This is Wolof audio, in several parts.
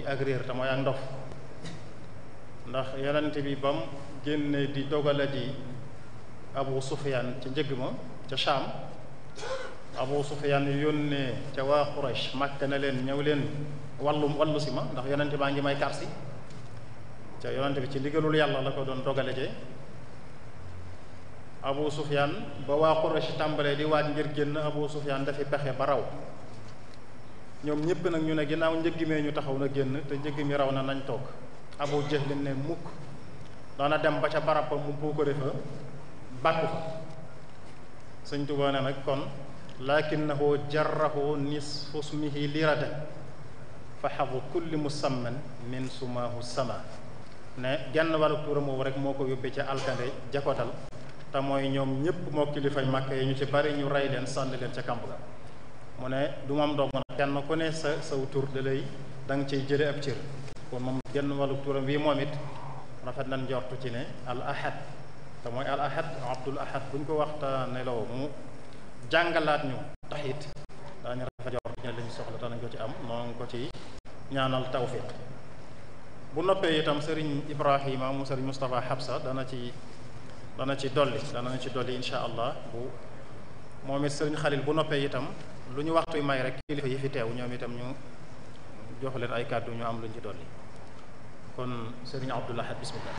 gi ak réer te mooy ak ndof ndax yonent bi bam génne di dogala di Abu Sufyaan ca njëg ma ca Shaam Abu Sufyaan yónnee ca waa Quraysh Makka na leen ñëw leen wallu wallu ma ndax yonent baa ngi may karsi ca yonent bi ci ndigalul yàlla la ko doon dogale jee Abu Sufyaan ba waa Quraysh tàmbalee di waaj ngir génn Abu Sufyaan dafi pexe ba raw ñoom ñëpp nag ñu ne ginnaaw njëgg mee ñu taxaw na génn te njëgg mi raw na nañ toog abu jahlin ne mukk dana dem ba ca barab mu puukare fa bàkku fa nag kon lakinnahu jarrahu nisfu smihi liradan fa xabu kulli musamman min sumaahu sama ne genn wàllu turam woowu rek moo ko yóbbee ca alkande jakotal te mooy ñoom ñëpp moo kilifay màkk yi ñu ci bari ñu rey leen sànni leen ca kamb ga mu ne du moom dong nag kenn ku ne sa saw tur da lay da nga cay jële ab cër kon moom genn wàllu turam bii moom it rafet nañ jortu ci ne al ahad te mooy al ahad abdul ahad ko waxtaanee nelaw mu jàngalaat ñu taxit it daañu rafet jortu ci lañu soxla te ko ci am noo ko ci ñaanal tawfiq bu noppee itam sëriñ ibrahima mu sëriñ moustapha xabsa dana ci dana ci dolli dana ci dolli incha allah bu moom it sëriñ xalil bu noppee itam lu ñu waxtuy may rek kilifa yi fi teew ñoom itam ñu joxleen leen ay kàddu ñu am luñ ci dolli kon sëriñ Abdou Lahad bismillah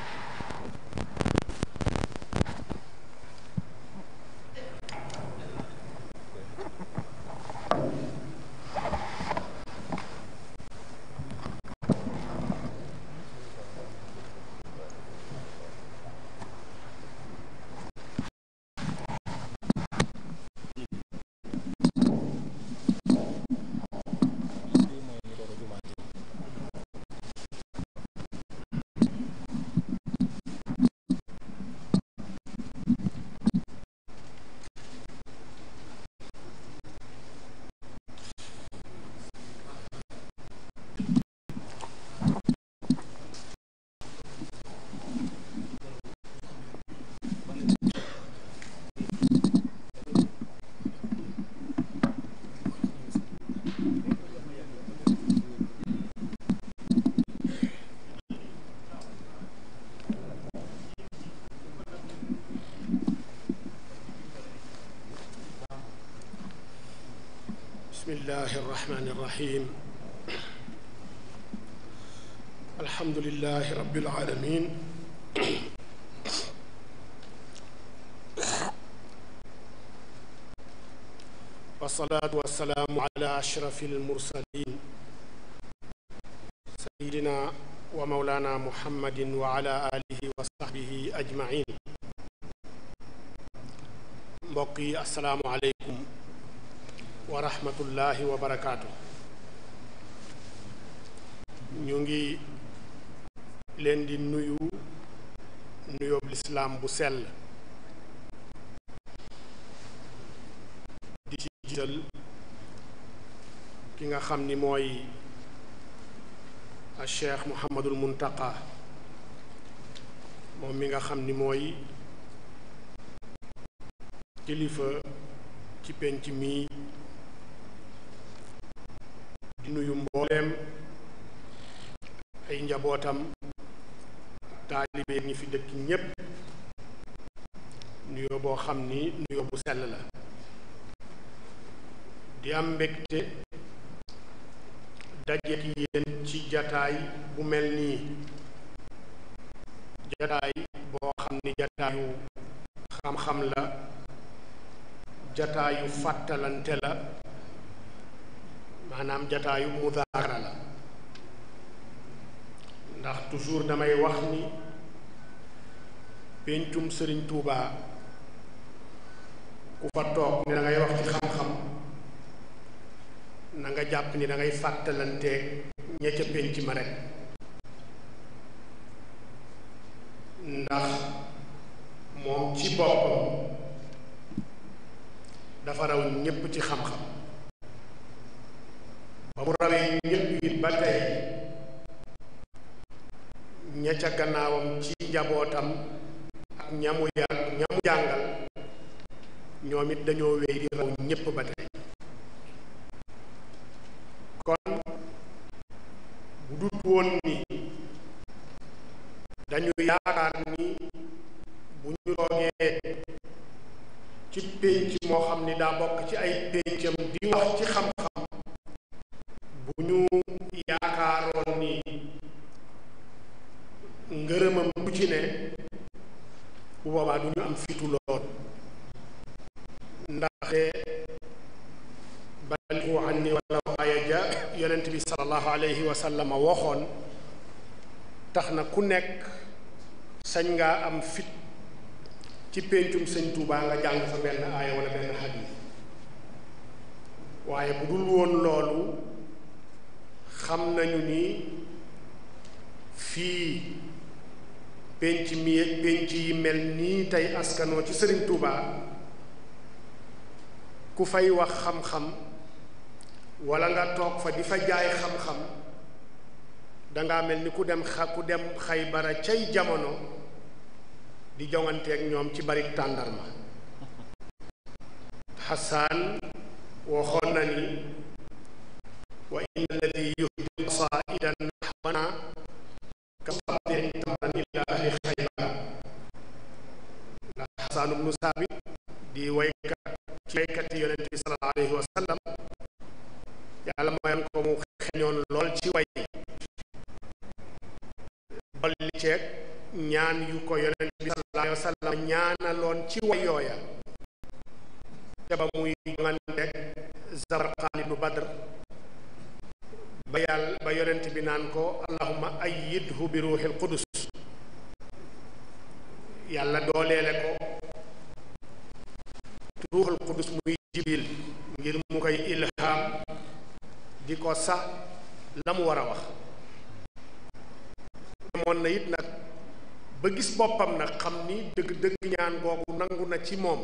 الرحمن الرحيم الحمد لله رب العالمين والصلاة والسلام على أشرف المرسلين سيدنا ومولانا محمد وعلى آله وصحبه أجمعين mbokk yi asalaamaaleykum rahmatullahi wa barakaatu ñu ngi leen di nuyu nuyoob lislaam bu sell di ci jiital ki nga xam ni mooy a cheikh Muhammadul Muntaqa moom mi nga xam ni mooy kilifa ci penc mi njabootam taalibe ñi fi dëkk ñépp nuyoo boo xam ni nuyoo bu sell la di am mbégte daje ki yéen ci jataay bu mel nii jataay boo xam ni jataayu xam-xam la jataayu fàttalante la maanaam jataayu mu toujours damay wax ni péncum sëriñ Touba ku fa toog ni da wax ci xam-xam na jàpp ni da ngay fàttalante ña pénc ma rek ndax moom ci boppam dafa raw ñépp ci xam-xam ba mu rawee ñépp it ba tey ña ca gannaawam ci njabootam ak ñamu yar ñoom it dañoo wéy raw ñépp ba tey kon bu dut woon ni dañu yaakaar ni bu ñu toogee ci pénc moo xam ni daa bokk ci ay péncam di wax ci xam ku nekk sañ nga am fit ci péncum sëñ Tuubaa nga jàng fa benn aaya wala benn xadiis waaye bu dul woon loolu xam nañu ni fii pénc mi pénc yi mel nii tey askanoo ci sëriñ Tuubaa ku fay wax xam-xam wala nga toog fa di fa jaay xam-xam danga mel ni ku dem xa ku dem xaybara cay jamono di jonganteeg ñoom ci bari tàndarma xasaan waxoon na ni wa in alladi yuhdi qasaidan naxwana ka sabdin tamran ila ahli xaybara ndax xasaan ubnu saabit di waykat ci waykati yonent bi sallallahu alayhi wa sallam ko mu xeñoon lool ci way dolli ceeg ñaan yu ko yonent bi sallallahu alayhi ñaanaloon ci way yooya ca ba muy joŋanteeg Zabarqaan ibnu Badr ba yàlla ba yonent bi naan ko allahuma ayyidhu bi ruuxil qudus yàlla dooleele ko ruuxul qudus muy jibil ngir mu koy ilham di ko sax la mu war a wax demoon na it nag ba gis boppam nag xam ni dëgg-dëgg ñaan googu nangu na ci moom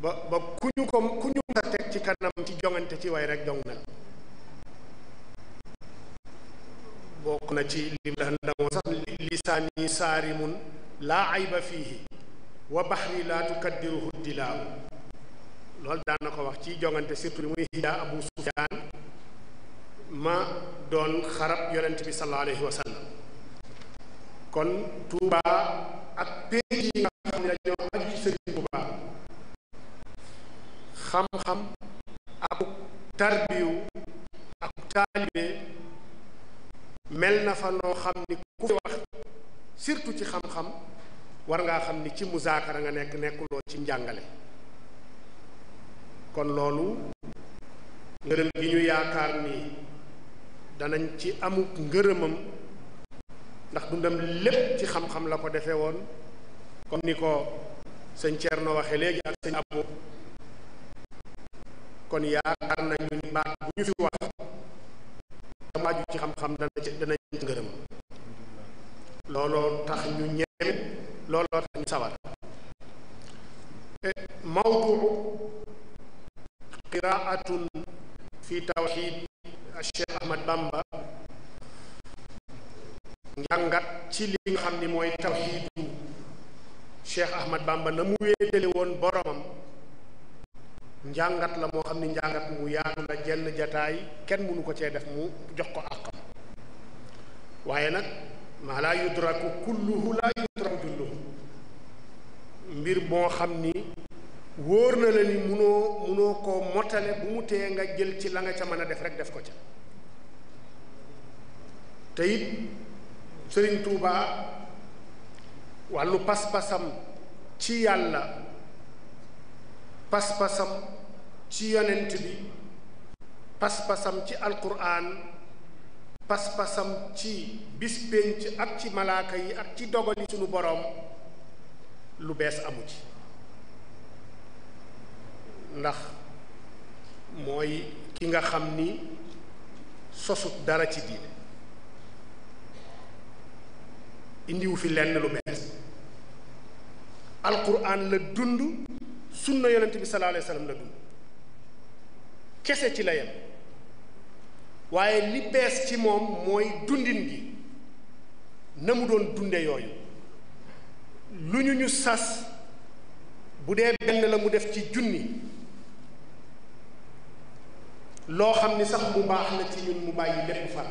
ba ba ku ñu ko ku ñu sa teg ci kanam ci jongante ci way rek jong na ci lim la ndamoo sax lisaani saarimun laa ayba wa baxri laa tukaddiruhu dilaaw loolu daan na ko wax ci jongante surtout muy hijaa abu sufyaan ma doon xarab yonent bi sallallahu alayhi kon Touba ak péej yi nga xam xam ak tarbiyu ak taalibe mel na fa noo xam ni ku fi wax surtout ci xam-xam war ngaa xam ni ci musaakara nga nekk nekkuloo ci njàngale kon loolu ngërëm gi ñu yaakaar ni danañ ci amuk ngërëmam ndax dundam lépp ci xam-xam la ko defee woon kon ni ko sëñ noo waxee léegi ak sëñ Abou kon yaakaar nañu ni baat bu ñu fi wax dama aju ci fi tawxid Cheikh Ahmad Bamba njàngat ci li nga xam ni mooy tawxiidu Cheikh Ahmad Bamba na mu wéetale woon boromam njàngat la moo xam ni njàngat mu yaatu la jenn jataay kenn mënu ko cee def mu jox ko àqam waaye nag maa laa yudraku kulluhu laa yudraku julluhu mbir moo xam ni wóor na la ni munoo munoo koo motale bu mu tee nga jël ci la nga ca mën def rek def ko ca te sëriñ Tuubaa wàllu pas-pasam ci yàlla pas-pasam ci yonent bi pas-pasam ci alquran pas-pasam ci bis ak ci malaaka yi ak ci dogali sunu boroom lu bees amu ci ndax mooy ki nga xam ni sosut dara ci diine indiwu fi lenn lu bees alquran la dund sunna yonent bi sallallahu alayhi wa sallam la dund kese ci la yem waaye li bees ci moom mooy dundin gi na mu doon dunde yooyu lu ñu ñu sas bu dee benn la mu def ci junni loo xam ni sax mu baax na ci ñun mu bàyyi lépp fan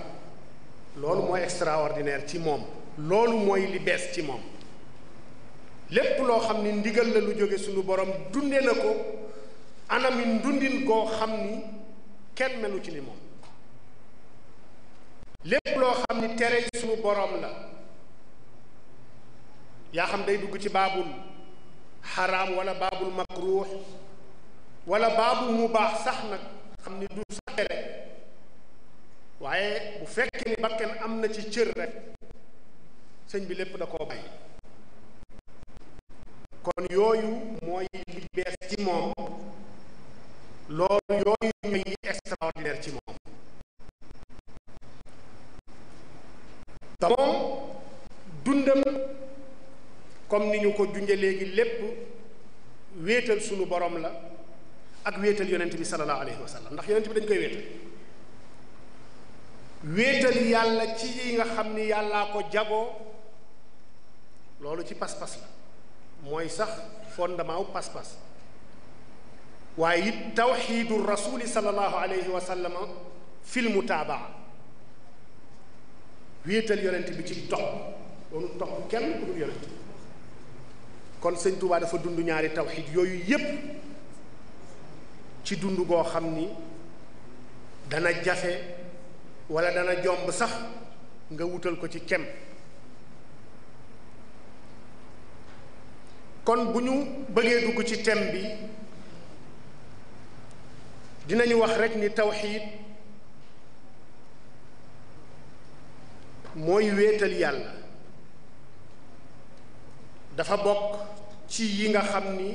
loolu mooy extraordinaire ci moom loolu mooy li bees ci moom lépp loo xam ni ndigal la lu jóge suñu borom dunde na ko anami ndundin koo xam ni kenn melu ci ni moom lépp loo xam ni tere suñu boroom la yaa xam day dugg ci baabul xaraam wala baabul makruux wala baabul mu baax sax nag xam ni du sax tere waaye bu fekk ni bakkan am na ci cër rek sëñ bi lépp da koo bàyyi kon yooyu mooy li bees ci moom loolu yooyu ñooy extraordinaire ci moom te moom dundam comme ni ñu ko junje léegi lépp wéetal sunu borom la ak wéetal yonent bi sallallahu alayhi wa sallam ndax yonent bi dañ koy wéetal wéetal yàlla ci yi nga xam ni yàllaa ko jagoo loolu ci pas-pas la mooy sax fondement wu pas-pas waaye it tawxiidu rasuli sallallahu alayhi wa sallam fil mutaabaa wéetal yonent bi ci topp doonu topp kenn ku yonent kon sëñ Tuubaa dafa dund ñaari tawxiid yooyu yépp ci dund goo xam ni dana jafe wala dana jomb sax nga wutal ko ci kem kon bu ñu bëggee dugg ci thème bi dinañu wax rekk ni tawxiid mooy wéetal yàlla dafa bokk ci yi nga xam ni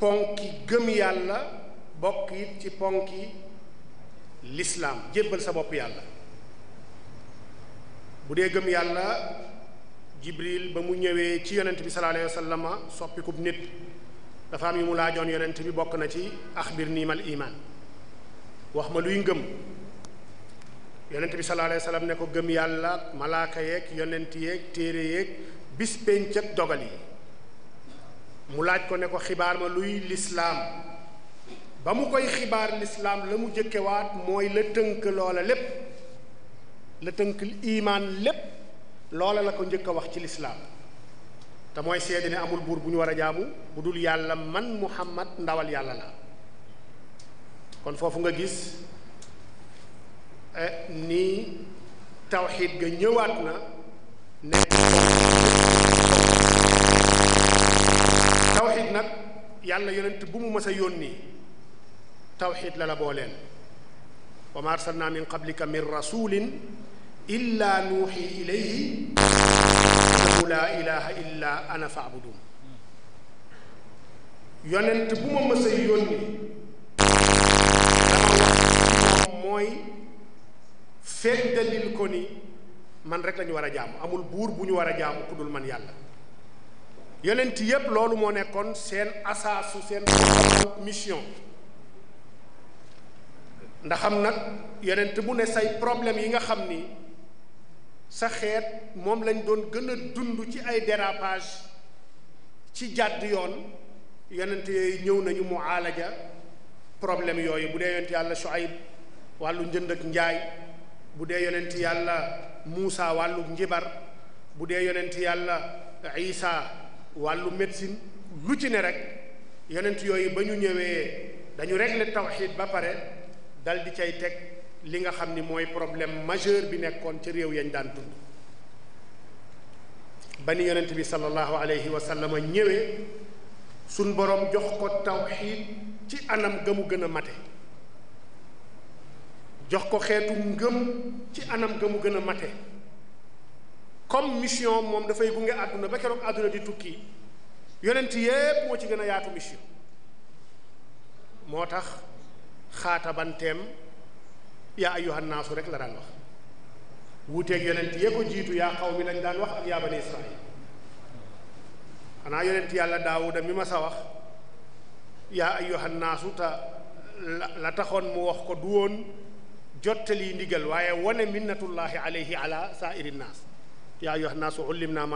ponki gëm yàlla bokk ci ponki lislaam jébbal sa bopp yàlla bu dee gëm yàlla jibril ba mu ñëwee ci yonent bi sallallahu alayhi wa soppikub nit dafa am yu mu laajoon yonent bi bokk na ci axbir niimal iman wax ma luy ngëm yonent bi sallallahu alayhi wa ne ko gëm yàlla malaaka yeeg yonent yeeg téere yeeg bis penc ak dogal yi mu laaj ko ne ko xibaar ma luy lislaam ba mu koy xibaar lislaam la mu jëkkewaat mooy la tënk loola lépp la imaan lépp loola la ko njëkk a wax ci lislaam te mooy seede ne amul buur bu ñu war a jaamu bu dul yàlla man muhammad ndawal yàlla la kon foofu nga gis eh, ni tawxiid ga ñëwaat na nekk tawxiid nag yàlla yonent bu mu mës a yónni tawxiid la la boo leen wa ma arsalna min qablika min rasulin illa nuuxi ilayhi annahu laa ilaha illa ana faabudun yonent bu ma mës yónni dama wax moom mooy feddalil ko ni man rek lañu war a jàmm amul buur bu ñu war a jaamu ku dul man yàlla yonent yépp loolu moo nekkoon seen asaasu seen mission ndax xam nag yonent bu ne say problème yi nga xam ni sa xeet moom lañ doon gën a dund ci ay dérapage ci jàdd yoon yonent yooyu ñëw nañu mu aalaja problème yooyu bu dee yonent yàlla Shuayb wàllu njënd ak njaay bu dee yonent yàlla Muusa wàllu njibar bu dee yonent yàlla Isa wàllu médecine lu ci ne rekk yonent yooyu ba ñu ñëwee dañu régler tawxiid ba pare dal di cay teg li nga xam ni mooy problème majeur bi nekkoon ci réew yañ daan dund ba ni yonent bi sallallahu alayhi wa sallam suñ boroom jox ko tawxiid anam ga gën a mate jox ko xeetu ci anam ga mu gën a mate comme mission moom dafay gunge àdduna ba keroog àdduna di tukki yonent yépp moo ci gën a yaatu mission moo tax xaatabanteem yaa ayyuhan naasu rek la daan wax wuuteeg yonent yee jiitu yaa xaw mi lañ daan wax ak yaa bani israil xanaa yonent yàlla daawuda mi ma sa wax yaa ayyuhan naasu la taxoon mu wax ko du woon jottali ndigal waaye wane minnatullahi alayhi ala saairi naas yaa ayyuhan naasu ullim naa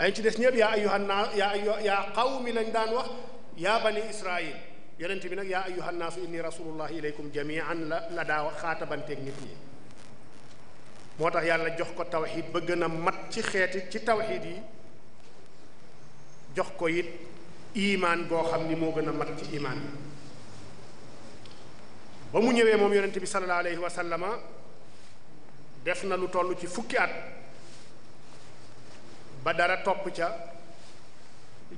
ay ci des ñëpp yaa ayyuhan naas yaa yaa xaw lañ daan wax yaa bani yonent bi nag yaa ayyuhan naasu inni rasulullah ilaykum jamian la la daa xaatabanteeg nit ñi moo tax yàlla jox ko tawxid ba gën a mat ci xeeti ci tawxid yi jox ko it iimaan goo xam ni moo gën a mat ci imaan yi ba mu ñëwee moom yonent bi sallallahu alayhi wa sallama def na lu toll ci fukki at ba dara topp ca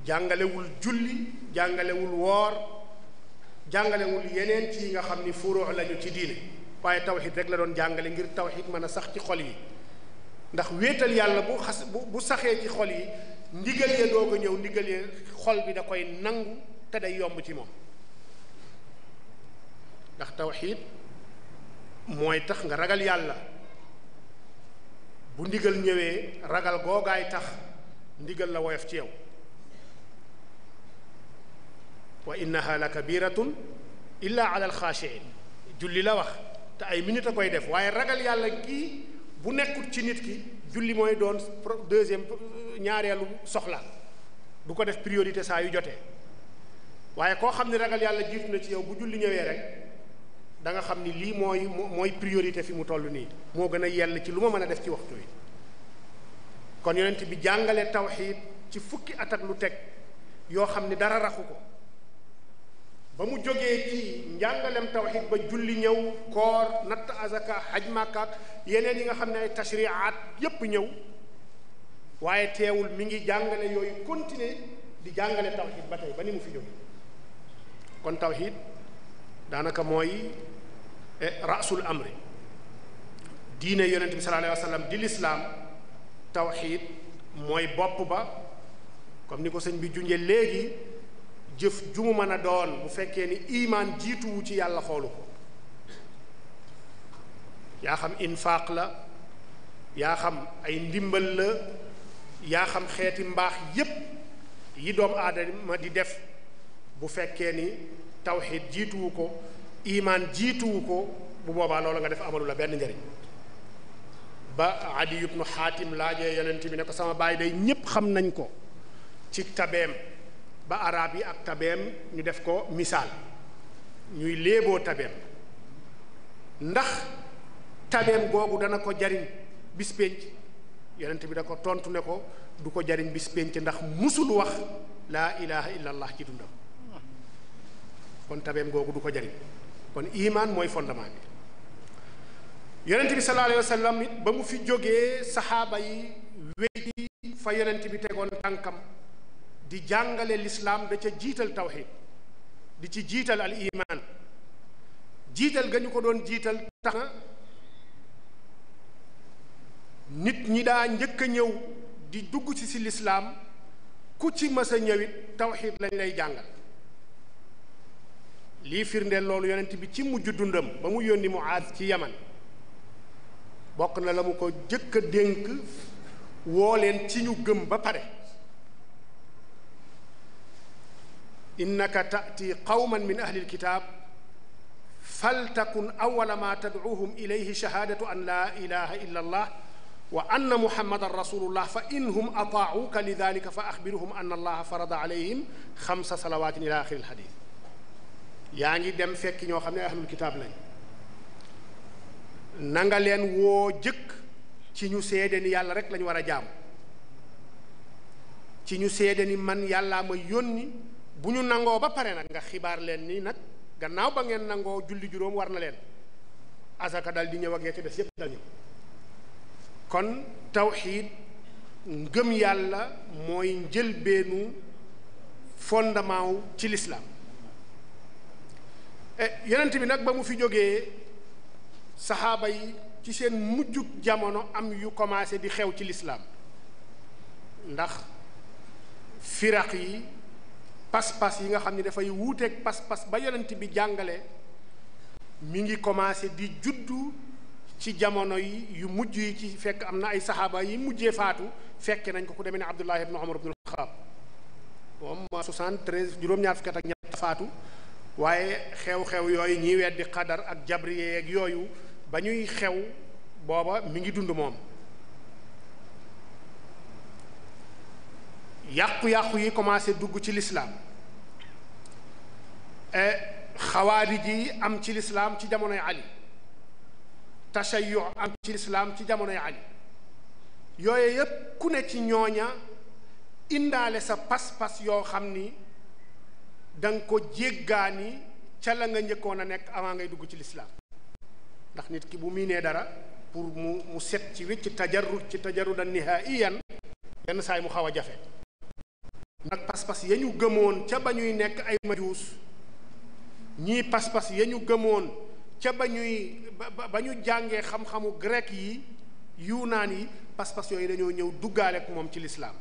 jàngalewul julli jàngalewul woor jàngalewul yeneen ci yi nga xam ni furoo lañu ci diine waaye tawxid rek la doon jàngale ngir tawxid mën a sax ci xol yi ndax wéetal yàlla bu xas bu bu saxee ci xol yi ndigal ya doog a ñëw ndigal ya xol bi da koy nangu te day yomb ci moom ndax tawxid mooy tax nga ragal yàlla bu ndigal ñëwee ragal googaay tax ndigal la woyof ci yow wa innaha la illa ala julli la wax te ay minute a koy def waaye ragal yàlla bu nekkul ci nit ki julli mooy doon deuxième ñaareelu soxla du ko def priorité saa yu jotee waaye koo xam ne ragal yàlla jiitu na ci yow bu julli ñëwee rek da nga xam ni lii mooy mooy priorité fi mu toll nii moo gën a yell ci lu ma mën a def ci waxtu wi kon yonent bi jàngale tawxiid ci fukki at lu teg yoo xam ni dara raxu ko ba mu jógee ci njàngalem tawxid ba julli ñëw koor natt azaka haj màkkaak yeneen yi nga xam ne ay tashriaat yépp ñëw waaye teewul mu ngi jàngale yooyu continuer di jàngale tawxid ba tey ba ni mu fi jógee kon tawxid daanaka mooy eh, rasul amri diine yonent bi sallallahu alayhi wa sallam di lislaam tawxid mooy bopp ba comme ni ko sëñ bi junje léegi jëf ju mu doon bu fekkee ni imaan jiituwu ci yàlla xoolu ko yaa xam infaaq la yaa xam ay ndimbal la yaa xam xeeti mbaax yépp yi doom aadama di def bu fekkee ni tawxiid jiituwu ko imaan jiituwu ko bu boobaa loolu nga def amalu la benn njariñ ba adi ibnu xaatim laajee yonent bi ne ko sama baay day ñépp xam nañ ko ci tabeem ba araab yi ak tabeem ñu def ko misaal ñuy léeboo tabeem ndax tabeem googu dana ko jariñ bis pénc yonent bi da ko tontu ne ko du ko jariñ bis pénc ndax musul wax laa ilaha illallah ci dundam kon tabeem googu du ko jariñ kon iman mooy fondement bi yonent bi sallallahu alayhi wa ba mu fi jógee saxaaba yi wéy fa yonent bi tegoon tànkam di jàngale lislaam da ca jiital tawxid di ci jiital al iman jiital ga ñu ko doon jiital tax na nit ñi daa njëkk a ñëw di dugg ci ci lislaam ku ci mës a ñëwit tawxid lañ lay jàngal lii firndeel loolu yonent bi ci mujj dundam ba mu yónni mu Muaaz ci Yaman bokk na la mu ko jëkk a dénk woo leen ci ñu gëm ba pare innaka tati qawman min ahli alkitab faltakun awala ma tadcuuhum ilayhi shahaadatu an laa ilaha illa allah wa anna muhammadan rasulullah fa in hum ataacuuka lidalika fa axbiruhum an allaha farada alayhim xamsa salawaatin ila axiri alxadis yaa ngi dem fekki ñoo xam ne ahlul kitaab lañ na nga leen woo jëkk ci ñu seede ni yàlla rek lañ war a jaam ci ñu seede ni man yàllaa ma yónni bu ñu nangoo ba pare nag nga xibaar leen nii nag gannaaw ba ngeen nangoo julli juróom war na leen asaka dal di ñëw ak ya ci des yépp dal ñëw kon tawxiid ngëm yàlla mooy njëlbeenu fondement wu ci lislaam eh, yonent bi nag ba mu fi jógee saxaaba yi ci seen mujjug jamono am yu commencé di xew ci lislaam ndax firaq yi pas-pas yi nga xam ne dafay wuuteeg pas-pas ba yonent bi jàngale mu ngi commencé di juddu ci jamono yi yu mujj yi ci fekk am na ay saxaaba yi mujjee faatu fekke nañ ko ku deme ne Abdullah ibn Umar ibn al-Khattab moom 73 juróom-ñaar fukki at ak ñett faatu waaye xew-xew yooyu ñiy weddi xadar ak jabriye ak yooyu ba ñuy xew booba mi ngi dund moom yàqu-yàqu yi commencé dugg ci lislaam eh, xawaadi ji am ci lislaam ci jamonoy ali tashayu am ci lislaam ci jamonoy ali yooyu yépp ku ne ci ñooña indaale sa pas-pas yoo xam ni da ko jéggaani ca la nga njëkkoon a nekk avant ngay dugg ci lislaam ndax nit ki bu miinee dara pour mu mu set ci wécc tajarru ci tajarrudan nihaiyan yenn saay mu xaw a jafe nag pas-pas ya ñu gëmoon ca ba ñuy nekk ay majuus ñii pas-pas ya ñu gëmoon ca ba ñuy ba ñu jàngee xam-xamu grec yi yunaan yi pas-pas yooyu dañoo ñëw duggaale ak moom ci lislaam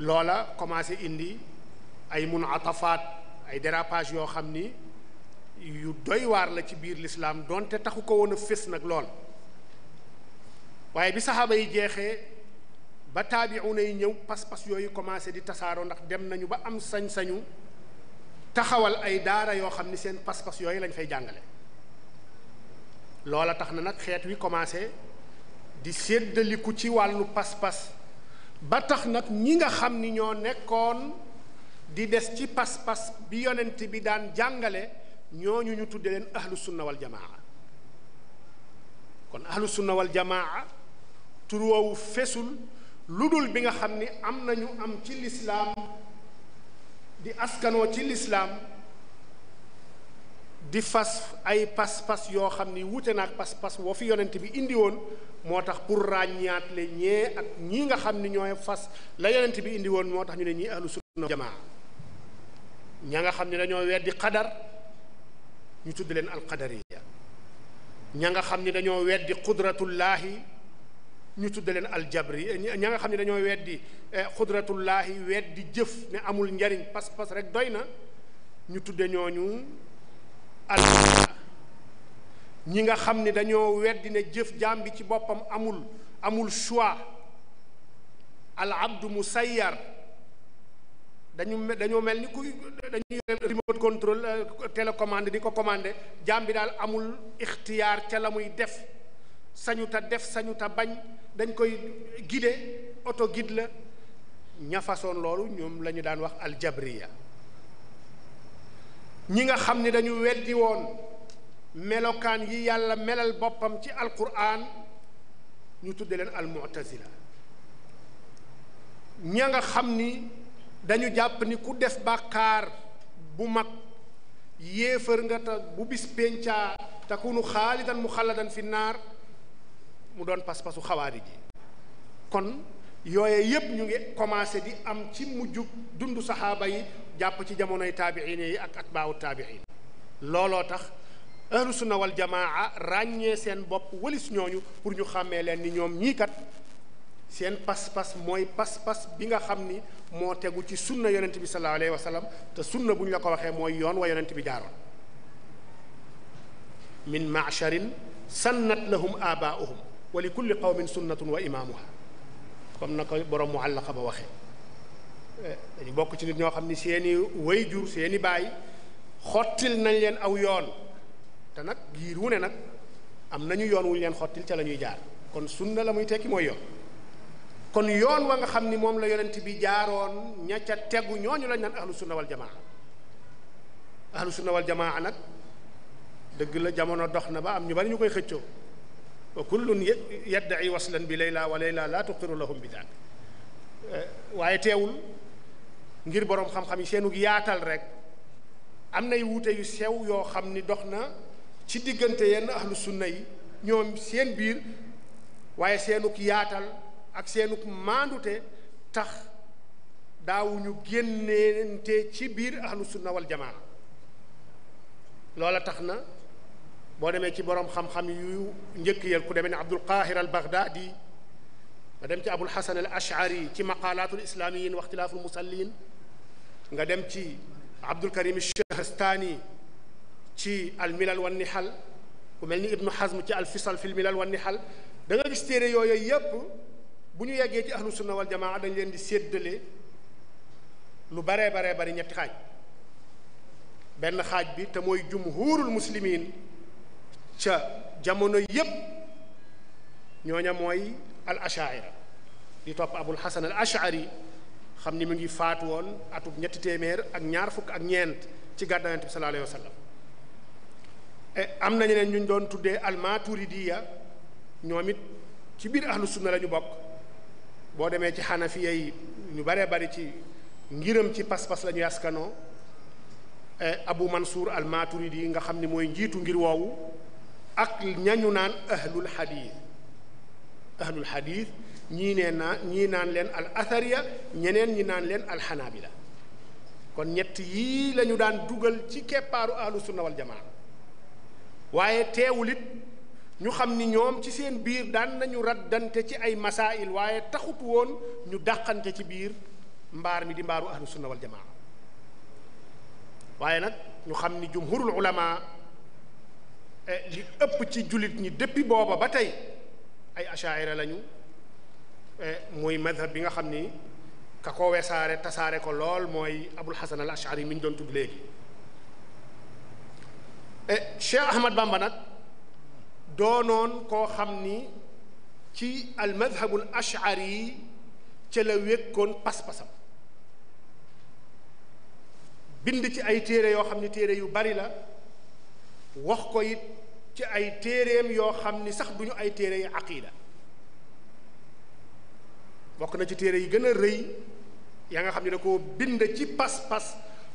loola commencé indi ay mun atafaat ay dérapage yoo xam ni yu doy waar la ci biir lislaam donte taxu ko woon fés nag lool waaye bi saxaaba yi jeexee ba taabi'una yi ñëw pas-pas yooyu commencé di tasaaroo ndax dem nañu ba am sañ-sañu taxawal ay daara yoo xam ni seen pas-pas yooyu lañ fay jàngale loola tax na nag xeet wi commencé di séddaliku ci wàllu pas-pas ba tax nag ñi nga xam ni ñoo nekkoon di des ci pas-pas bi yonent bi daan jàngale ñooñu ñu tudde leen ahlu sunna jamaa kon ahlu sunna wal jamaa tur woowu fesul lu dul bi nga xam ni am nañu am ci lislaam di askanoo ci lislaam di fas ay pas-pas yoo xam ni wuute naag pas-pas woo fi yonent bi indi woon moo tax pour ràññaat le ñee ak ñii nga xam ni ñoo fas la yonent bi indi woon moo tax ñu ne ñii ahlu sunna jamaa ña nga xam ni dañoo weddi qadar ñu tudd leen alqadariya ña nga xam ni dañoo weddi qudratullaahi ñu tuddee leen aljabri eh, ña nga xam ne dañoo weddi eh, xudratullaahi weddi jëf ne amul njariñ pas-pas rek doy na ñu tudde ñooñu al ñi nga xam ni dañoo weddi ne jëf jaam bi ci boppam amul amul choix al abdu musayyar dañu dañoo mel ni kuy dañuy remote control eh, télécommande di ko commandé jaam bi daal amul ixtiyaar ca la muy def sañu ta def sañu ta bañ dañ koy guider oto guide la ñafasoon loolu ñoom lañu daan wax aljabriya ñi nga xam ni dañu weddi woon melokaan yi yàlla melal boppam ci alquran ñu tudde leen almutazila ña nga xam ni dañu jàpp ni ku def bàkkaar bu mag yéefar nga te bu bis péncaa takunu xaalidan mu xaladan fi naar mu doon pas-pasu xawaari ji kon yooye yépp ñu ngi commencé di am ci mujj dundu saxaaba yi jàpp ci jamonoy taabiin yi ak atbaawu taabiin looloo tax ahlu sunna wal jamaa ràññee seen bopp walis ñooñu pour ñu xàmmee leen ni ñoom ñii kat seen pas-pas mooy pas-pas bi nga xam ni moo tegu ci sunna yonent bi sallallahu alayhi wa te sunna bu ñu la ko waxee mooy yoon wa yonent bi jaaroon min macharin sannat lahum abaa'uhum wa li kulli qawmin sunnatun wa imaamuha comme na ko borom mu àllaqa ba waxee eh, dañu bokk ci nit ñoo xam ni seeni wayjur seeni baay xottil nañ leen aw yoon te nag giir wu ne nag am nañu yoon wuñ leen xottil ca la ñuy jaar kon sunna la muy tekki mooy yoon kon yoon wa nga xam ni moom la yonent bi jaaroon ña ca tegu ñooñu lañ naan ahlu sunna wal jamaa ahlu sunna wal jamaa nag dëgg la jamono dox na ba am ñu bari ñu koy xëccoo wa kullun yaddaci waslan bi layla wa layla laa tuqiru lahum bi daak eh, waaye teewul ngir boroom xam-xam yi seenu yaatal rek am nay wuute yu sew yoo xam ni dox na ci diggante yenn ahlu sunna yi ñoom seen biir waaye seenuk yaatal ak seenuk maandute tax daawuñu génneente ci biir ahlu sunna wal loola tax na boo demee ci borom xam-xam yu njëkk yal ku demee ne Abdul Qahir al Baghdadi nga dem ci Abul Hasan al Ash'ari ci maqalaatul islaamiyin wa ixtilaaful musalliin nga dem ci Abdul Karim Shahstani ci al milal wan nihal ku mel ni Ibnu Hazm ci al fisal fil milal wan nihal da nga gis téere yooyu bu ñu yeggee ci ahlu sunna wal jamaa dañ leen di séddale lu baree baree bari ñetti xaaj benn xaaj bi te mooy jumhuurul muslimin ca jamono yépp ñooña mooy al ashaira di topp abul xasan al ashari xam ni mu ngi faatu woon atub ñetti téeméer ak ñaar fukk ak ñeent ci gàddaay Yonent bi sallallahu e, am na ñeneen ñu doon tuddee al maturidiya ñoom it ci biir ahlu sunna lañu bokk boo demee ci xanafiya yi ñu bare bari ci ngiram ci pas-pas la ñu yaskanoo e, abu mansour al maturidi nga xam ni mooy njiitu ngir woowu ak ñañu naan ahlul xadiis ahlul xadiis ñii nee naa ñii naan leen al athariya ñeneen ñi naan leen al xanaabila kon ñett yii lañu daan dugal ci keppaaru ahlu sunna wal jamaa waaye teewul it ñu xam ni ñoom ci seen biir daan nañu raddante ci ay masaa'il waaye taxut woon ñu dàqante ci biir mbaar mi di mbaaru ahlu sunna wal waaye nag ñu xam ni jumhurul ulama Eh, li ëpp ci jullit ñi depuis booba ba tey ay achaira lañu eh, muy madhab bi nga xam ni ka ko wesaare tasaare ko lool mooy abul xasan al ashari mi ñu doon tudd léegi eh, cheikh ahmad bamba doonoon koo xam ni ci al madhabul ashari ca la wékkoon pas-pasam bind ci ay téere yoo xam ni téere yu bari la wax ko it ci ay téereem yoo xam ni sax duñu ay téere yu aqiida bokk na ci téere yi gën a rëy yaa nga xam ne da koo bind ci pas-pas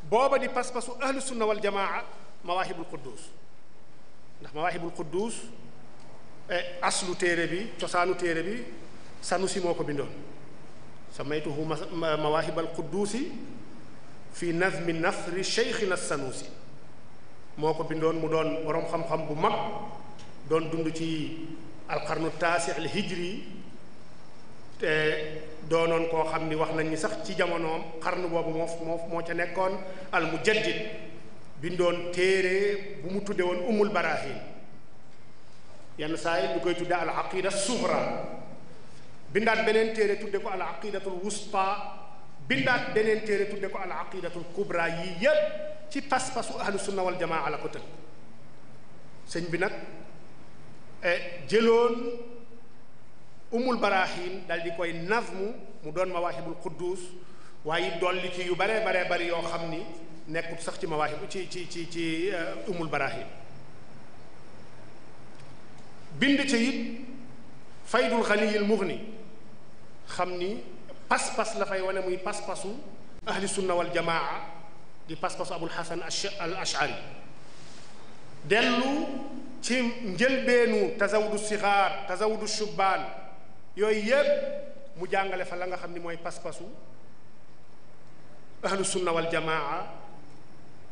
booba di pas-pasu ahlu sunna wal jamaa mawaahibul quddus ndax mawaahibul quddus e, aslu téere bi cosaanu téere bi sanusi moo ko bindoon samaytuhu mawaahibal quddusi fi nazmi nasri cheikhina sanusi moo ko bindoon mu doon boroom xam-xam bu mag doon dund ci alxarnu taasi al te doonoon koo xam ni wax nañ ni sax ci jamonoom xarnu boobu moo moo moo ca nekkoon al mujaddid bindoon téere bu mu tuddee woon umul barahin yenn saa yi ñu koy tudde al aqida sufra bindaat beneen téere tudde ko al aqidatul wusta bindaat beneen téere tudde ko al aqidatul kubra yii yépp ci pas-pasu ahlu sunna wal jamaa la ko tënk sëñ bi nag e, jëloon umul baraahin dal di koy nazmu mu doon mawaahibul quddus waaye dolli ci yu baree baree bari yoo xam ni nekkut sax ci mawaahibu ci ci ci ci e, umul baraahin bind ci it faydul xaniyil mughni xam ni pas-pas la fay wane muy pas-pasu ahli sunna wal jamaa di pas-pasu abul xasan al ashari dellu ci njëlbeenu tazawudu sigaar tazawudu shubbaan yooyu yépp mu jàngale fa la nga xam ni mooy pas-pasu ahlu sunna wal jamaa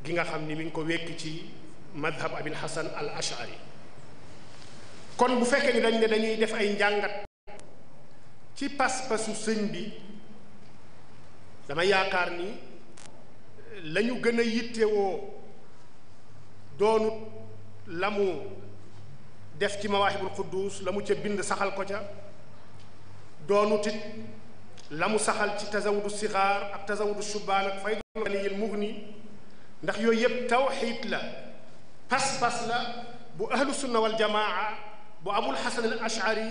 gi nga xam ni mi ngi ko wékk ci madhab abil xasan al ashari kon bu fekkee ni dañ ne dañuy def ay njàngat ci pas-pasu sëñ bi dama yaakaar ni lañu gën a yittewoo doonut la mu def ci mawaahibul quddus la mu ca bind saxal ko ca doonut it la mu saxal ci tazawudu sixaar ak tazawudu shubaan ak faydul ganiyil mughni ndax yooyu yépp tawxiid la pas-pas la bu ahlu sunna wal jamaa bu abul xasan al ashari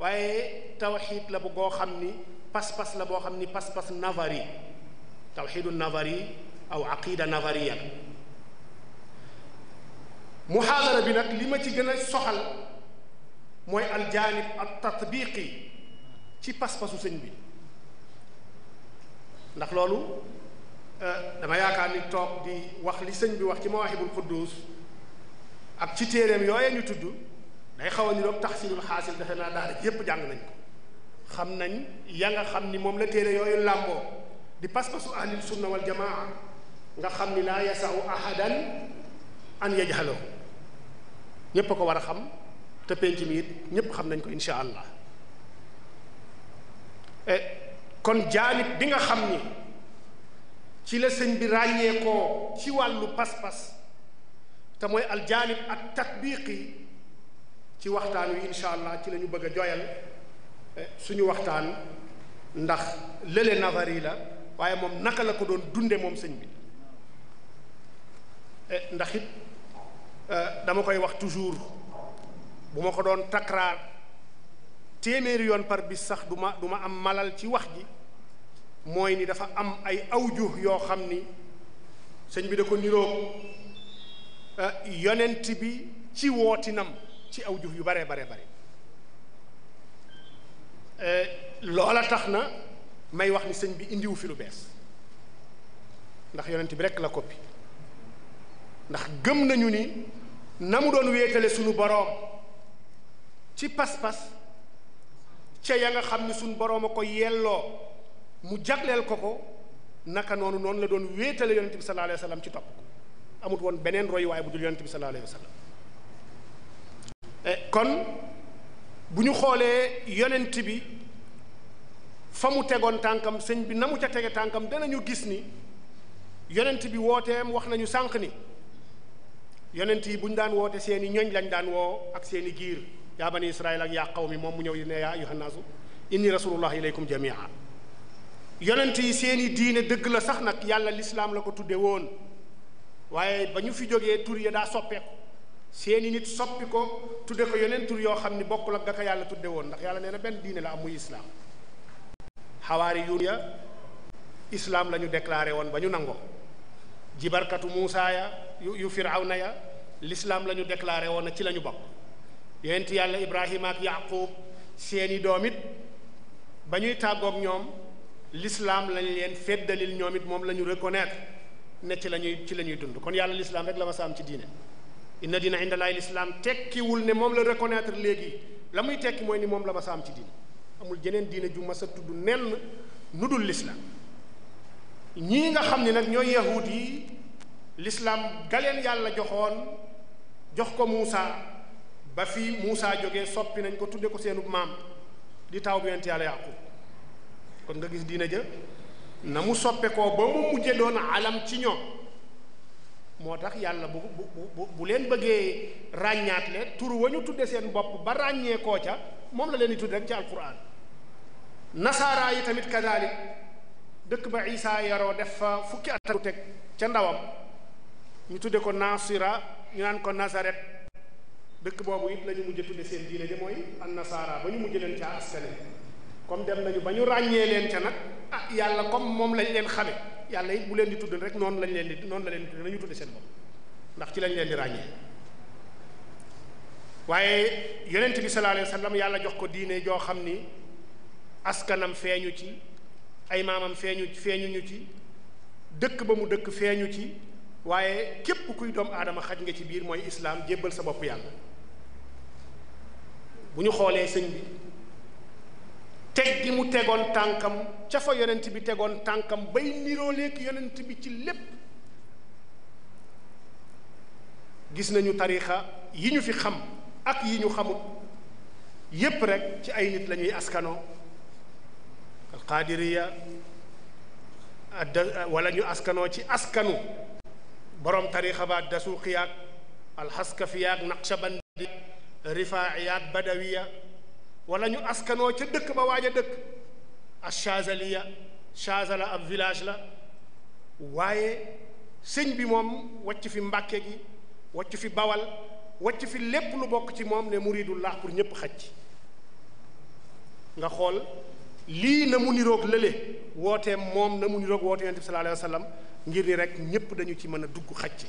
waaye tawxiid la bu goo xam ni pas-pas la boo xam ni pas-pas navari tawxiidu navari aw aqida navariya muhaadara bi nag li ma ci gën a soxal mooy aljaanib at tatbiqi ci pas-pasu sëñ bi ndax loolu euh, dama yaakaar ni toog di wax li sëñ bi wax ci mawaahibul quddus ak ci téereem yooye ñu tudd day xaw a niroog taxsiilul xaasil defe naa daara yépp jàng nañ xam nañ ya xam ni moom la téere yooyu làmboo di pas-pasu ahlil sunna wal nga xam ni laa yasawu ahadan an yajhalo ñépp ko war a xam te penc mi ñépp xam nañ ko insha allah eh, kon jaanib bi nga xam ni ci la sëñ bi ràññeekoo ci wàllu pas te mooy aljaanib ak tatbiqi ci waxtaan wi incha allah ci lañu bëgg a joyal eh, suñu waxtaan ndax lële navari la waaye moom naka la ko doon dunde moom sëñ bi eh, ndax it eh, dama koy wax toujours bu ma ko doon takraar téeméeri yoon par bis sax du ma du ma am malal ci wax ji mooy ni dafa am ay awju yoo xam ni sëñ bi da ko niroog yonent bi ci wootinam ci aw jëf yu baree bare bare euh, loola tax na may wax ni sëñ bi indiwu fi lu bees ndax yonent bi rekk la koppi ndax gëm nañu ni na mu doon wéetale suñu boroom ci pas-pas ca ya nga xam ni suñu boroom a ko yelloo mu jagleel ko ko naka noonu noonu la doon wéetale yonent bi sallallahu alayhi wa ci topp ko amut woon beneen royuwaay bu dul yonent bi sallallahu alayhi wa Eh, kon bu ñu xoolee yonent bi fa mu tegoon tànkam sëñ bi na mu ca tege tànkam danañu gis ni yonent bi wooteem wax nañu sànq ni yonent yi bu ñu daan woote seeni ñoñ lañ daan woo ak seeni giir yaa bani israel ak yaa mi moom mu ñëw ne yaa ayyuhan naasu inni rasulullah ilaykum jamia yonent yi seeni diine dëgg la sax nag yàlla lislaam la ko tudde woon waaye ba ñu fi jógee tur ya daa soppeeku seeni nit soppi ko tudde ko yeneen yoo xam ni bokkul ak ga yàlla tudde woon ndax yàlla nee na benn diine la am muy islaam xawaari ya islaam la ñu woon ba ñu nango jibarkatu muusa ya yu yu firawna ya l'islaam la ñu déclaré woon na ci lañu ñu bokk yonent yàlla ibrahima ak yaqub seeni doom it ba ñuy tàggoog ñoom l'islaam lañu leen feddalil ñoom it moom la ñu reconnaître ne ci la ñuy ci la ñuy dund kon yàlla l'islaam rek la ma saam ci diine inna dina inda laay lislaam tekkiwul ne moom la reconnaître léegi la muy tekki mooy ni moom la ma sa ci diine amul jeneen diine juma ma sa tudd nenn nu dul lislaam ñii nga xam ni nag ñooy yahuud yi lislaam galeen yàlla joxoon jox ko Muusa ba fi Muusa jóge soppi nañ ko tudde ko seenu maam di taw bi yonent yàlla Yaaqub kon nga gis diina ja na mu soppe ko ba mu mujje doon alam ci ñoom moo tax yàlla bu bu bu leen bëggee ràññaat leen tur wa ñu tuddee seen bopp ba ràññeekoo ca moom la leen di tudde rek ci alquran nasaaraa yi tamit kadalik dëkk ba isaa yaroo def fa fukki at teg ca ndawam ñu tuddee ko nasira ñu naan ko dëkk boobu it la ñu mujj seen diine ja mooy an nasaara ba ñu mujj leen caa askane comme dem nañu ba ñu ràññee leen ca nag ah yàlla comme moom lañu leen xame yàlla it bu leen di tudd rek noonu lañ leen di noonu la leen di tuddal nañu tudde seen bopp ndax ci lañ leen di ràññee waaye yonent bi sallallahu alayhi yàlla jox ko diine joo xam ni askanam feeñu ci ay maamam feeñu feeñuñu ci dëkk ba mu dëkk feeñu ci waaye képp kuy doomu aadama xaj nga ci biir mooy islaam jébbal sa bopp yàlla bu ñu xoolee sëñ bi teg gi mu tegoon tànkam cafa fa yonent bi tegoon tànkam bay niroo léegi yonent bi ci lépp gis nañu tarixa yi ñu fi xam ak yi ñu xamut yépp rek ci ay nit lañuy ñuy askano askanoo ci askanu borom tarixa ba dasuuqiyaak alxaskafiyaak naqshabandi badawiya wala ñu askanoo ca dëkk ba waaj a dëkk a chazaliya chaza la ab village la waaye sëñ bi moom wàcc fi mbàkke gi wàcc fi bawal wàcc fi lépp lu bokk ci moom ne muridullah pour ñépp xaj nga xool lii na mu niroog lële wooteem moom na mu niroog woote yonent bi sallallahu ngir ni rek ñépp dañu ci mën a dugg xaj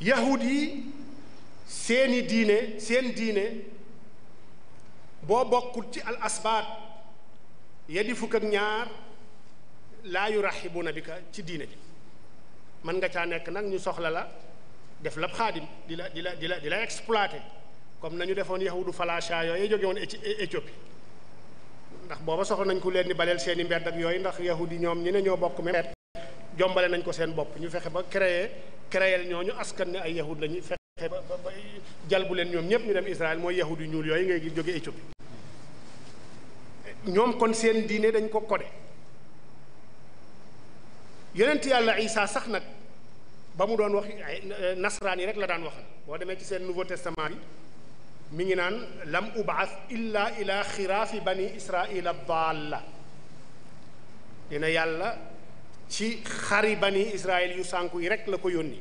yahud yi seeni diine seen diine boo bokkul ci al asbaat yadi fukk ak ñaar laa yu raxibuna bi ka ci diine bi mën nga caa nekk nag ñu soxla la def lab xaadim di la di la di la di la exploité comme nañu defoon yahudu falasha yooyu jóge woon Éthiopie ndax booba soxla nañ ko leen di baleel seen i mbedd ak yooyu ndax yahudi ñoom ñi ne ñoo bokk même jombale nañ ko seen bopp ñu fexe ba créer créer ñu askan ne ay yahud nañu fexe ba ba jal bu leen ñoom ñëpp ñu dem Israël mooy yahud yu ñuul yooyu ngay jóge Éthiopie ñoom kon seen diine dañ ko kode yonent yàlla Isaa sax nag ba mu doon wax nasraan yi rek la daan waxal boo demee ci seen nouveau testament bi mi ngi naan lam ubaas illa ila xiraafi bani israila daalla dina yàlla ci xari bani israil yu sànku yi rek la ko yónni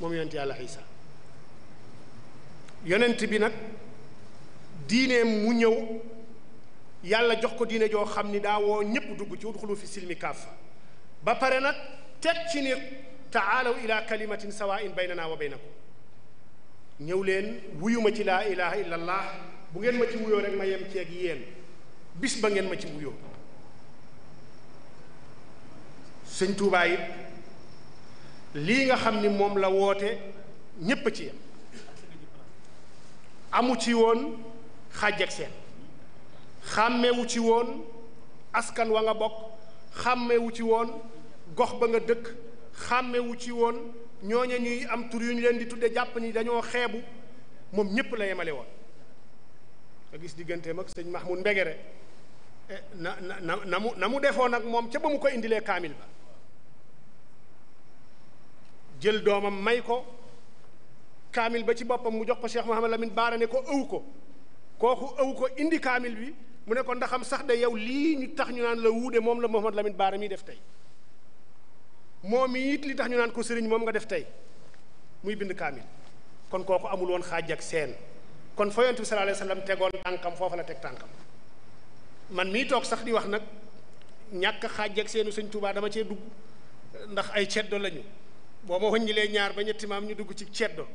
moom yonent yàlla Isaa yonent bi nag diineem mu ñëw yàlla jox ko diine joo xam ni daa woo ñépp dugg ci udxulu fi silmi kaafa ba pare nag teg ci ni taalaw ila kalimatin sawain baynana wa na ñëw leen wuyuma ci laa ilaha illa allah bu ngeen ma ci wuyoo rek ma yem ci ak yéen bis ba ngeen ma ci wuyoo sëñ Tuubaa it lii nga xam ni moom la woote ñépp ci yem amu ci woon xàjj seen xàmmewu ci woon askan wa nga bokk xàmmewu ci woon gox ba nga dëkk xàmmewu ci woon ñooñe ñuy am tur yu ñu leen di tudde jàpp nii dañoo xeebu moom ñépp la yemale woon nga gis diggante mag sëñ Mahmoud Mbegere eh, na na na mu defoon ak moom ca ba mu ko indilee kaamil ba jël doomam may ko kaamil ba ci boppam mu jox ko Cheikh Mouhamed Lamine Baara ne ko ëw ko kooku ëw ko indi kaamil bi mu ne ko ndaxam sax de yow lii ñu tax ñu naan la wuude moom la moom Lamine Baara mi def tey moom it li tax ñu naan ko sëriñ moom nga def tey muy bind kaamil kon kooku amul woon xaaj ak seen kon fa yonent bi sallallahu alayhi wasallam tegoon tànkam foofa la teg tànkam man mii toog sax di wax nag ñàkk xaaj ak seenu sëñ Tuubaa dama cee dugg ndax ay ceddo lañu boo ma wëññilee ñaar ba ñetti maam ñu dugg ci ceddo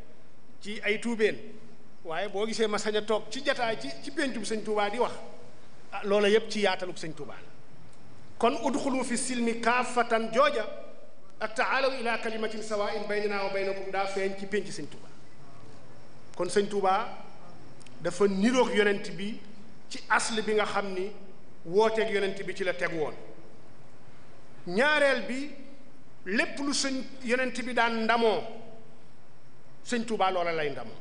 ci ay tuubeen waaye boo gisee ma sañ a toog ci jataay ci ci péncum sëñ Tuubaa di wax Ah, loola yépp ci yaataluk sëñ Tuubaa kon udxulu fi silmi kaafatan jooja ak taalaw ila kalimatin sawain bay na baynakum daa feeñ ci pénc sëñ Tuubaa kon sëñ Tuubaa dafa niroog yonent bi ci asl bi nga xam ni wooteeg yonent bi ci la teg woon ñaareel bi lépp lu sëñ yonent bi daan ndamoo sëñ Tuubaa loola lay ndamoo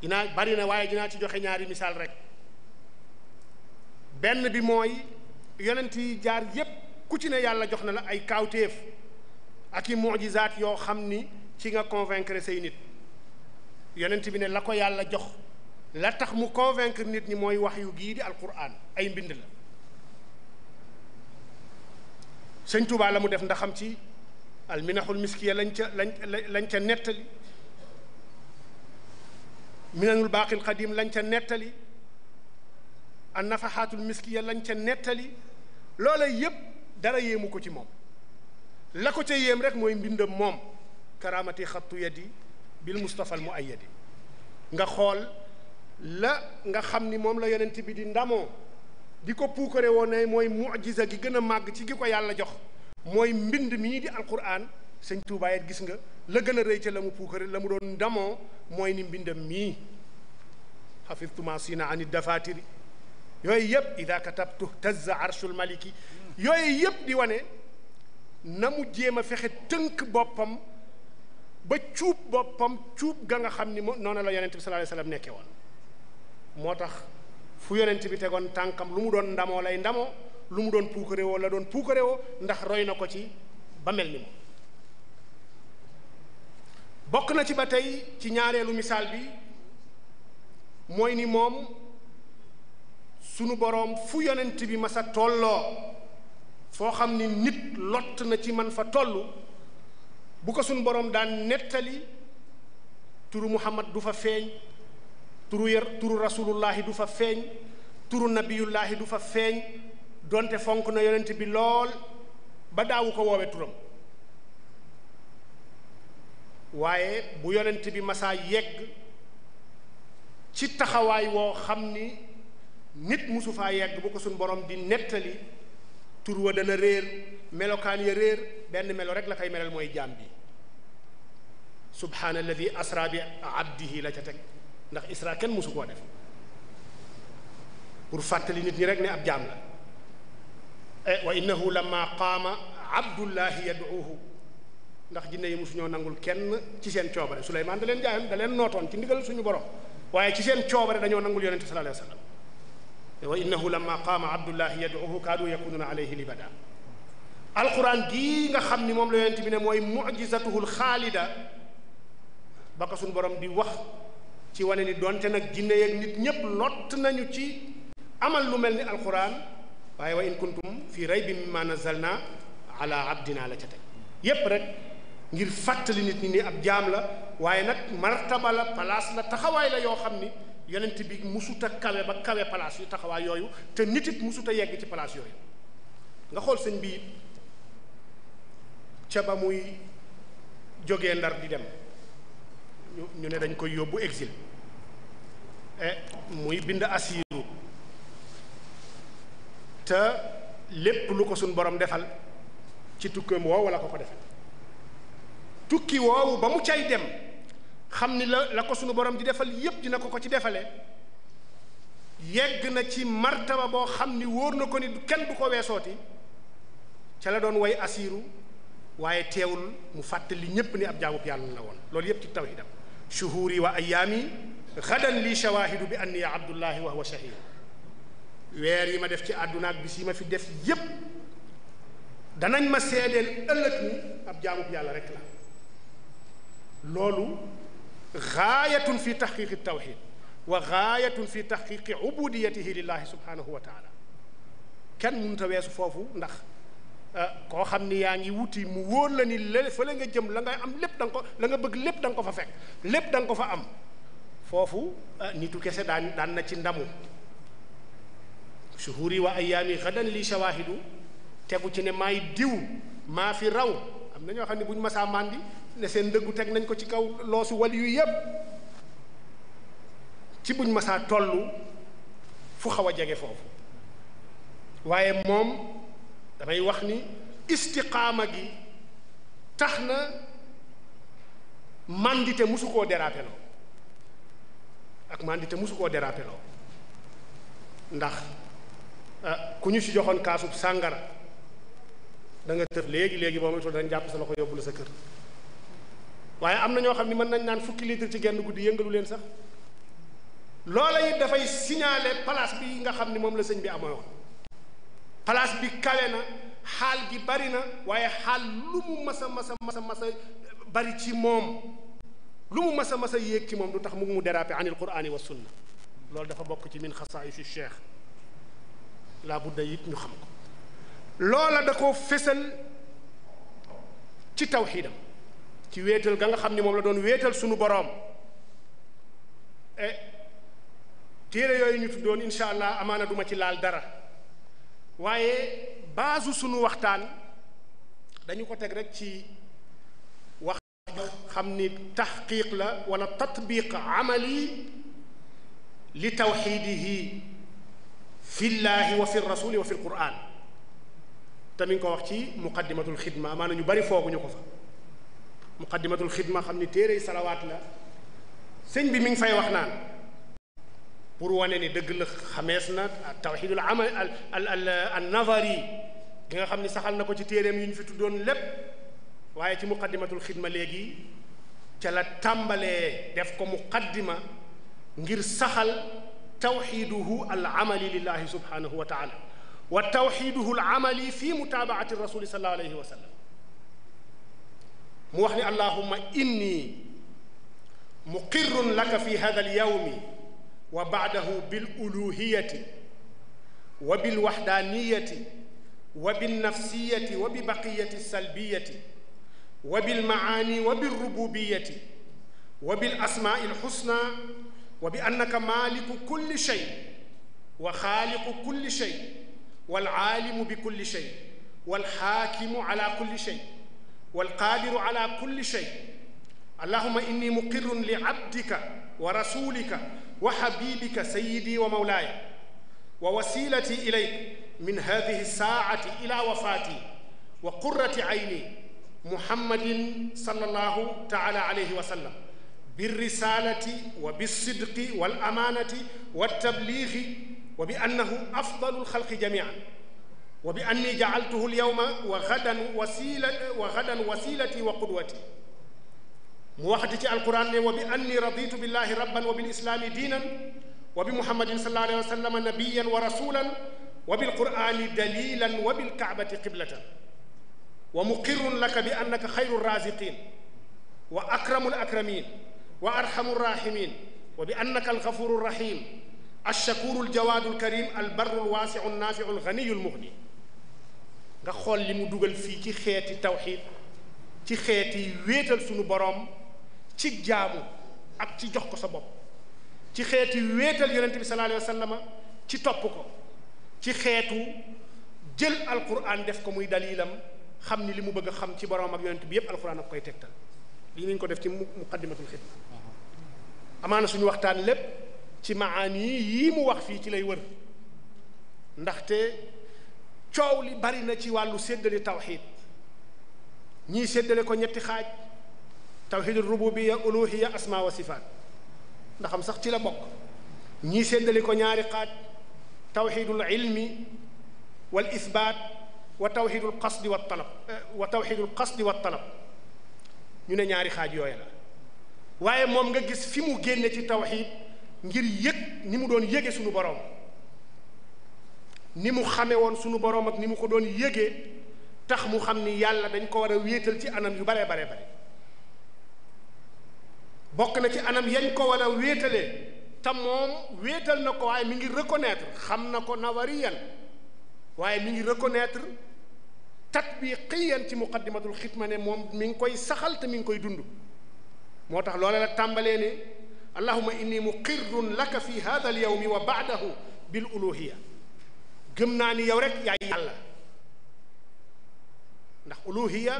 dinaa bari na waaye dinaa ci joxe ñaari misaal rek benn bi mooy yonent yi jaar yépp ku ci ne yàlla jox na la ay kaawtéef ak i mujizaat yoo xam ni ci nga convaincre say nit yonent bi ne la ko yàlla jox la tax mu convaincre nit ñi mooy wax yu gii di alquran ay mbind la sëñ Tuubaa la mu def ndaxam ci alminaxul miskiya lañ ca lañ lañ ca nettali minanul baaqil qadim lañ ca nettali an nafaxaatul miskiya lañ ca nettali loola yépp dara yéemu ko ci moom la ko ca yéem rek mooy mbindam moom karaamati xattu yadi bil mustafa al muayyadi nga xool la nga xam ni moom la yonent bi di ndamoo di ko puukare woon ne mooy mujiza gi gën a màgg ci gi ko yàlla jox mooy mbind mii di alquran sëñ Tuubaa it gis nga la gën a rëy ca la mu puukare la mu doon ndamoo mooy ni mbindam mii xafistuma sina ani dafatiri yooyu yëpp ida katabtu tazza maliki yooyu yëpp di wane na mu jéem a fexe tënk boppam ba cuub boppam cuub ga nga xam ni noonu la yonent bi sallallahu alayhi wasallam nekke woon moo tax fu yonent bi tegoon tànkam lu mu doon ndamoo lay ndamoo lu mu doon puukaréwoo walla doon puukaréwoo ndax roy na ko ci ba mel ni moom bokk na ci ba tey ci ñaareelu misaal bi mooy ni moom sunu boroom fu yonent bi masa tolloo foo xam ni nit lott na ci man fa toll bu ko sunu boroom daan nettali turu muhammad du fa feeñ turu yar turu rasulullahi du fa feeñ turu nabiyullahi du fa feeñ donte fonk na yonent bi lool ba daawu ko woowe turam waaye bu yonent bi masaa yegg ci taxawaay woo xam ni nit musu faa yegg bu ko suñ borom di nettali tur wa dana réer melokaan ya réer benn melo rek la koy melal mooy jaam bi subhaana alladi asra bi abdihi la ca teg ndax isra kenn musu koo def pour fàttali nit ñi rek ne ab jaam la eh, wa innahu lamma qaama abdullahi yaduuhu ndax jinne yi musuñoo nangul kenn ci seen coobare suleymaan da leen jaayam da leen nootoon ci ndigal suñu borom waaye ci seen coobare dañoo nangul yonente sallallahu alayhi wa sallam wa innahu lamma qaama abdullahi yaduhu kaadu yakununa alayhi libada alquran gii nga xam ni moom la yonent bi ne mooy mujisatuhul xaalida ba ko suñ borom di wax ci wane ni donte nag jinne yeeg nit ñépp lott nañu ci amal lu mel ni alquran waaye wa in kuntum fi raybi mimma nazalna ala abdina la ca teg yépp rek ngir fàttali nit ñi ni ab jaam la waaye nag martaba la place la taxawaay la yoo xam ni yonent bi musut a kawe ba kawe palaas yu taxawaay yooyu te nit it musut a yegg ci palaas yooyu nga xool sëñ bi ca ba muy jógee ndar di dem ñu ñu ne dañ koy yóbbu exil e, muy bind asiiru te lépp lu ko suñ borom defal ci tukkeem woowu la ko ko defal tukki woowu ba mu cay dem xam ni la la ko suñu borom di defal yépp dina ko ko ci defale yegg na ci martaba boo xam ni wóor na ko ni kenn du ko weesooti ca la doon woy asiiru waaye teewul mu fàttali ñépp ni ab jaamub yàlla na woon loolu yépp ci taw tawhidam shuhuri wa ayaami gadan li shawaahidu bi anni ya abdullahi wa huwa shahid weer yi ma def ci àdduna ak bis ma fi def yépp danañ ma seedeel ëllëg ni ab jaamub yàlla rek la loolu gaayatun fi taxqiqi tawxid wa gaayatun fi taxqiqi ubudiyatihi lillahi subhanahu wa taala kenn mënut a weesu foofu ndax koo xam ni yaa ngi wuti mu wóor la ni lé fa la nga jëm la nga am lépp da ko la nga bëgg lépp da ko fa fekk lépp danga ko fa am foofu euh, nitu kese daan daan na ci ndamu suhuuri wa ayaami xadan li shawaahidu tegu ci ne maay diw maa fi raw am na ñoo xam ne bu ñu masaa màndi ne seen dëggu teg nañ ko ci kaw loosu wal yu yépp ci buñ masaa tollu fu xaw a jege foofu waaye moom damay wax ni istiqaama gi tax na mandite musu koo déraper loo ak mandite musu koo déraper loo ndax ah, ku ñu si joxoon kaasub sàngara da nga tëf léegi léegi boo ma toll dañ jàpp sa loxo yóbbu la sa kër waaye am na ñoo xam ne mën nañ naan fukki litre ci genn guddi yëngalu leen sax loola it dafay signaler place bi nga xam ni moom la sëñ bi amoon place bi kawe na xaal gi bari na waaye xaal lu mu masa masa masa bari ci moom lu mu masa masa yéeg ci moom lu tax mu mu déraper anil qurani wa sunna loolu dafa bokk ci min xasaayisu cheikh laa budda it ñu xam ko loola da ko fésal ci tawxiidam ci weetal ga nga xam ni moom la doon wéetal sunu boroom e téere yooyu ñu tuddoon insha allah amaana duma ci laal dara waaye baasu sunu waxtaan dañu ko teg rek ci wax xam ni taxqiiq la wala tatbiq amali li tawxiidihi fillaahi wa fi rasuli wa fi l quran te mi ngi ko wax ci muqaddimatul xidma amaana ñu bari fooguñu ko fa muqaddimatul xidma xam ni téere salawaat la sëñ bi mi ngi fay wax naan pour wane ni dëgg la xamees na tawxidul amal al al al nazari gi nga xam ni saxal na ko ci téereem yu ñu fi tuddoon lépp waaye ci muqaddimatul xidma léegi ca la tàmbalee def ko muqaddima ngir saxal tawxiduhu al amali lillahi subhanahu wa taala wa tawxiduhu al amali fi mutaabaati rasuli sallallahu alayhi wa sallam mu wax ni allahumma inni muqirrun laka fi hada alyawmi wa baadahu bil uluhiyati wa bil waxdaaniyati wa bin nafsiyati wa bi baqiyati salbiyati wa bil maani wa bir rububiyati wa bil asmaai alxusna wa bi annaka maaliku kulli shay wa xaaliqu kulli shay wal aalimu bi kulli shay wal xaakimu ala kulli shay والقادر على كل شيء اللهم إني مقر لعبدك ورسولك وحبيبك سيدي ومولاي ووسيلتي إليك من هذه الساعة إلى وفاتي وقرة عيني محمد صلى الله تعالى عليه وسلم بالرسالة وبالصدق والأمانة والتبليغ وبأنه أفضل الخلق جميعاً wa bi anni jaaltuhu lyawma wa gadan wasila wa gadan wasilati wa qudwati mu waxati ci alquran ne wa bi anni raditu billahi rabban wa bilislami diinan wa bi muhammadin sallallahu alayhi wa sallam nabiyan wa rasulan wa bilqurani dalilan wa bilkaabati qiblatan wa muqirrun laka bi annaka xayru raziqin wa akramu alakramin wa arhamu arrahimin wa bi annaka algafuru arrahim alshakuru aljawaadu alkarim albarru alwaasiu annafiu alganiyu almugni nga xool li mu dugal fii ci xeeti tawxiid ci xeeti wéetal suñu boroom ci jaamu ak ci jox ko sa bopp ci xeeti wéetal yonent bi sallallahu alayhi wa sallam ci topp ko ci xeetu jël alquran def ko muy dalilam xam ni li mu bëgg xam ci boroom ak yonent bi yépp alquran ak koy tegtal li nañ ko def ci muqaddimatul xidma amaana suñu waxtaan lépp ci maani yii mu wax fii ci lay wër ndaxte coow li bari na ci wàllu séddale tawxiid ñii séddale ko ñetti xaaj tawxiidul rububiya uluhiya asma wa sifaat ndax am sax ci la bokk ñii séddale ko ñaari xaaj tawxiidul ilmi wal isbaat wa tawxiidul qasdi wa talab wa tawxiidul qasdi wa talab ñu ne ñaari xaaj yooya la waaye moom nga gis fi mu génne ci tawxiid ngir yëg ni mu doon yëge suñu boroom ni mu xame woon suñu boroom ak ni mu ko doon yëgee tax mu xam ni yàlla dañ ko war a wéetal ci anam yu bare bare bare bokk na ci anam yañ ko war a wéetalee te moom wéetal na ko waaye mi ngi reconnaître xam na ko nawariyan waaye mi ngi reconnaître tatbiqiyan ci muqaddimatul xitma ne moom mi ngi koy saxal te mi ngi koy dund moo tax loole la tàmbalee ni allahuma mu muqirrun laka fi hada al mi wa baadahu bil uluhiya gëm naa ni yow rek yaay yàlla ndax uluhiya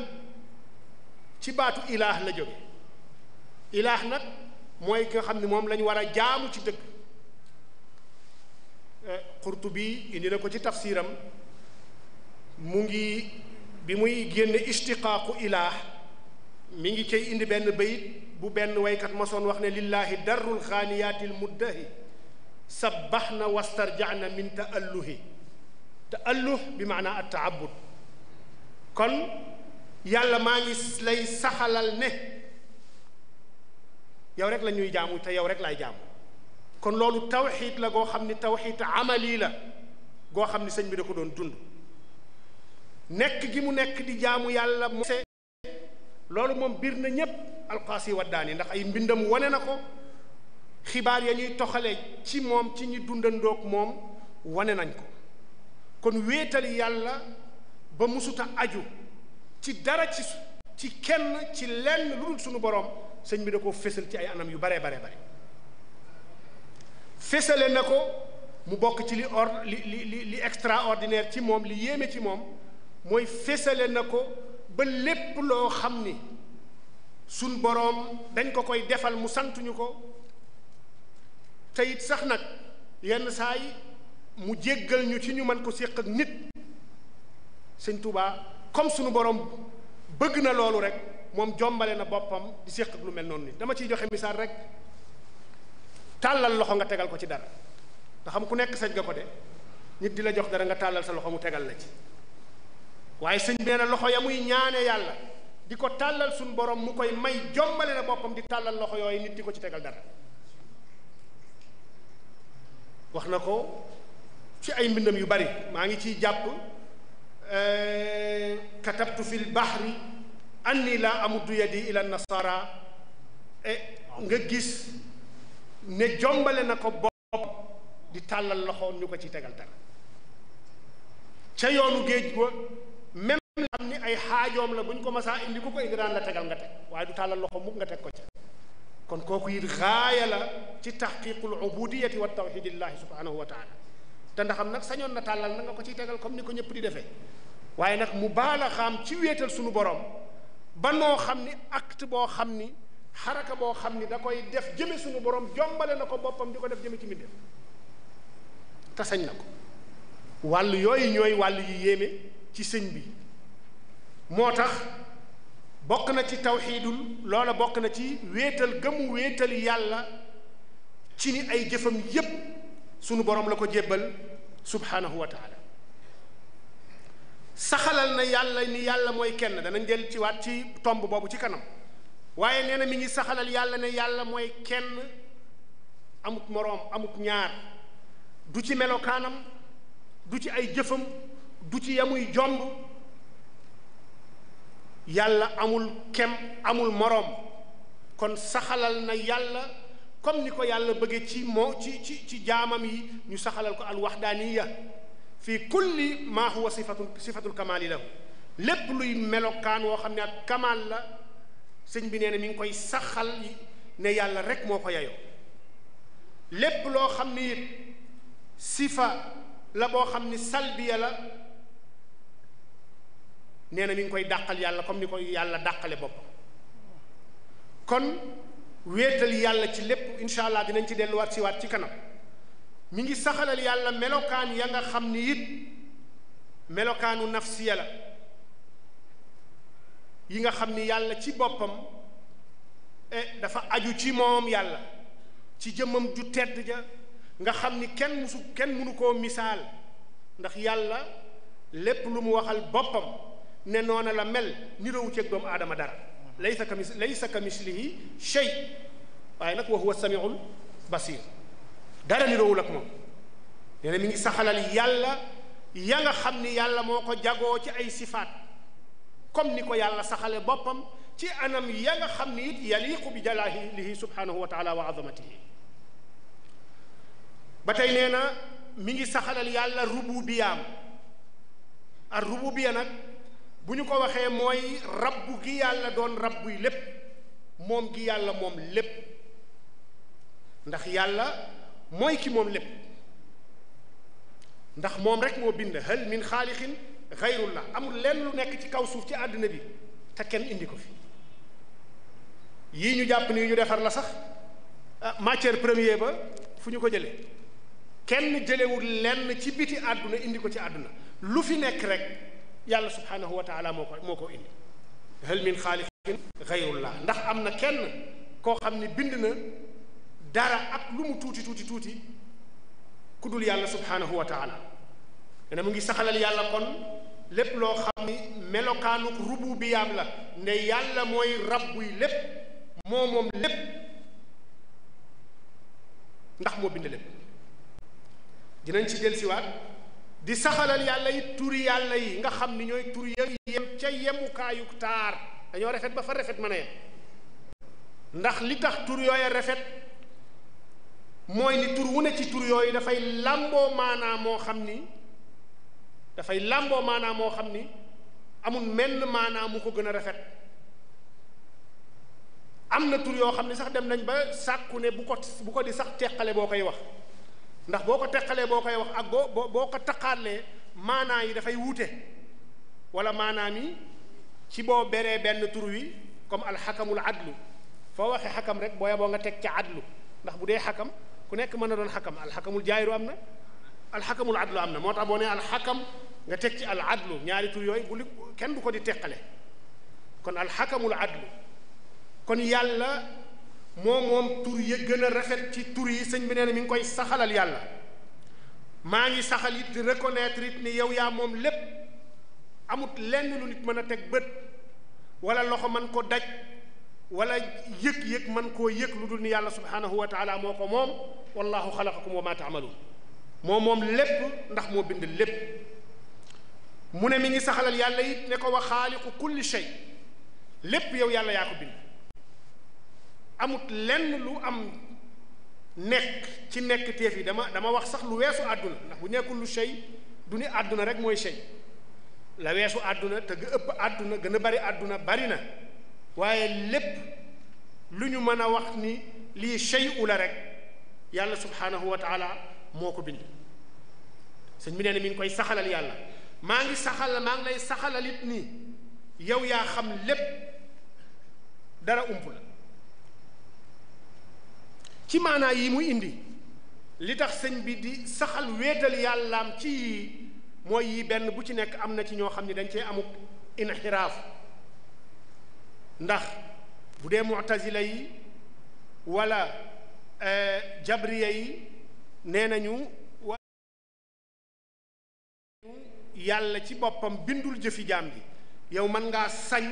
ci baatu ilaah la jóge ilaah nag mooy nga xam ni moom lañu war a jaamu ci dëgg eh, bi indi na ko ci tafsiram mu ngi bi muy génn ishtiqaaqu ilaah mu ngi cay indi benn bayit bu benn waykat masoon wax ne lillaahi darrul xaaniyaati l muddahi sabbaxna wastarjana min taalluhi taalluh bi maanaa at taabud kon yàlla maa ngi lay saxalal ne yow rek lañuy ñuy jaamu te yow rek laay jaamu kon loolu tawxiit la goo xam ni tawxiid amali la goo xam ni sëñ bi da ko doon dund nekk gi mu nekk di jaamu yàlla moom loolu moom biir na ñépp alqaasi waddaani ndax ay mbindam wane na ko xibaar ya ñuy toxalee ci moom ci ñi dundandoog moom wane nañ ko kon wéetal yàlla ba musuta aju ci dara ci ci kenn ci lenn lu dul sunu borom sëñ bi da ko fésal ci ay anam yu baree bare bare fésale na ko mu bokk ci li or li li li extraordinaire ci moom li yéeme ci moom mooy fésale na ko ba lépp loo xam ni sunu boroom dañ ko koy defal mu santuñu ko te sax nag yenn saa yi mu jéggal ñu ci ñu man ko séq nit sëñ tubaa comme sunu borom bëgg na loolu rek moom jombale na boppam di séq lu mel noonu nit dama ciy joxe misaal rek tàllal loxo nga tegal ko ci dara nga ku nekk sañ ga ko de nit di la jox dara nga tàllal sa loxo mu tegal la ci waaye sëñ bi na loxo ya muy ñaane yàlla di ko tàllal suñu borom mu koy may jombale na boppam di tàllal loxo yooyu nit di ko ci tegal dara wax na ko ci ay mbindam yu bari maa ngi ciy jàpp eh, katabtu fi lbahri anni la amuddu yadi ila nasara e nga gis ne jombale na ko bopp di tàllal loxo ñu ko ci tegal dara ca yoonu géej ba même xam ni ay xaajoom la bu ñu ko masaa indi ku ko indi daan la tegal nga teg waaye du tàllal loxo mukk nga teg ko ca kon kooku it gaaya la ci taxqiqul ubudiyati wa tawxidillahi subhanahu wa taala te ndaxam nag sañoon na tàllal nanga ko ciy tegal comme ni ko ñëpp di defe waaye nag mu baala xaam ci wéetal suñu borom ba noo xam ni akt boo xam ni xaraka boo xam ni da koy def jëme suñu borom jombale na ko boppam di ko def jëme ci mbindeef te sañ na ko wàll yooyu ñooy wàll yu yéeme ci sëñ bi moo tax bokk na ci tawxiidul loola bokk na ci wéetal gëmu wéetal yàlla ci ni ay jëfam yépp sunu borom la ko jébbal subhanahu wa taala saxalal na yàlla ni yàlla mooy kenn danañ jël ci waat ci tomb boobu ci kanam waaye nee na mi ngi saxalal yàlla ne yàlla mooy kenn amut moroom amut ñaar du ci melokaanam du ci ay jëfam du ci yamuy jomb yàlla amul kem amul moroom kon saxalal na yàlla comme ni ko yàlla bëgge ci moo ci ci ci jaamam yi ñu saxalal ko al waxdaaniya fii kulli maa huwa sifatul sifatul kamaali lahu lépp luy melokaan woo xam ne ak kamaal la sëñ bi nee na mi ngi koy saxal ne yàlla rek moo ko yayoo lépp loo xam ne it sifa la boo xam ne salbiya la nee na mi ngi koy dàqal yàlla comme ni koy yàlla dàqale bopp kon wéetal yàlla ci lépp incha allah dinañ ci delluwaat waat ci kanam mu ngi saxalal yàlla melokaan ya nga xam ni it melokaanu nafsiya la yi nga xam ni yàlla ci boppam eh, dafa aju ci moom yàlla ci jëmmam ju tedd ja nga xam ni kenn musu kenn mënu koo misaal ndax yàlla lépp lu mu waxal boppam ne noona la mel nirowu ceeg doomu aadama dara laysa ka mis laysa ka mislihi shay waaye nag wa huwa samiul basir dara niroowul ak moom nee na mi ngi saxalal yàlla ya nga xam ni yàlla moo ko jagoo ci ay sifaat comme ni ko yàlla saxale boppam ci anam ya nga xam ni it yaliqu bi jalaalihi subhanahu wa taala wa azamatihi ba tey nee na mi ngi saxalal yàlla rububiyaam ar rububiya nag bu ñu ko waxee mooy rabbu gi yàlla doon rabbu yi lépp moom gi yàlla moom lépp ndax yàlla mooy ki moom lépp ndax moom rek moo bind hal min xaaliqin la amul lenn lu nekk ci kaw suuf ci àddina bi te kenn indi ko fi yii ñu jàpp ni ñu defar la sax ah, matière premier ba fu ñu ko jële kenn jëlewul lenn ci biti àdduna indi ko ci àdduna lu fi nekk rek yàlla subhaanahu wa taala moo ko moo ko indi hal min xaaliqin xayrullah ndax am na kenn koo xam ne bind na dara ak lu mu tuuti tuuti tuuti ku dul yàlla subhaanahu wa ne mu ngi saxalal yàlla kon lépp loo xam ni melokaanuk rubu bi yaam la nde yàlla mooy rab buy lépp moo moom lépp ndax moo bind lépp dinañ ci dellusiwaat di saxalal yàlla yi turi yàlla yi nga xam ni ñooy tur ya yem ca yemukaayu taar dañoo rafet ba fa rafet mën a yem ndax li tax tur yooya rafet mooy ni tur wu ne ci tur yooyu dafay làmboo maanaa moo xam ni dafay làmboo maanaa moo xam ni amul menn maanaa mu ko gën a rafet am na tur yoo xam ne sax dem nañ ba sàkku ne bu ko bu ko di sax teqale boo koy wax ndax boo ko teqalee boo koy wax ak boo boo ko taqaalee maanaa yi dafay wuute wala maanaam yi ci boo beree benn tur wi comme alxakamul adlu foo waxee xakam rek booya boo nga teg ca adlu ndax bu dee xakam ku nekk mën na doon xakam alxakamul jaayiru am na alxakamul adlu am na moo tax boo nee alxakam nga teg ci al adlu ñaari tur yooyu bu li kenn bu ko di teqale kon alxakamul adlu kon yàlla moo moom tur ya gën a rafet ci tur yi sëñ bi nee mi ngi koy saxalal yàlla maa ngi saxal it di it ni yow yaa moom lépp amut lenn lu nit mën a teg bët wala loxo man ko daj wala yëg-yëg man koo yëg lu dul ni yàlla subhaanahu wa taala moo ko moom wallahu xalaqakum wa ma taamaluun moo moom lépp ndax moo bind lépp mu ne mi ngi saxalal yàlla it ne ko wa xaaliqu kulli shay lépp yow yàlla yaa ko bind amut lenn lu am nekk ci nekk téef yi dama dama wax sax lu weesu àdduna ndax bu nekkul lu sey du ni àdduna rek mooy sey la weesu àdduna te ga ëpp àdduna gën a bari àdduna bari na waaye lépp lu ñu mën a wax ni lii sey u rek yàlla subhaanahu wa taala moo ko bind sëñ bi nee na mi ngi koy saxalal yàlla maa ngi saxal maa ngi lay saxalalit nii yow yaa xam lépp dara ump la ci maanaa yi mu indi li tax sëñ bi di saxal wéetal yàllaam ci yii mooy yi benn bu ci nekk am na ci ñoo xam ne dañ cee amuk inxiraaf ndax bu dee mu'tazila yi wala eh, jabriya yi nee nañu yàlla ci boppam bindul jëfi jaam bi yow mën ngaa sañ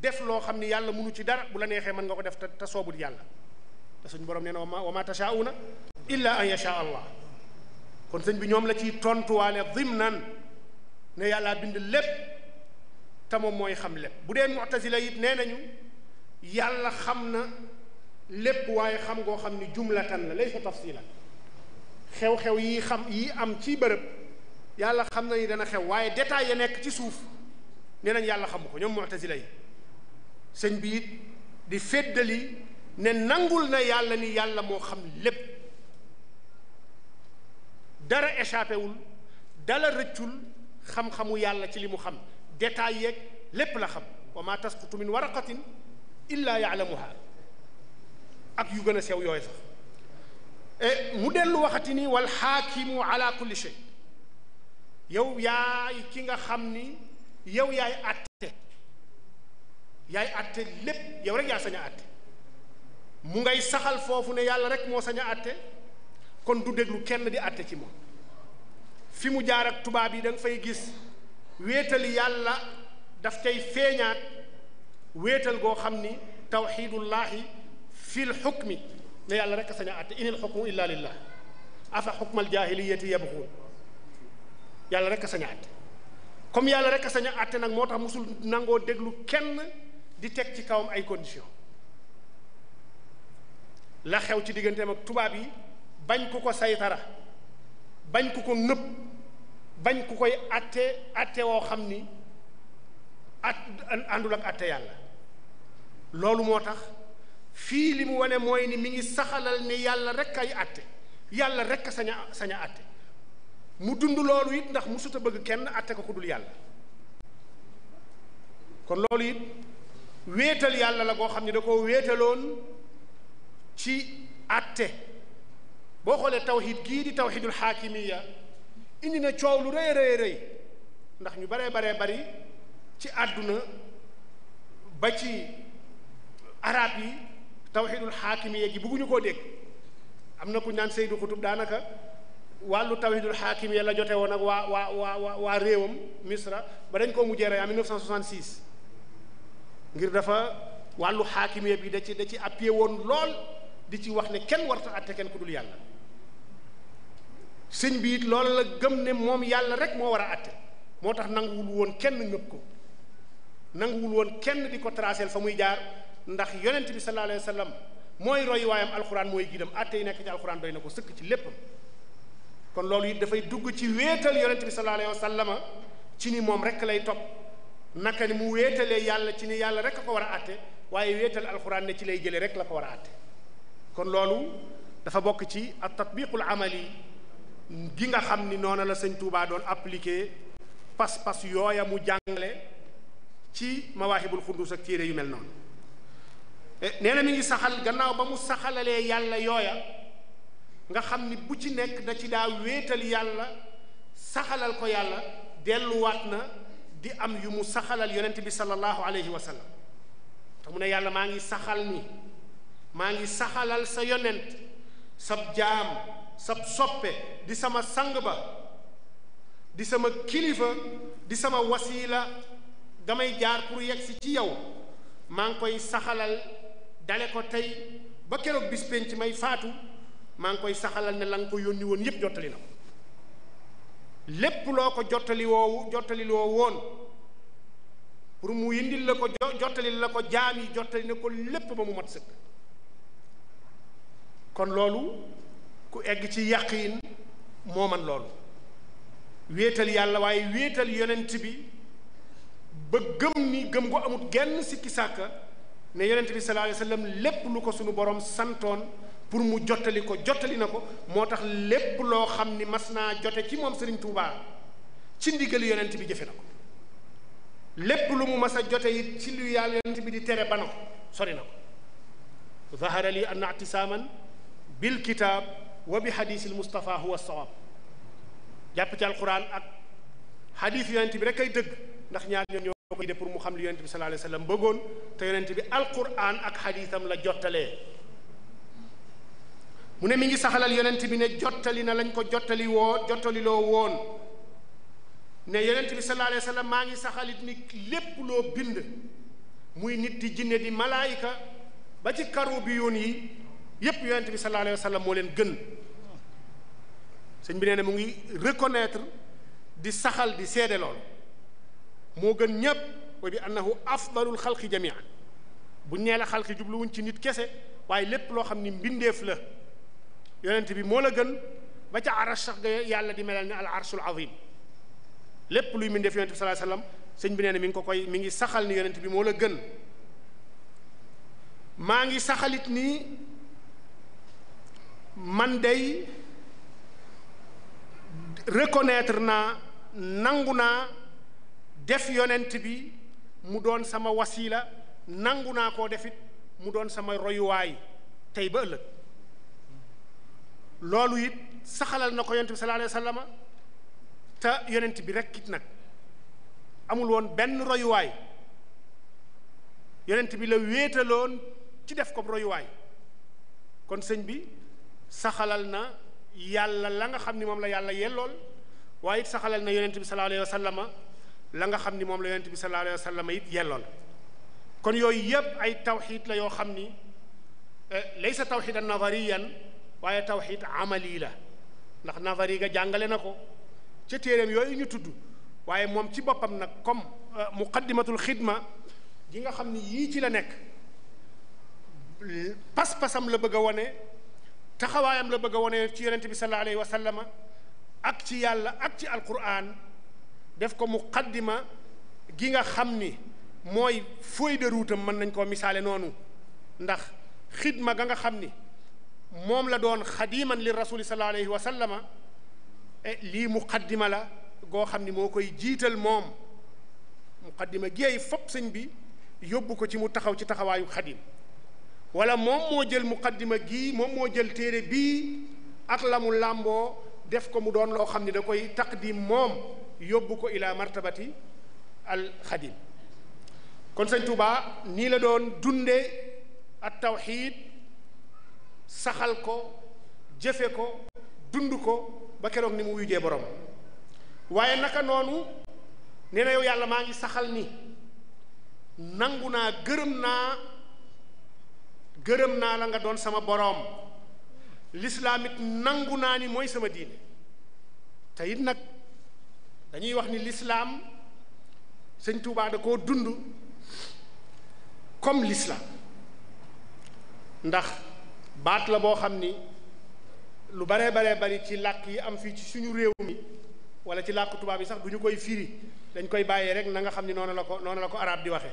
def loo xam ne yàlla mënu ci dara bu la neexee mën nga ko def te soobul yàlla te suñ borom nee na wa ma tashaa'una illa an yasha allah kon sëñ bi ñoom la ciy tontuwaale dimnan ne yàllaa bind lépp te moom mooy xam lépp bu dee mu'tazila it nee nañu yàlla xam na lépp waaye xam ngoo xam ni jumlatan la laysa tafsilan xew-xew yi xam yi am ci bërëb yàlla xam na ni dana xew waaye détail ya nekk ci suuf nee nañ yàlla xamu ko ñoom mu'tazila yi sëñ bi it di féddali ne nangul na yàlla ni yàlla moo xam lépp dara échappé wul dala rëccul xam-xamu yàlla ci li mu xam détail yeeg lépp la xam wa maa tasqutu min waraqatin illaa yaalamuha ak yu gën a sew yooyu sax eh, mu dellu waxati ni wal xaakimu ala kulli shay yow yaay ki nga xam ni yow yaay atte yaay lépp yow rek yaa sañ a atte mu ngay saxal foofu ne yàlla rek moo sañ a kon du déglu kenn di àtte ci moom fi mu jaar ak tubaab yi da fay gis wéetal yàlla daf cay feeñaat wéetal goo xam ni tawxidullaahi fil xukmi ne yàlla rek sañ a àtte inil xukmu illa lillah afa xukmal jaahiliyati yabxuun yàlla rek a sañ a comme yàlla rek a sañ a nag moo tax musul nangoo déglu kenn di teg ci kawam ay condition la xew ci digganteem ak tubaab yi bañ ku ko saytara bañ ku ko nëb bañ ku koy atte atte woo xam ni at àndul ak atte yàlla loolu moo tax fii li mu wane mooy ni mi ngi saxalal ne yàlla rekk ay atte yàlla rekk sañ a sañ a mu dund loolu it ndax musuta bëgg kenn atte ko ku dul yàlla kon loolu it wéetal yàlla la koo xam ne da koo wéetaloon ci àtte boo xoolee tawxid gii di tawxidul xaakimiya indi na coow lu rëy rëy rëy ndax ñu baree baree bari ci àdduna ba ci arab yi tawxidul xaakimiya gi bëgguñu koo dégg am na ku ñaan Seydou Xutub daanaka wàllu tawxidul xaakimiya la jote woon ak waa waa waa waa réewam Misra ba dañ koo mujjee rey en 1966 ngir dafa wàllu xaakimiya bi da ci da ci appuyé woon lool di ci wax ne kenn warta àtte kenn ku dul yàlla sëñ bi it lool la gëm ne moom yàlla rek moo war a àtte moo tax nanguwul woon kenn ngëpp ko nanguwul woon kenn di ko traceel fa muy jaar ndax yonent bi sallallahu alayhi wa sallam mooy royuwaayam alxuraan mooy giidam àtte yi nekk ci alxuraan doy na ko sëkk ci léppam kon loolu it dafay dugg ci wéetal yonent bi sallallahu alayhi wa sallama ci ni moom rek lay topp naka ni mu wéetalee yàlla ci ni yàlla rek a ko war a àtte waaye wéetal alxuraan ne ci lay jëlee rek la ko war a àtte kon loolu dafa bokk ci at tatbiqul amali gi nga xam ni noona la sëñ Touba doon appliqué pas-pas yooya mu jàngale ci mawaahibul xundus ak téere yu mel noonu eh, nee na mi ngi saxal gannaaw ba mu saxalalee yàlla yooya nga xam ni bu ci nekk da ci daa wéetal yàlla saxalal ko yàlla delluwaat na di am yu mu saxalal yonent bi sallallahu alayhi wa sallam mu ne yàlla maa ngi saxal ni maa ngi saxalal sa yonent sab jaam sab soppe di sama sang ba di sama kilifa di sama wasiila damay jaar pour yegg si ci yow maa ngi koy saxalal dale ko tey ba keroog bis penc may faatu maa ngi koy saxalal ne la nga ko yónni woon yépp jottali na ko lépp loo ko jottali woowu jottali loo woon pour mu yindi la ko jottali la ko jaam yi jottali ne ko lépp ba mu mat sëkk kon loolu ku egg ci yaqiin moo man loolu wéetal yàlla waaye wéetal yonent bi ba gëm ni gëm gu amut genn sikki sàkka ne yonent bi sallallahu alayhi wasallam lépp lu ko sunu borom santoon pour mu jottali ko jottali na ko moo tax lépp loo xam ni mas naa jote ci moom Serigne Touba ci ndigal yonent bi jëfe na ko lépp lu mu mas a jote it ci lu yàlla yonent bi di tere ba sori na ko zahara li anna bil kitaab wa bi xadiisil Mustapha huwa sawaab jàpp ci alquran ak xadiis yonent bi rek ay dëgg ndax ñaar ñoom ñoo koy de pour mu xam li yonent bi sallallahu alayhi wa sallam bëggoon te yonent bi alquran ak xadiisam la jottalee. mu ne mi ngi saxalal yonent bi ne jottali na lañ ko jottali woo jottaliloo woon ne yonent bi sallallahu alayhi wa sallam maa ngi saxalit ni lépp loo bind muy nit di jinne di malaayika ba ci karu bi yoon yi. yépp yonent bi sallallahu alayhi moo leen gën sëñ bi nee mu ngi reconnaître di saxal di seede lool moo gën ñépp wa bi annahu afdalul xalqi jamian bu ñee la xalqi jubluwuñ ci nit kese waaye lépp loo xam ni mbindeef la yonent bi moo la gën ba ca arash sax nga yàlla di melal ne al arshul azim lépp luy mbindeef yonent bi sallallahu alayhi sëñ bi mi ngi ko mi ngi saxal ni yonent bi moo la gën maa ngi saxalit nii man dey reconnaître naa nangu naa def yonent bi mu doon sama wasiila nangu naa koo defit mu doon sama royuwaay tey ba ëllëg loolu it saxalal na ko yonent bi sallallahu alayhi wa sallam yonent bi rek it nag amul woon benn royuwaay yonent bi la wéetaloon ci def ko royuwaay kon sëñ bi saxalal na yàlla la nga xam ni moom la yàlla yellool waaye it saxalal na yonent bi sallallahu alayhi wa la nga xam ni moom la yonent bi sallallahu alayhi wa sallama it yellool kon yooyu yépp ay tawxiid la yoo xam ni eh, laysa tawxiidan nadariyan waaye tawxiid amali la ndax nadari ga jàngale na ko ca téeréem yooyu ñu tudd waaye moom ci boppam nag comme eh, muqaddimatul xidma gi nga xam ni yii ci la nekk pas-pasam la bëgg a wane taxawaayam la bëgg a wone ci yonent bi sallallahu alayhi ak ci yàlla ak ci alquran def ko muqaddima gi nga xam ni mooy feuille de route am mën nañ koo misaale noonu ndax xidma ga nga xam ni moom la doon xadiman li rasuli sallallahu alayhi wa sallama e lii muqaddima la goo xam ni moo koy jiital moom muqaddima gi ay fopp sëñ bi yóbbu ko ci mu taxaw ci taxawaayu xadim wala moom moo jël muqaddima gii moom moo jël téere bii ak la mu làmboo def ko mu doon loo xam ni da koy taqdim moom yóbbu ko ila martabati al kon sëñ Tuubaa nii la doon dunde at tawxiid saxal ko jëfe ko dund ko ba keroog ni mu wujjee borom waaye naka noonu nee na yow yàlla maa ngi saxal ni nangu naa gërëm naa gërëm naa la nga doon sama boroom lislaam it nangu naa ni mooy sama diine te it nag dañuy wax ni lislaam sëñ Tuubaa da koo dund comme lislaam ndax baat la boo xam ni lu baree baree bari ci làkk yi am fii ci suñu réew mi wala ci làkk tubaab yi sax duñu koy firi dañ koy bàyyee rek na nga xam ni noonu la ko noonu la ko arab di waxe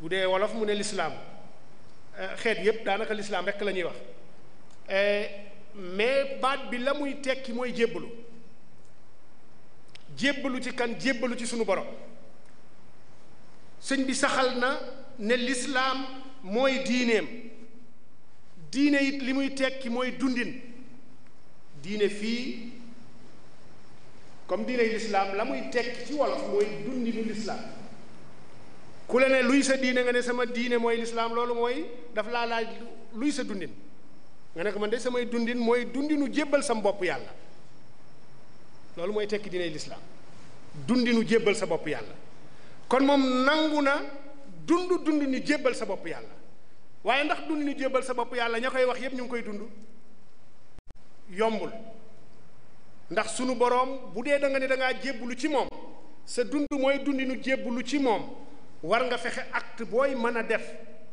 bu dee wolof mu ne lislaam Euh, xeet yépp daanaka lislaam rekk la ñuy wax euh, mais baat bi la muy tekki mooy jébbalu jébbalu ci kan jébbalu ci suñu borom sëñ bi saxal na ne lislaam mooy diineem diine it li muy tekki mooy dundin diine fii comme diine lislaam la muy tekki ci wolof mooy dundinu lislaam ku la ne luy sa diine nga ne sama diine mooy lislaam loolu mooy dafa laa laaj luy sa dundin nga ne ko man de samay dundin mooy dundinu jébbal sam bopp yàlla loolu mooy tekki diine lislaam dundinu jébbal sa bopp yàlla kon moom nangu na dund dund ni jébbal sa bopp yàlla waaye ndax dund ni jébbal sa bopp yàlla ña koy wax yépp ñu ngi koy dund yombul ndax sunu boroom bu dee danga ne dangaa ngaa jébbalu ci moom sa dund mooy dundinu jébbalu ci moom war nga fexe acte booy mën a def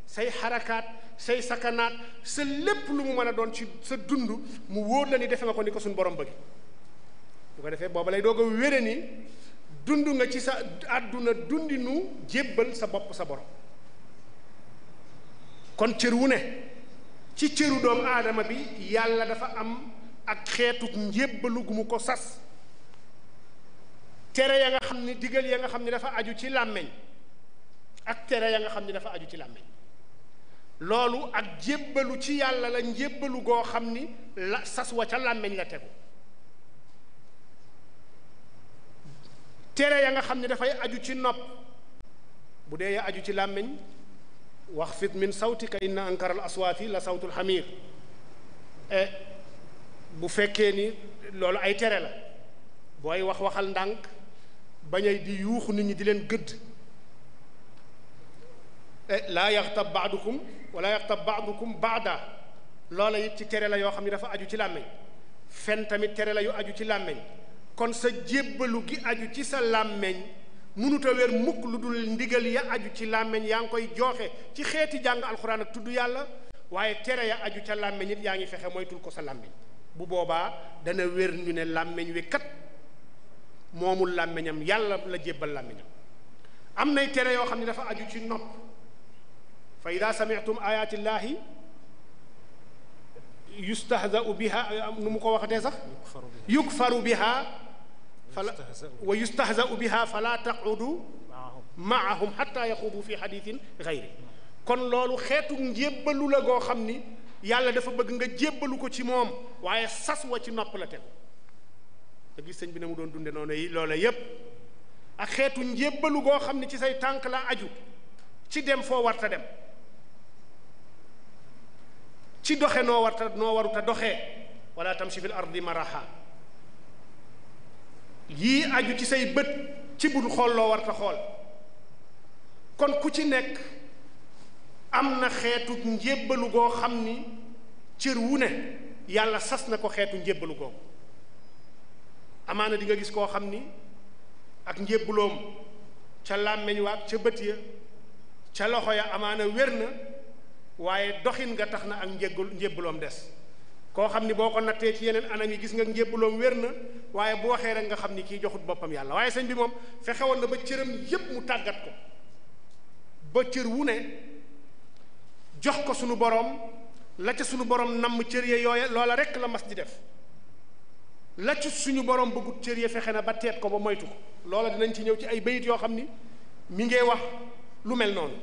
say xarakaat say sakanaat sa lépp lu mu mën a doon ci sa dund mu wóor la ni defe nga ko ni ko suñu borom bëgg bu ko defee booba lay doog a wére ni dund nga ci sa àdduna nu jébbal sa bopp sa borom kon cër wu ne ci cëru doom aadama bi yàlla dafa am ak xeetu njébbalu gu mu ko sas tere ya nga xam ni digal ya nga xam ni dafa aju ci làmmeñ ak tere ya nga xam ni dafa aju ci làmmiñ loolu ak jébbalu ci yàlla la njébbalu goo xam ni la sas wa ca làmmiñ la tegu tere ya nga xam ne dafay aju ci nopp bu dee aju ci làmmiñ wax fit min sawtika inna ankara aswaati la sawtul xamir e, bu fekkee ni loolu ay tere la booy wax waxal ndànk bañay di yuuxu nit ñi di leen gëdd Eh, laa yaxtab baadukum wala yaxtab baadukum baada loola it ci tere la yoo xam ne dafa aju ci làmmeñ fen tamit tere la yu aju ci làmmeñ kon sa jébbalu gi aju ci sa làmmeñ mënut a wér mukk lu dul ndigal ya aju ci làmmeñ yaa ngi koy jooxe ci xeeti jàng alxuraan tudd yàlla waaye tere ya aju ca làmmeñ yaa ngi fexe moytul ko sa làmmeñ bu boobaa dana wér ñu ne làmmeñ wi kat moomul làmmeñam yàlla la jébbal làmmeñam am nay tere yoo xam ne dafa aju ci nopp fa ida samitum ayati llahi yustahzau biha nu mu ko waxatee sax yukfaru biha fala wa yustahzau biha fala taqudu maahum xata yaxuudu fi xadithin gayri kon loolu xeetu njébbalu la goo xam ni yàlla dafa bëgg nga jébbalu ko ci moom waaye sas wa ci nopp la tegu te gis sëñ bi ne mu doon dunde noonu yi loola yépp ak xeetu njébbalu goo xam ni ci say tànk la aju ci dem foo warta dem ci doxe noo warta noo waruta doxee wala tamshi fil ardi maraha yii aju ci say bët ci bul xool warta xool kon ku ci nekk am na xeetu njébbalu goo xam ni cër wu ne yàlla sas na ko xeetu njébbalu googu amaana dinga gis koo xam ni ak njébbaloom ca làmmiñ wa ca bët ya ca loxo ya amaana wér na waaye doxin nga tax na ak njéggul njébbuloom des koo xam ni boo ko nattee ci yeneen anam yi gis nga njébbuloom wér na waaye bu waxee rek nga xam ni kii joxut boppam yàlla waaye sëñ bi moom fexe woon na ba cëram yépp mu tàggat ko ba cër wu ne jox ko sunu boroom la ca sunu boroom namm cër ya yooya loola rek la mas di def la ca suñu boroom bëggut cër yi fexe na ba teet ko ba moytu ko loola dinañ ci ñëw ci ay bayit yoo xam ni mi ngee wax lu mel noonu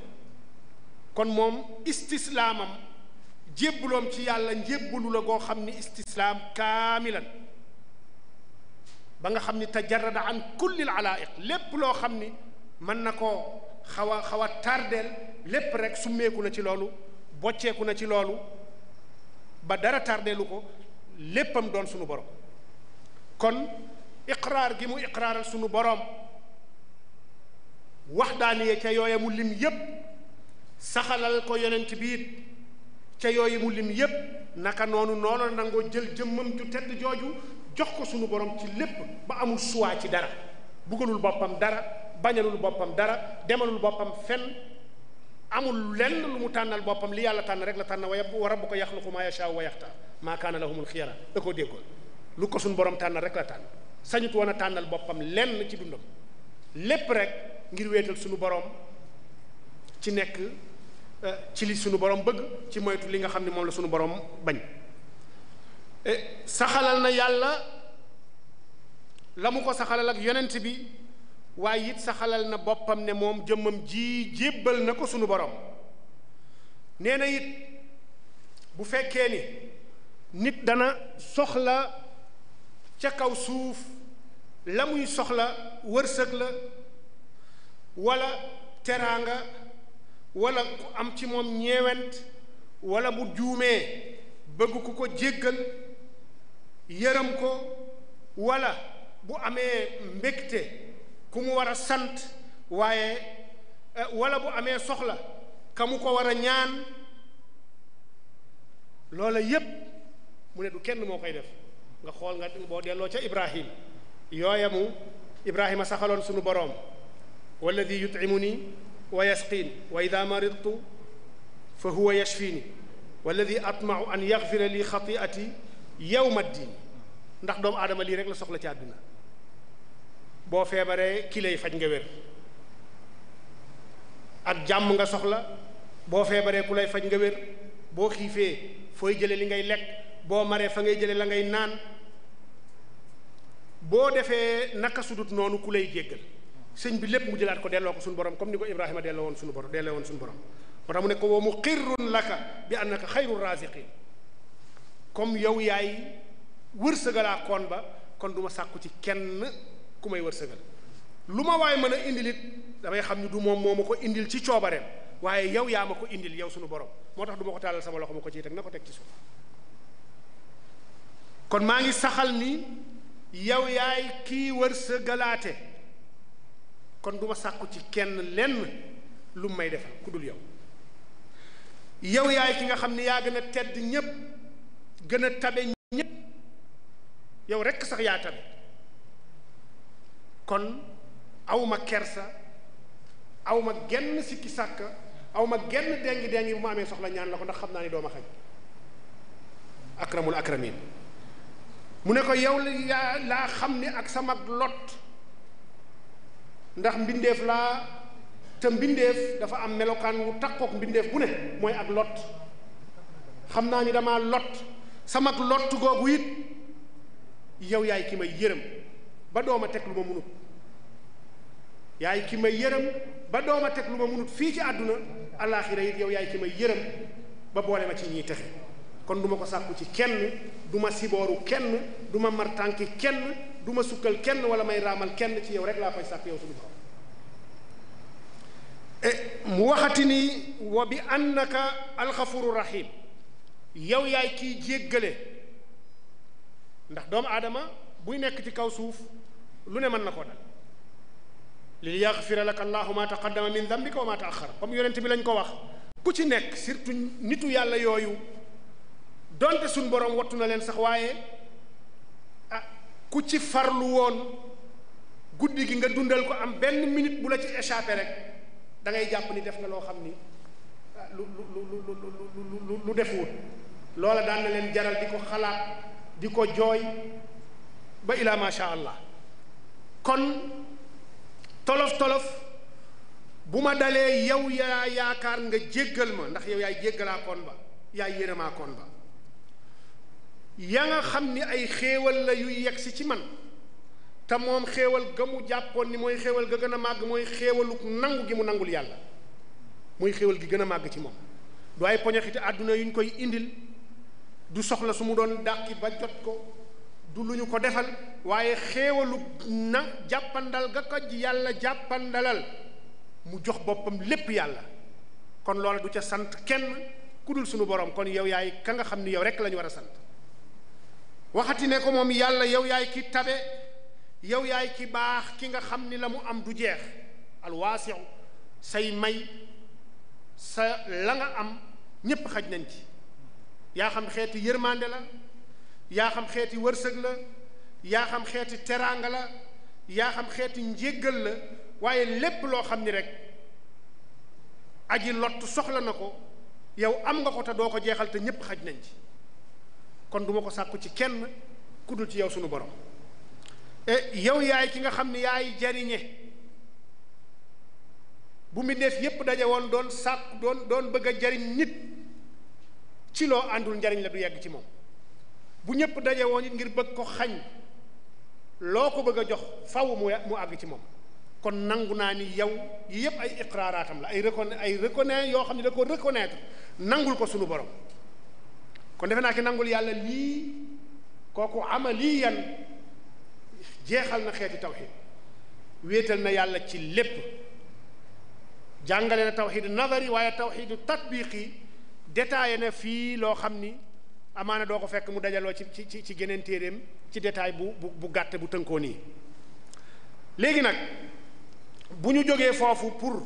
kon moom istislaamam jébbaloom ci yàlla njébbalu la goo xam ni istislaam kaamilan ba nga xam ni tajarada an kulli alaaiq lépp loo xam ni mën na ko xaw a xaw tardeel lépp rek summeeku na ci loolu bocceeku na ci loolu ba dara tardeelu ko léppam doon sunu borom kon iqraar gi mu iqraaral sunu boroom wax daani ye ca yooya mu lim yépp saxalal ko yonent biir ca yooyu mu lim yépp naka noonu noonu nangoo jël jëmmam ju tedd jooju jox ko sunu borom ci lépp ba amul suwaa ci dara bugalul boppam dara bañalul boppam dara demalul boppam fen amul lenn lu mu tànnal boppam li yàlla tànn rek la tànn waaye wa rabbuka yaxluqu maa yashaa'u wa yaxtaar maa kaana lahumul xiyara da ko déggoon lu ko suñu boroom tànnal rek la tànn sañut woon a tànnal boppam lenn ci dundam lépp rek ngir wéetal suñu borom ci nekk Euh, ci li sunu borom bëgg ci moytu li nga xam ne moom la sunu borom bañ euh, saxalal na yàlla la mu ko saxalal ak yonent bi waaye it saxalal na boppam ne moom jëmmam ji jébbal na ko sunu borom nee na it bu fekkee ni nit dana soxla ca kaw suuf la muy soxla wërsëg la walla teraanga wala ku am ci moom ñeewent wala mu juumee bëgg ku ko jéggal yërëm ko walla bu amee mbégte ku mu war a sant waaye eh, wala bu amee soxla kamu ko war a ñaan loola yépp mu ne du kenn moo koy def nga xool nga boo delloo ca ibrahim yooya mu ibrahima saxaloon sunu boroom walladi yutcimu nii ويسقين وإذا مرضت فهو di والذي أطمع أن يغفر لي خطيئتي mat الدين ndax doomu aadama lii rek la soxla ci àdduna boo feebaree ki lay faj nga wér ak jàmm nga soxla boo feebaree ku lay faj nga wér boo xiifee fooy jële li ngay lekk boo maree fa ngay jële la ngay naan boo defee naka sudut noonu ku lay jéggal sëñ bi lépp mu jëlaat ko delloo ko suñu borom comme ni ko Ibrahima delloo woon suñu borom delloo woon suñu borom moo tax mu ne ko woo mu xirrun laka bi annaka xayru raziqin comme yow yaay wërsëgalaa koon ba kon du ma ci kenn ku may wërsëgal lu ma waaye mën a damay xam ni du moom moo ma ko indil ci coobareem waaye yow yaa ko indil yow suñu borom moo tax du ko tàllal sama loxo ma ko ciy teg na ko ci suuf maa ngi saxal ni yow yaay kii wërsëgalaate kon duma sàkku ci kenn lenn lu may defal ku dul yow yow yaay ki nga xam ni yaa gën a tedd ñépp gën a tabe ñépp yow rekk sax yaa tabe kon awma kersa awma genn sikki sàkka awma genn dengi dengi bu ma amee soxla ñaan la ko ndax xam naa ni dooma xaj akramul akramin mu ne ko yow laa xam ne ak sa sama lot ndax mbindeef laa te mbindeef dafa am melokaan wu takkook mbindeef bu ne mooy ak lot xam naa ni dama lot sama lot googu it yow yaay kii may yërëm ba dooma teg lu ma munut ki may yërëm ba dooma teg lu ma munut fii ci àdduna alaaxira it yow yaay ki may yërëm ba boole ma ci ñiy texe kon duma ko sàkku ci kenn duma sibooru kenn duma martànki kenn du ma sukkal kenn wala may raamal kenn ci yow rek laa koy sàkk yow suñu borom eh, mu waxati ni wa bi annaka alxafuru rahim yow yaay kiy jéggale ndax doomu aadama buy nekk ci kaw suuf lu ne mën na koo dal lil yaxfira laka allahu ma taqaddama min dambika wa ma taaxara comme yonent bi lañ ko wax ku ci nekk surtout nitu yàlla yooyu donte suñ borom wattu na leen sax waaye ku ci farlu woon guddi gi nga dundal ko am benn minute bu la ci échappé rek da ngay jàpp ni def nga loo xam ni ah, lu lu lu lu lu defuwut loola daan na leen jaral di ko xalaat di ko jooy ba ilaa macha allah kon tolof tolof bu ma dalee yow yaa yaakaar nga jéggal ma ndax yow yaay jéggalaa koon ba yaay yërëmaa ba ya nga xam ni ay xéewal la yuy yegsi ci man te moom xéewal ga mu jàppoon ni mooy xéewal ga gën a màgg mooy xéewaluk nangu gi mu nangul yàlla mooy xéewal gi gën a màgg ci moom du ay poñaxiti àdduna yu ñu koy indil du soxla su mu doon dàqi ba jot ko du lu ñu ko defal waaye xéewalu na jàppandal ga ko yàlla jàppandalal mu jox boppam lépp yàlla kon loola du ca sant kenn ku dul sunu borom kon yow yaay ka nga xam ni yow rekk lañu war a sant waxati ne ko moom yàlla yow yaay ki tabe yow yaay ki baax ki nga xam ni la mu am du jeex alwaasiu say may sa la nga am ñépp xaj nañ ci yaa xam xeeti yërmande la yaa xam xeeti wërsëg la yaa xam xeeti teraanga la yaa xam xeeti njégal la waaye lépp loo xam ni rek aji lott soxla na ko yow am nga ko te doo ko jeexal te ñépp xaj nañ ci kon du ma ko sàkku ci kenn ku ci yow sunu borom eh, yow yaay ki nga xam ne yaay jariñe bu mu def yépp daje woon doon sàkku doon doon bëgg a jariñ nit ci loo àndul njariñ la du yegg ci moom bu ñépp daje woon ngir bëgg ko xañ loo ko bëgg a jox faw mu mu àgg ci moom kon nangu naa ni yow yi yépp ay iqraaraatam la ay reconna ay reconnaître yoo xam ne da ko reconnaître nangul ko sunu borom kon defe naa ki nangul yàlla lii kooku amaliyan jeexal na xeeti tawxid wéetal na yàlla ci lépp jàngale na tawxidu nazari waaye tawxidu tatbiqi détaillé na fii loo xam ni amaana doo ko fekk mu dajaloo ci ci ci geneen téereem ci détail bu bu bu gàtt bu tënkoo nii léegi nag bu ñu jógee foofu pour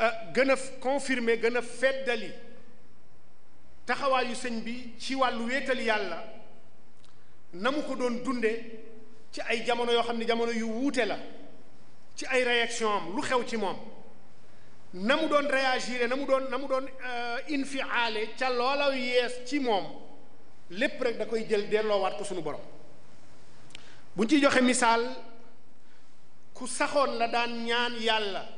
euh, gën a confirmer gën a feddali taxawaayu sëñ bi ci wàllu wéetal yàlla na mu ko doon dunde ci ay jamono yoo xam ne jamono yu wuute la ci ay réaction am lu xew ci moom na mu doon réagir na mu doon na mu doon euh, infiaale ca loola yees ci moom lépp rek da koy jël delloowaat ko suñu borom bu ñu ciy joxe misaal ku saxoon la daan ñaan yàlla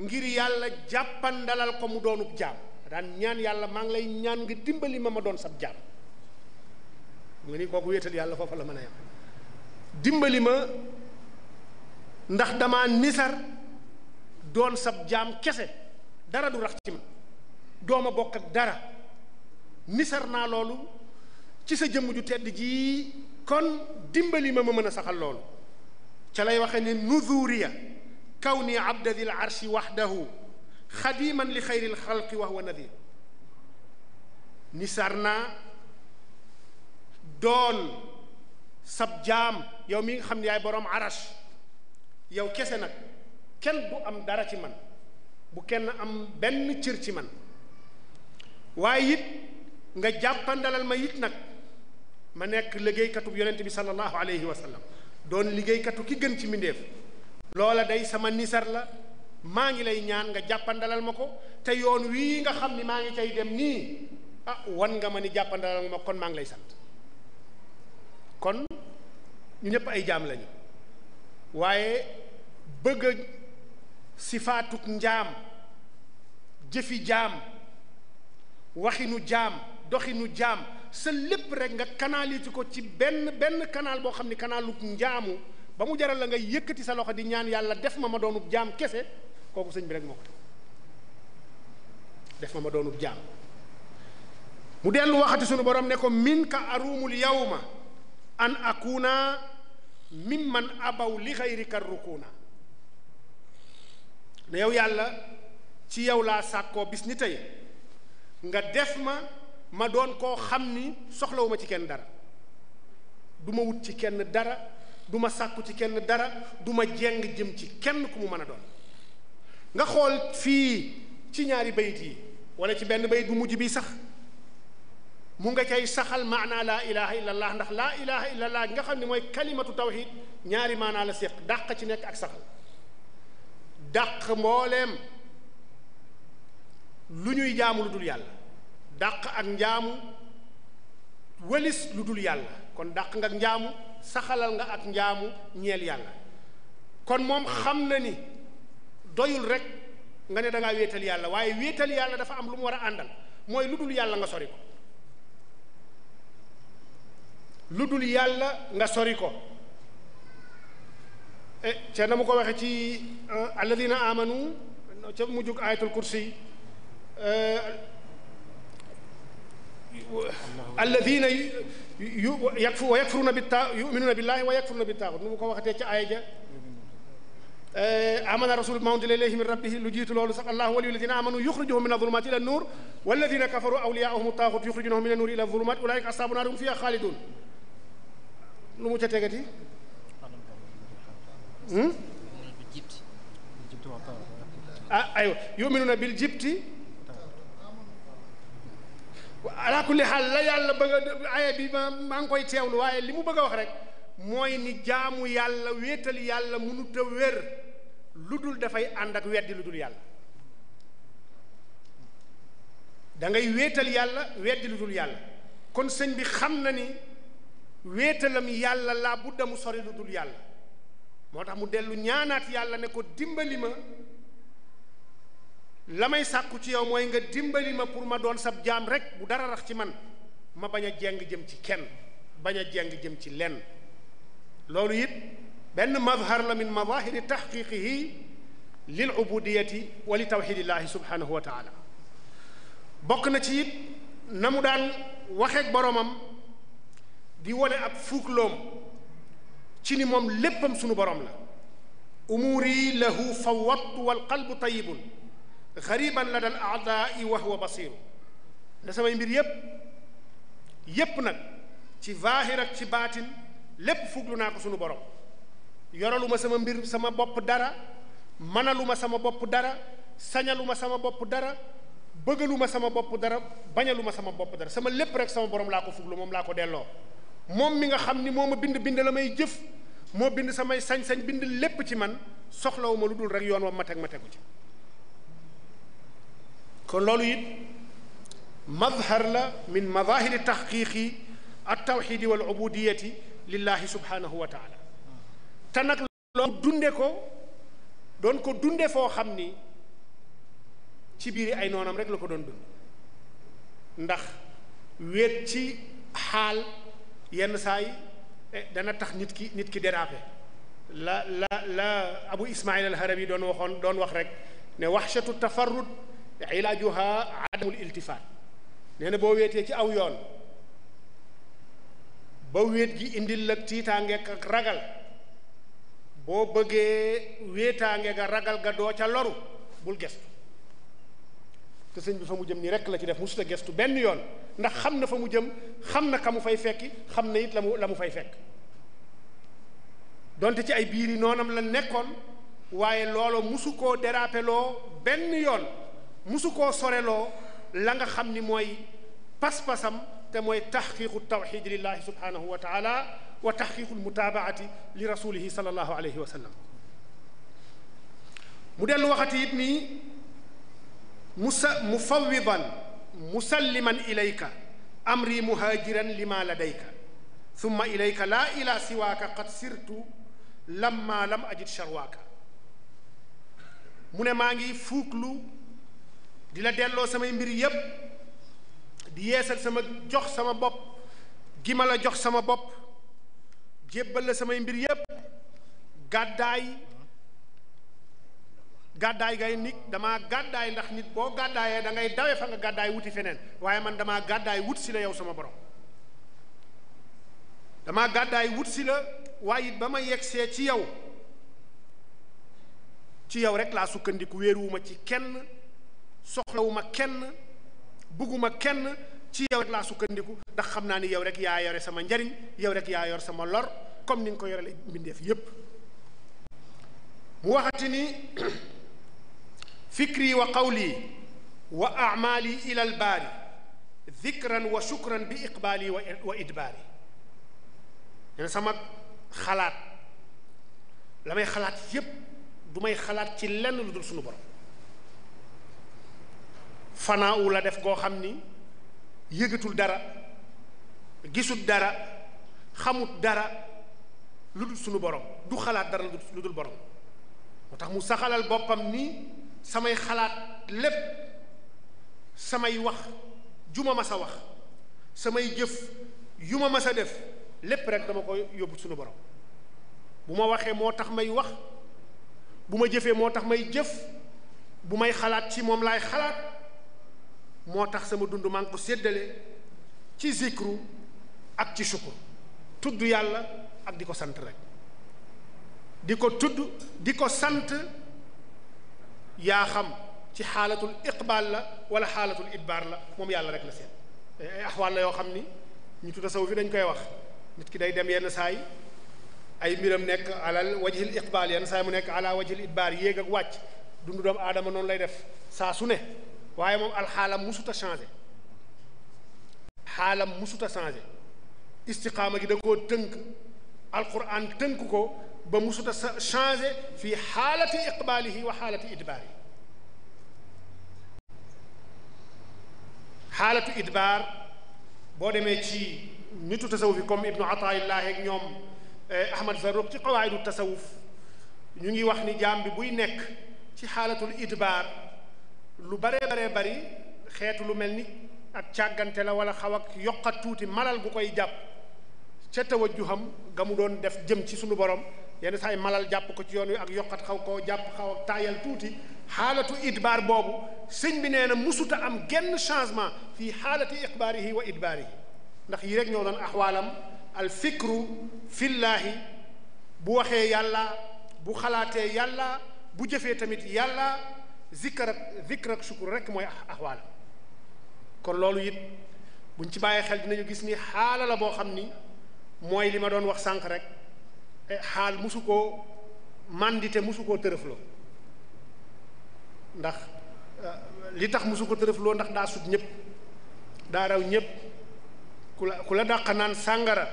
ngir yàlla jàppandalal ko mu doonub jaam daan ñaan yàlla maa ngi lay ñaan nga dimbali ma ma doon sab jaam mu ngi ni yàlla foofa la mën a yam dimbali ma ndax dama nisar doon sab jaam kese dara du rax ci ma dooma bokk ak dara nisar naa loolu ci sa jëmm ju tedd ji kon dimbali ma ma mën a saxal loolu ca lay waxe ne nuzuuriya kaw ni abdadil arshi waxdahu man li xayril xalqi wax wa nadir ni naa doon sab jaam yow mi nga xam ne yaay boroom arash yow kese nag kenn bu am dara ci man bu kenn am benn cër ci man waaye it nga jàppandalal ma it nag ma nekk liggéeykatub yonent bi sallallahu alayhi wa sallam doon liggéeykatu ki gën ci mbindéef loola day sama nisar la maa ngi lay ñaan nga jàppandalal ma ko te yoon wii nga xam ni maa ngi cay dem nii ah wan nga ma ni jàppandalal ma kon maa ngi lay sant kon ñu ñëpp ay jaam lañu waaye bëgg a sifaatuk njaam jëfi jaam waxinu jaam doxinu jaam sa lépp rek nga canaliser ko ci benn benn kanaal boo xam ni canaluk njaamu ba mu jaral la nga yëkkati sa loxo di ñaan yàlla def ma ma doonub jaam kese kooku sëñ bi rek moo ko def ma ma doonub jaam mu dellu waxati sunu borom ne ko min ka aruumul yawma an akuna mimman abaw li xayrika rukuna ne yow yàlla ci yow laa sàkkoo bis ni tey nga def ma ma doon koo xam ni soxlawuma ci kenn dara du wut ci kenn dara du ma sàkku ci kenn dara du ma jeng jëm ci kenn ku mu mën a doon nga xool fii ci ñaari bayit yi wala ci benn bayit bu mujj bi sax mu nga cay saxal maanaa laa ilaha illallah ndax laa ilaha illallah gi nga xam ni mooy kalimatu tawxid ñaari maanaa la séq dàq ci nekk ak saxal dàq mbooleem lu ñuy jaamu lu dul yàlla dàq ak njaamu wëlis lu dul yàlla kon dàq nga ak njaamu saxalal nga ak njaamu ñeel yàlla kon moom xam na ni doyul rek nga ne da ngaa yàlla waaye wéetal yàlla dafa am lu mu war a àndal mooy lu dul yàlla nga sori ko lu dul yàlla nga sori ko eh, ca na mu ko waxe ci eh, alladina amanu ca mujjug ayatul kursi eh, alladina yu yakfu wa yakfuruna bi ta yuminuna billahi wa yakfuruna bi taaxut nu mu ko waxatee ca aaya ja eh, amana rasul ma unzila ilayhi min rabbihi lu jiitu loolu sax allahu waliyu alladina amanu yuxrijuhum min adulumati ila nuur walladina kafaru awliyaahum taaxut yuxrijunahum min annuur ila adulumat ulaika ashabu naar hum fiha xaalidun lu mu ca tegati hmm? ah aywa yuminuna bil jibti ala kulli xaal la yàlla bëgg a aya bi ma maa ngi koy teewlu waaye li mu bëgg a wax rek mooy ni jaamu yàlla wéetal yàlla mënut a wér lu dul dafay ànd ak weddi lu dul yàlla da wéetal yàlla weddi lu dul yàlla kon sëñ bi xam na ni wéetalam yàlla laa budda mu sori lu dul yàlla moo tax mu dellu ñaanaat yàlla ne ko dimbali ma la may sàkku ci yow mooy nga dimbali ma pour ma doon sab jaam rek bu dara rax ci man ma bañ a jeng jëm ci kenn bañ a jeng jëm ci lenn loolu it benn mazhar la min mazahiri tahqiqihi lil ubudiyati wa li tawxidillahi subhanahu wa taala bokk na ci it na mu daan waxeeg boromam di wone ab fuukloom ci ni moom léppam sunu borom la umuuri lahu fawattu wal qalbu tayibun xariban la dal aadai wa huwa basiru ne samay mbir yépp yépp nag ci zaahir ak ci baatin lépp fuglu naa ko sunu borom yoraluma sama mbir sama bopp dara manaluma sama bopp dara sañaluma sama bopp dara bëggaluma sama bopp dara bañaluma sama bopp dara sama lépp rek sama borom laa ko fuglu moom laa ko delloo moom mi nga xam ni moo ma bind bind la may jëf moo bind samay sañsañ bind lépp ci man soxlawuma lu dul rek yoon wa ma mateegu ci kon loolu it mazhar la min mazahiri taxqiqi at tawxidi wal ubudiyati lillahi subhanahu wa taala te nag loolu dunde ko doon ko dunde foo xam ni ci biiri ay noonam rek la ko doon dund ndax wéet ci xaal yenn saay e, dana tax nit ki nit ki dérapé la la la abu ismail al harabi doon waxoon doon wax rek ne waxshatu tafarrud ilaajuha adamul iltifaat nee na boo wéetee ci aw yoon ba wéet gi indil la tiitaange ak ragal boo bëggee wéetaange ga ragal ga doo ca loru bul gestu te sëñ bi fa mu jëm nii rekk la ci def musuta gestu benn yoon ndax xam na fa mu jëm xam na ka mu fay fekki xam na it la mu la mu fay fekk donte ci ay biir yi noonam la nekkoon waaye loolo musu koo dérapeloo benn yoon musu koo soreloo la nga xam ni mooy pas-pasam te mooy taxqiqu tawxid lillahi subhanahu wa taala wa taxqiqu lmutaabaati li rasulihi sallallahu alayhi wa sallam mu dellu waxati it nii musa mufawidan musalliman ilayka amri muhaajiran lima ladayka summa ilayka laa ila siwaaka qad sirtu lamma lam ajid sharwaaka mu ne maa ngi fuuklu di la delloo samay mbir yépp di yéesal sama jox sama bopp gi ma la jox sama bopp jébbal la samay mbir yépp gàddaay gàddaay ngay nit dama gàddaay ndax nit boo gàddaayee dangay ngay dawe fa nga gàddaay wuti feneen waaye man damaa gàddaay wut si la yow sama borom dama gàddaay wut si la waaye ba ma yegsee ci yow ci yow rek laa sukkandiku wéeruwuma ci kenn soxlawuma kenn bugguma kenn ci yow rek laa sukkandiku ndax xam naa ni yow rek yaa yore sama njariñ yow rek yaa yor sama lor comme ni nga ko yorele mbindeef yépp mu waxati ni fikri wa qawli wa amali ila al baari dikran wa shukran sama xalaat la may xalaat yépp du may xalaat ci lenn lu dul sunu borom fanaawu la def goo xam ni yëgatul dara gisul dara xamut dara lu dul sunu borom du xalaat dara lu dul borom moo tax mu saxalal boppam ni samay xalaat lépp samay wax juma ma mas a wax samay jëf yu ma mas a def lépp rek dama ko yóbbu suñu borom bu ma waxee moo tax may wax bu ma jëfee moo tax may jëf bu may xalaat ci moom laay xalaat moo tax sama dund man ko séddale ci zikru ak ci sukkur tudd yàlla ak di ko sant rek di ko tudd di ko sant yaa xam ci xaalatul iqbaal la wala xaalatul idbaar la moom yàlla rek la seen ay axwaal la yoo xam ni ñu tudd saw fi dañ koy wax nit ki day dem yenn saa yi ay mbiram nekk alal wajhil iqbaal yenn saa yi mu nekk ala wajhil idbaar yéeg ak wàcc dund doomu aadama noonu lay def saa su ne waaye moom alxaalam musuta changé xaalam musuta change istiqaama gi da koo tënk alquran tënk ko ba musuta change fii xaalati iqbaalihi wa xaalati idbaarihi xaalatu idbaar boo demee ci nitu tasawuf yi comme ibnu ataillah ak ñoom eh, ahmad zarruq ci qawaayidu tasawuf ñu ngi wax ni jaam bi buy nekk ci xaalatul idbaar lu baree baree bari xeetu lu mel ni ak càggante la wala xaw yokkat tuuti malal bu koy jàpp ca tawajjuham ga mu doon def jëm ci sunu borom yenn saa yi malal jàpp ko ci yoon wi ak yokkat xaw koo jàpp xaw taayal tuuti xaalatu idbaar boobu sëñ bi nee na musuta am genn changement fii xaalati iqbaarihi wa idbaarihi ndax yi rek ñoo doon axwaalam al fikru fillaahi bu waxee yàlla bu xalaatee yàlla bu jëfee tamit yàlla zikkar ak zikkar ak sukkur rek mooy axwaal kon loolu it buñ ci bàyyi xel dinañu gis ni xaala la boo xam ni mooy li ma doon wax sànq rek eh, xaal musu koo mandité musu koo tërëfloo ndax eh, li tax musu ko tërëfloo ndax daa sut ñëpp daa raw ñëpp ku la ku la dàq naan sàngara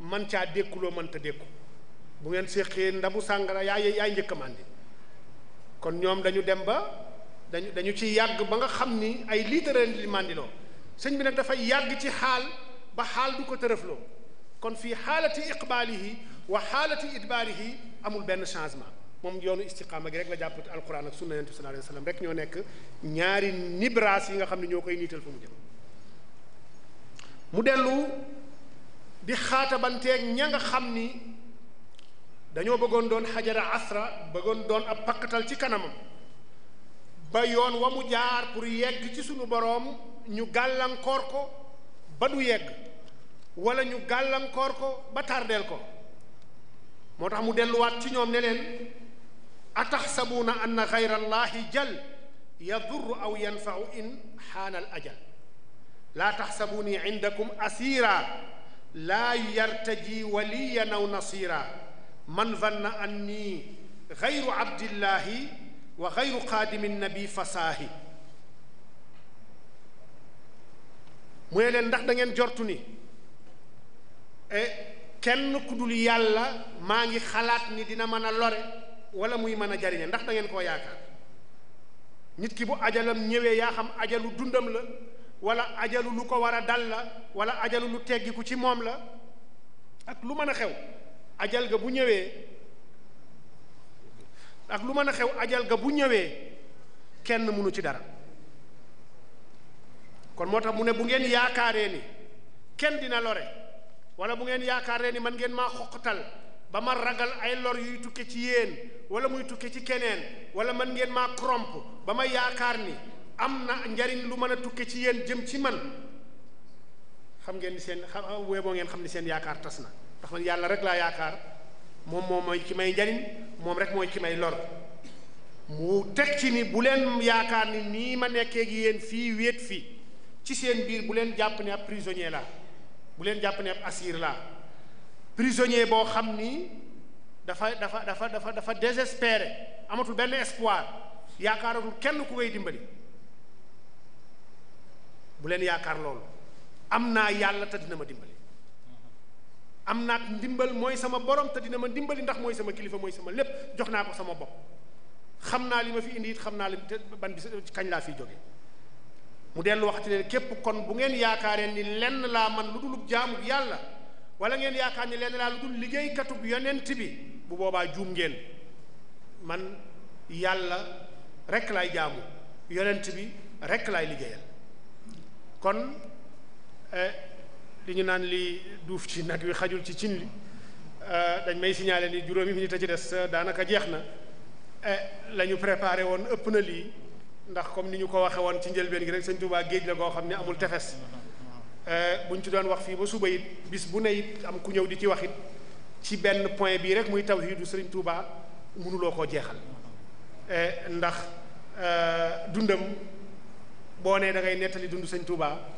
man caa dékkuloo mënta dékku bu ngeen séqee ndabu sàngara yaay yaay njëkk a kon ñoom dañu dem ba dañu dañu ci yàgg ba nga xam ni ay liitare li mandiloo sëñ bi nag dafay yàgg ci xaal ba xaal du ko tërëfloo kon fii xaalati iqbaalihi wa xaalati idbaarihi amul benn changement moom yoonu istiqaama gi rek la jàppati alquran ak sunna yonent bi sallallahu alayhi wasallam rek ñoo nekk ñaari nibraas yi nga xam ne ñoo koy niital fu mu jëm mu dellu di xaatabanteeg ña nga xam ni dañoo bëggoon doon xajara asra bëggoon doon ab pakkatal ci kanamam ba yoon wa mu jaar pour yegg ci suñu boroom ñu gàllankoor ko ba du yegg walla ñu gàllankoor ko ba tardeel ko moo tax mu delluwaat ci ñoom ne leen ataxsabuuna anna gayra allahi jal yadurru aw yanfau in xaana al ajal laa taxsabuuni indakum asiira laa yartaji waliyan aw nasiira man zanna anni xayru abdillahi wa xayru xaadimi nabi fasaahi mu ne leen ndax dangeen jortu ni e, kenn ku dul yàlla maa ngi xalaat ni dina mën a lore wala muy mën a jariñe ndax dangeen koo yaakaar nit ki bu ajalam ñëwee yaa xam ajalu dundam la wala ajalu lu ko war a dal la wala ajalu lu teggiku ci moom la ak lu mën a xew ajal ga bu ñëwee ak lu mën a xew ajal ga bu ñëwee kenn mënu ci dara kon moo tax mu ne bu ngeen yaakaaree ni kenn dina lore wala bu ngeen yaakaaree ni man ngeen maa xoqatal ba ma ragal ay lor yuy tukke ci yéen wala muy tukke ci keneen wala man ngeen maa kromp ba ma yaakaar ni am na njariñ lu mën a tukke ci yéen jëm ci man xam ngeen ni seen xam weeboo ngeen xam ni seen yaakaar tas na ndax man yàlla rek laa yaakaar moom moom mooy ki may njariñ moom rek mooy ki may lor mu teg ci ni bu leen yaakaar ni nii ma nekkee gi fii wéet fii ci seen biir bu leen jàpp ne ab prisonnier la bu leen jàpp ne ab asir la prisonnier boo xam ni dafa dafa dafa dafa dafa désespéré amatul benn espoir yaakaaratul kenn ku koy dimbali bu leen yaakaar loolu am naa yàlla te dina ma dimbali am naak ndimbal mooy sama borom te dina ma ndimbali ndax mooy sama kilifa mooy sama lépp jox naa ko sama bopp xam naa li ma fi indi it xam naa li ban bi kañ laa fiy jóge mu dellu waxati leen képp kon bu ngeen yaakaaree ni lenn laa man lu dul jaamu yàlla wala ngeen yaakaar ni lenn laa lu dul liggéeykatub yonent bi bu boobaa juum ngeen man yàlla rekk laay jaamu yonent bi rek laay liggéeyal kon eh, li ñu naan li duuf ci nag wi xajul ci cin li euh, dañ may signaler ni juróomi minit a ci des daanaka jeex na eh, lañu ñu préparé woon ëpp na lii ndax comme ni ñu ko waxe woon ci njëlbeen gi rek sañ Touba géej la koo xam ne amul tefes euh, buñ ci doon wax fii ba suba it bis bu ne it am ku ñëw di ci wax it ci benn point bii rek muy taw du sëriñ Touba mënuloo koo jeexal eh, ndax euh, dundam boo nee da ngay nettali dund sëñ Touba.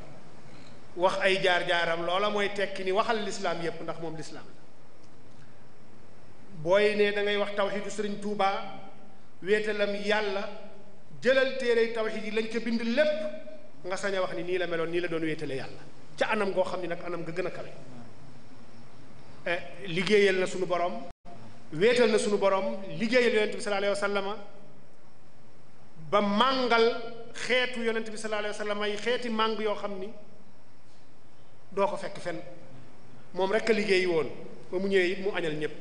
wax ay jaar-jaaram loola mooy tekki ni waxal lislaam yépp ndax moom lislaam la booy ne da ngay wax tawxiidu sëriñ Touba wéetalam yàlla jëlal téere tawxiid yi lañ ca bind lépp nga saña wax ni nii la meloon nii la doon wéetale yàlla ca anam goo xam ne nag anam nga gën a kawe eh, liggéeyal na sunu borom wéetal na sunu borom liggéeyal yonent bi sallallahu alayhi wa ba màngal xeetu yonent bi sallallahu alayhi wa xeeti màng yoo xam ni doo ko fekk fen moom rek liggéey woon ba mu ñëwee it mu añal ñëpp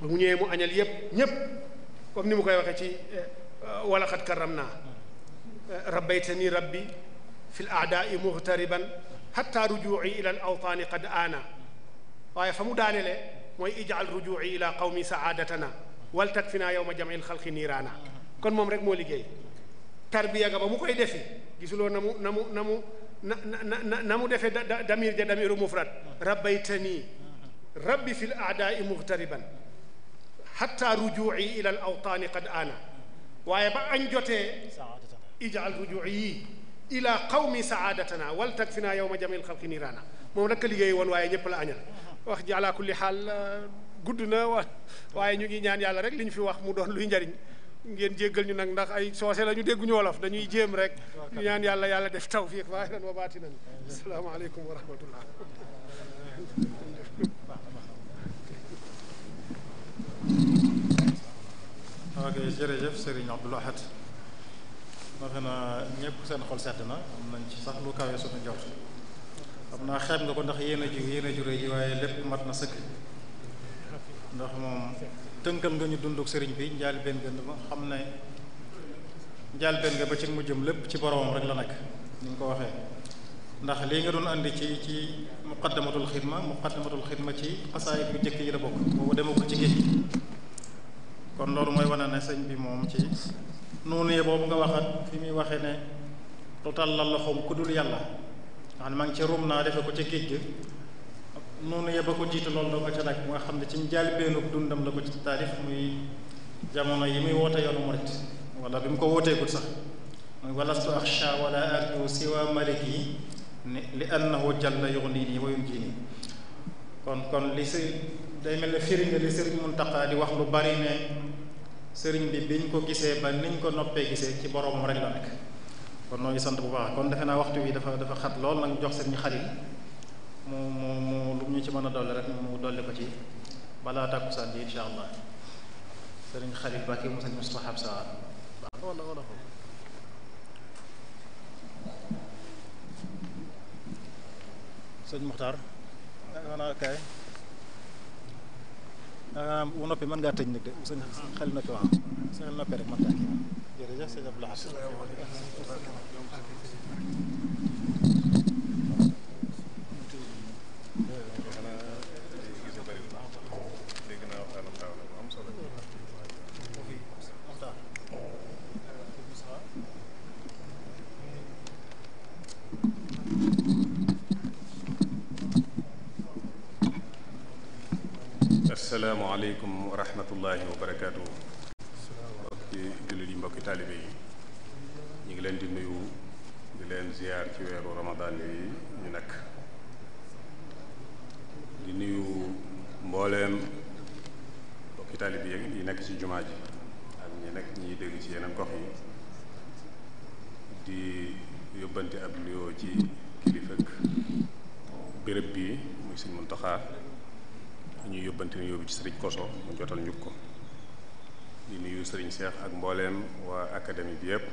ba mu ñëwee mu añal yëpp ñëpp comme ni mu koy waxee ci eh, wala xat karam naa eh, rabbaytani rabbi fi l aadaai muhtariban xatta rujuci ila al awtaani aana waaye fa mu daanele mooy ijaal rujuci ila qawmi saadatana wal takfina yowma jamci lxalqi niiraana kon moom rek moo liggéey tarbiya ga mu koy defi gisuloo na mu na mu na na na na mu defee da damir ja damiru mufrad rabbaytani rabbi fi l aadaai muhtariban xatta rujuci ila al awtaani qad aana waaye ba añ jotee ijaal rujuci ila qawmi saadatana wal tag fi naa yow ma jamil xalqi niiraana moom rekk liggéey woon waaye ñépp la añal wax ji ala kulli xaal gudd na wa waaye ñu ngi ñaan yàlla rek li ñu fi wax mu doon luy njariñ ngeen jéggal ñu nag ndax ay soose la ñu dégguñu wolof dañuy jéem rek ñu ñaan yàlla yàlla def taw fii waaye ren wa baati nañ asalaamaaleykum wa rahmatullah ok jërëjëf Serigne Abdoul Ahad defe naa ñëpp seen xol sedd na am nañ ci sax lu kawee suñu njort xam naa xeeb nga ko ndax yéen a ji yéen jure ji waaye lépp mat na sëkk ndax moom tënkal nga ñu dunduk sëriñ bi njaal benn gën ma xam ne njaal benn nga ba ci mujjëm lépp ci boromam rek la nag ni nga ko waxee ndax lii nga doon andi ci ci muqaddamatul xidma muqaddamatul xidma ci xasaayit bu njëkk yi la bokk boobu dema ko ci géej kon loolu mooy wane ne sëñ bi moom ci noonu boobu nga waxat fi muy waxee ne lu la loxoom ku dul yàlla nga xam ne maa ci rum naa defe ko ci géej gi noonu yeba ko jiitu loolu da ko ca nag nga xam ne ci njaalbeenu dundam la ko ci taarif muy jamono yi muy woote yoonu murit wala bi mu ko wooteegul sax muy walastu axsha wala arju siwa maliki li annahu jalla yugnini wa yunjini kon kon li si day mel ne firi nga li taq Muntaqa di wax lu bari ne sëriñ bi biñ ko gisee ba niñ ko noppee gisee ci boroomam rek la nekk kon noo ngi sant bu baax kon defe naa waxtu wi dafa dafa xat lool nag jox sëriñ Xalil mu mu mu lu ñu ci mën a dolli rek mu dolli ko ci balaa tàkkusaan bi insha allah sëriñ Xalil Bàkki mu sëriñ Mustafa Absa wala wala sëñ Muxtaar xanaa kay bu noppi mën ngaa tëj nag de sëñ Xalil noppi waaw sëñ noppi rek mën ngaa kii jërëjëf sëñ Abdou Lahad asalaamualeykum wa rahmatullahi wa barakaatu. mbokki jullit yi mbokki taalibe yi ñu ngi leen di nuyu di leen ziar ci weeru ramadaan yi ñu nekk di nuyu mbooleem mbokki taalibe yi nakk ci jumaa ji ak ñi nekk ñiy dégg ci yeneen gox yi di yóbbante ab nuyoo ci kilifa ak bii muy Sëñ Muntaxaa ñu yóbbante ni ci sëriñ Koso mu jotal ñu ko di nuyu sëriñ Cheikh ak mbooleem waa académie bi yëpp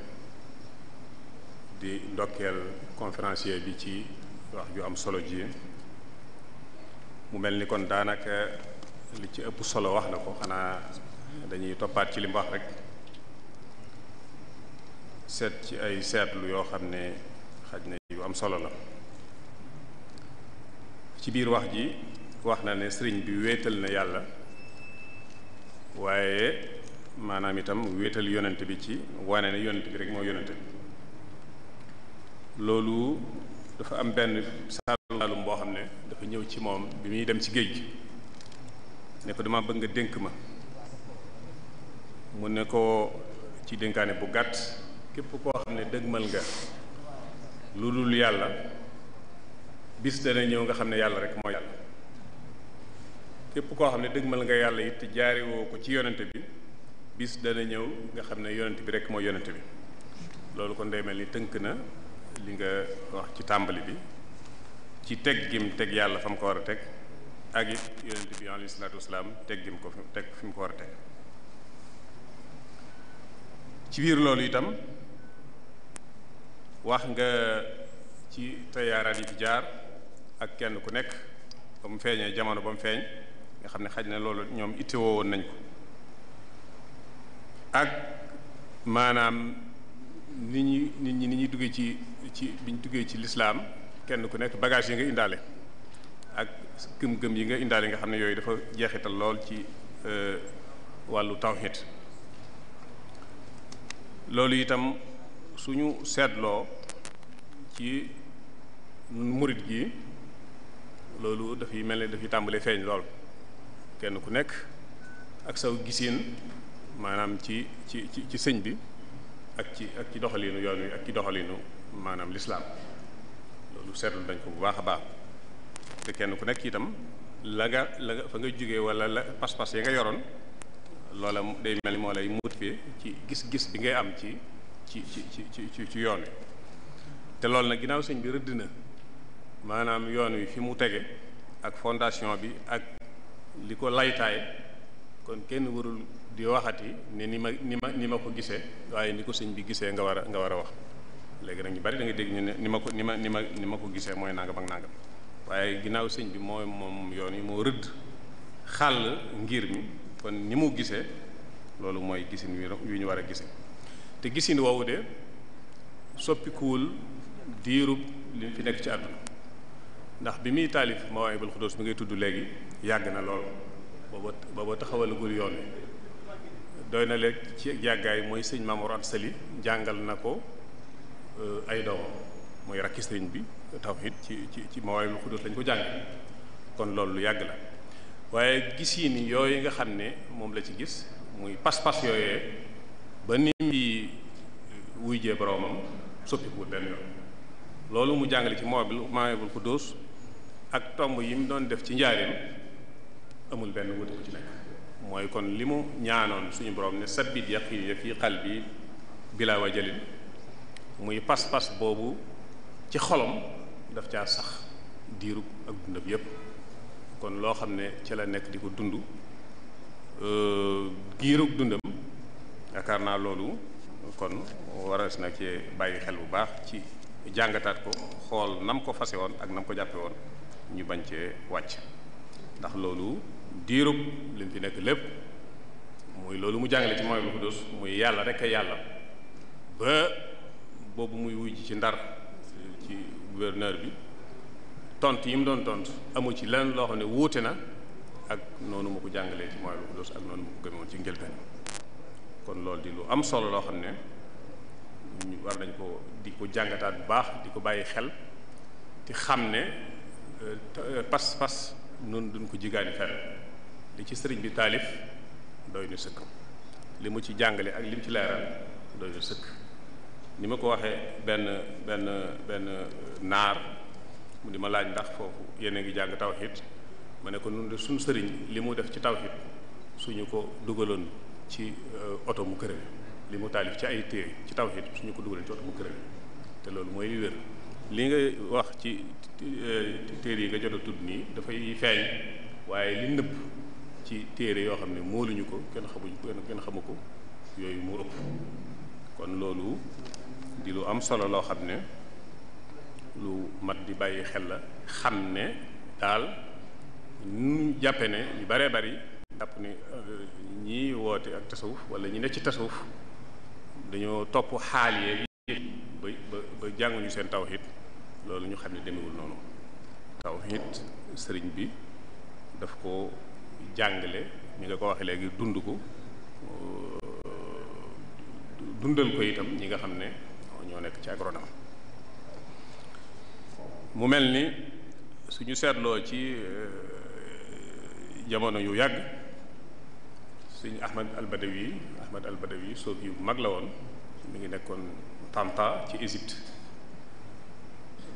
di ndokkeel conférencier bi ci wax ju am solo ji mu mel ni kon daanaka li ci ëpp solo wax na ko xanaa dañuy toppaat ci li rek seet ci ay seetlu yoo xam ne xaj na yu am solo la ci biir wax ji wax na ne sëriñ bi wéetal na yàlla waaye maanaam itam wéetal yonent bi ci wane ne yonent bi rek moo yonent bi loolu dafa am benn saalum saalum boo xam ne dafa ñëw ci moom bi muy dem ci géej gi ne ko dama bëgg nga dénk ma mu ne ko ci dénkaane bu gàtt képp koo xam ne dëgmal nga lu dul yàlla bis dana ñëw nga xam ne yàlla rek mooy yàlla képp koo xam ne dëgmal nga yàlla it jaari jaarewoo ko ci yonente bi bis dana ñëw nga xam ne yonente bi rek mooy yonente bi loolu kon day mel ni tënk na li nga wax ci tàmbali bi ci teg gim teg yàlla fa mu ko war a teg ak it yonente bi alayhi salaatu wasalaam teg gim ko fi teg fi mu ko war a teg ci biir loolu itam wax nga ci tayaaraat yi fi jaar ak kenn ku nekk ba mu feeñee jamono ba mu feeñ nga xam ne xaj na loolu ñoom ittewoo woon nañ ko ak maanaam nit ñi nit ñi ni ñuy duggee ci ci bi ñu duggee ci lislaam kenn ku nekk bagage yi nga indaale ak gëm-gëm yi nga indaale nga xam ne yooyu dafa jeexital lool ci euh, wàllu tawhid loolu itam suñu seetloo ci murit gi loolu dafay mel ne dafay tàmbale feeñ lool kenn ku nekk ak saw gisiin maanaam ci ci ci sëñ bi ak ci ak ci doxaliinu yoon wi ak ci doxaliinu maanaam lislaam loolu seetlu dañ ko bu baax a baax te kenn ku nekk itam la nga la nga fa nga jógee wala la pas-pas ya nga yoroon loola day mel moo lay motivé ci gis-gis bi ngay am ci ci ci ci ci ci yoon wi te loolu nag ginnaaw sëñ bi rëdd na maanaam yoon wi fi mu tege ak fondation bi ak li ko laytaay kon kenn warul di waxati ne ni ma ni ma ni ma ko gisee waaye ni ko sëñ bi gisee nga war nga war a wax léegi nag ñu bari da nga dégg ñu ne ni ma ko ni ma ni ma ni ma ko gisee mooy nangam ak nangam waaye ginnaaw sëñ bi mooy moom yoon yi moo rëdd xàll ngir mi kon ni mu gisee loolu mooy gisin yu ñu war a gisee te gisin woowu de soppikuwul diirub li fi nekk ci àdduna ndax bi muy taalif Mawaahibul Xudóos mi ngay tudd léegi yàgg na lool booba booba taxawalagul yoon doy na leen ci yàggaay mooy sëñ Mamour Anta Sali jàngal na ko eh, ay doomam mooy rakki sëriñ bi tawhid ci ci ci Mawaahibul Quddus lañ ko jàng kon loolu lu yàgg la waaye gis yi ni yooyu nga xam ne moom la ci gis muy pas-pas yooyee ba ni muy eh, wuyjee boromam soppikuwut benn yoon loolu mu jàngale ci Mawaahibul Quddus ak tomb yi mu doon def ci njaareem amul benn wute ci nekk mooy kon li mu ñaanoon suñu boroom ne sabbit yaqiya fi bi qalbi a wajalin muy pas-pas boobu ci xolom daf caa sax diiru ak dundam yépp kon loo xam ne ci la nekk di ko dund euh, giirug dundam yaakaar naa loolu kon waras na ci bàyyi xel bu baax ci jàngataat ko xool nam ko fase woon ak nam ko jàppe woon ñu bañ cee wàcc ndax loolu diirub li fi nekk lépp muy loolu mu jàngale ci mooy lu xudus muy yàlla rek a yàlla ba boobu muy wuy ci ndar ci gouverneur bi tont yi mu doon tont amu ci lenn loo xam ne wuute na ak noonu ma ko jàngalee ci mooy lu xudus ak noonu ma ko gëmoon ci njëlbeen kon loolu di lu am solo loo xam ne ñu war nañ ko di ko jàngataat bu baax di ko bàyyi xel te xam ne euh, euh, pas-pas noonu duñ ko jigaani fer li ci sëriñ bi taalif doy nu sëkk li mu ci jàngale ak li mu ci leeral doy nu sëkk ni ma ko waxee benn benn benn naar mu di ma laaj ndax foofu yéen a ngi jàng tawxiid ma ne ko nun de suñ sëriñ li mu def ci tawxiid suñu ko dugaloon ci euh, oto mu kërëwe li mu taalif ci ay téere ci tawxiid suñu ko dugaloon ci oto mu kërëwe te loolu mooy li wér li nga wax ci euh, téere yi nga jot a tudd nii dafay feeñ waaye li nëpp ci téere yoo xam ne mooluñu ko kenn xamuñu ko kenn xamu ko yooyu mu ëpp kon loolu di lu am solo loo xam ne lu mat di bàyyi xel la xam ne daal ñu jàppe ne ñu baree bari jàpp ni euh, ñi woote ak tasawuf wala ñi ne ci tasawuf dañoo topp xaal yeeg ba ba ba jànguñu seen tawhid loolu ñu xam ne demewul noonu tawhid sëriñ bi daf ko jàngale ñi nga ko waxee léegi dund ko dundal ko itam ñi nga xam ne ñoo nekk ci agronome mu mel ni suñu seetloo ci euh, jamono yu yàgg suñu Ahmad al-Badawi Ahmad al-Badawi soofi mag la woon mu ngi nekkoon Tanta ci Égypte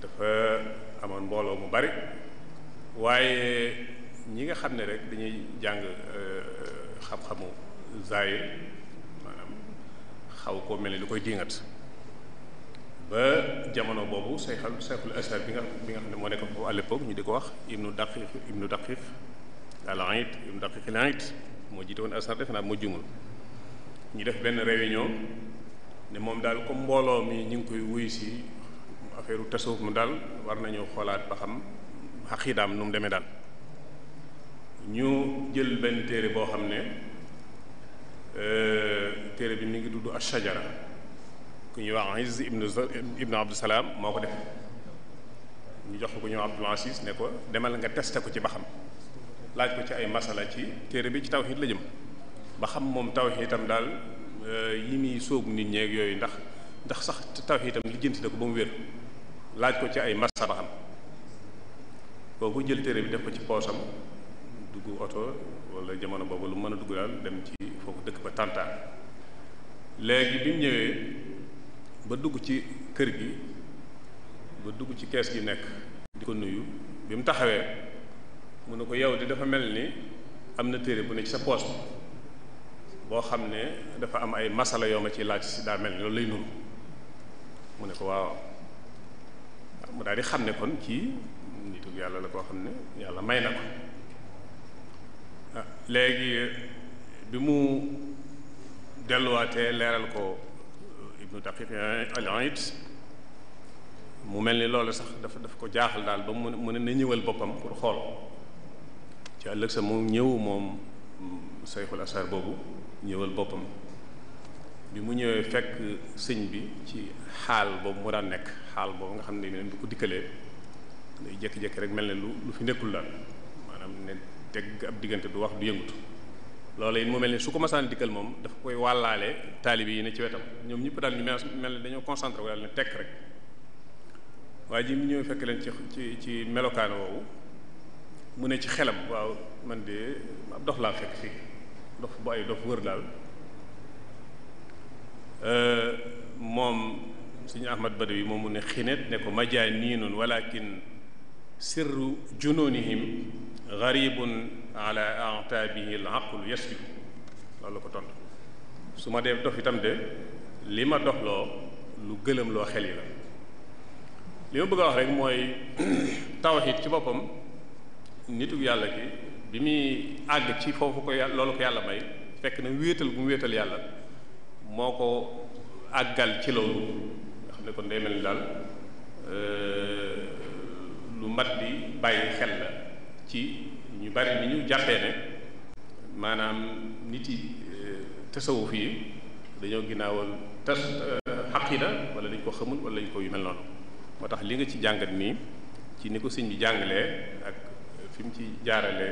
dafa amoon mbooloo mu bari waaye ñi nga xam ne rek dañuy jàng euh, euh, xam-xamu zaayir xaw koo mel ni lu koy diingat ba jamono boobu sayxal sayxul asar bi nga xam ne moo nekk foofu à l'époque ñu di ko wax ibnu daqiq ibnu daqiq al ayit ibnu daqiq al ayit moo jiite woon asar defe naa moo jumul ñu def benn réunion ne moom daal comme mbooloo mi ñu ngi koy wuyu si affaire tasawuf mu daal war nañu xoolaat ba xam xaqiidaam nu mu demee daal ñu jël benn téere boo xam ne euh, téere bi mu ngi dudd ashajara ku ñuy wax Izz ibnu ibnu Abdou Salaam moo ko def ñu jox ko ku ñëw Abdul ne ko demal nga testé ko ci ba xam laaj ko ci ay masala ci téere bi ci tawhid la jëm ba xam moom tawhid itam daal euh, yi muy sóobu nit ñeeg yooyu ndax ndax sax tawhid itam lijjanti na ko ba mu wér laaj ko ci ay masala ba xam kooku jël téere bi def ko ci poosam duggu oto walla jamono boobu lu mën a dugg daal dem ci foofu dëkk ba tàntaan léegi bi mu ñëwee ba dugg ci kër gi ba dugg ci kees gi nekk di ko nuyu bi mu taxawee mu ne ko yow di dafa mel ni am na téere bu ne ci sa poos boo xam ne dafa am ay masala yoo ma ciy laaj si daa mel ni loolu lay nuru mu ne ko waaw mu daal di xam ne kon kii nitu yàlla la koo xam ne yàlla may na ko léegi euh, bi mu delluwaatee leeral ko ibnu daqiq al-Iid mu mel ni loolu sax dafa dafa ko jaaxal daal ba mu mu ne na ñëwal boppam pour xool ci ëllëg sa mu ñëw moom sayxul asar boobu ñëwal boppam bi mu ñëwee fekk sëñ bi ci xaal boobu mu daan nekk xaal boobu nga xam ne bi ko dikkalee day jékki-jékki rek mel ne lu lu fi nekkul daal maanaam ne tegg ab diggante du wax du yëngutu loolu it moo mel ne su ko masaan dikkal moom dafa koy wàllaale taalibe yi ne ci wetam ñoom ñëpp daal ñu mel ni dañoo concentré wu ne tekk rek waaye ji mu ñëw fekk leen ci ci ci melokaan woowu mu ne ci xelam waaw man de dox laa fekk fii dof bu ay dof wër daal moom suñu Ahmad yi moom mu ne xinet ne ko majaa niinun walakin sirru jununihim garibun ala ataabihi bi aqulu yasbiku la su ma dee dox de li ma doxloo lu gëlëm loo xel yi li bëgg a wax rek mooy tawxiid ci boppam nitu yàlla ki muy àgg ci foofu yàlla loolu yàlla may fekk na wéetal bu mu yàlla moo ko àggal ci loolu xam ne kon day mel ni daal euh, lu mat di bàyyi xel la ci ñu bari ni ñu jàppee ne maanaam nit yi euh, tasawuf yi dañoo ginnaawal tas euh, xaqida wala dañ ko xamul wala lañ ko yu mel noonu moo tax li nga ci jàngat mii ci ni ko sëñ bi jàngalee ak fi mu ci jaarale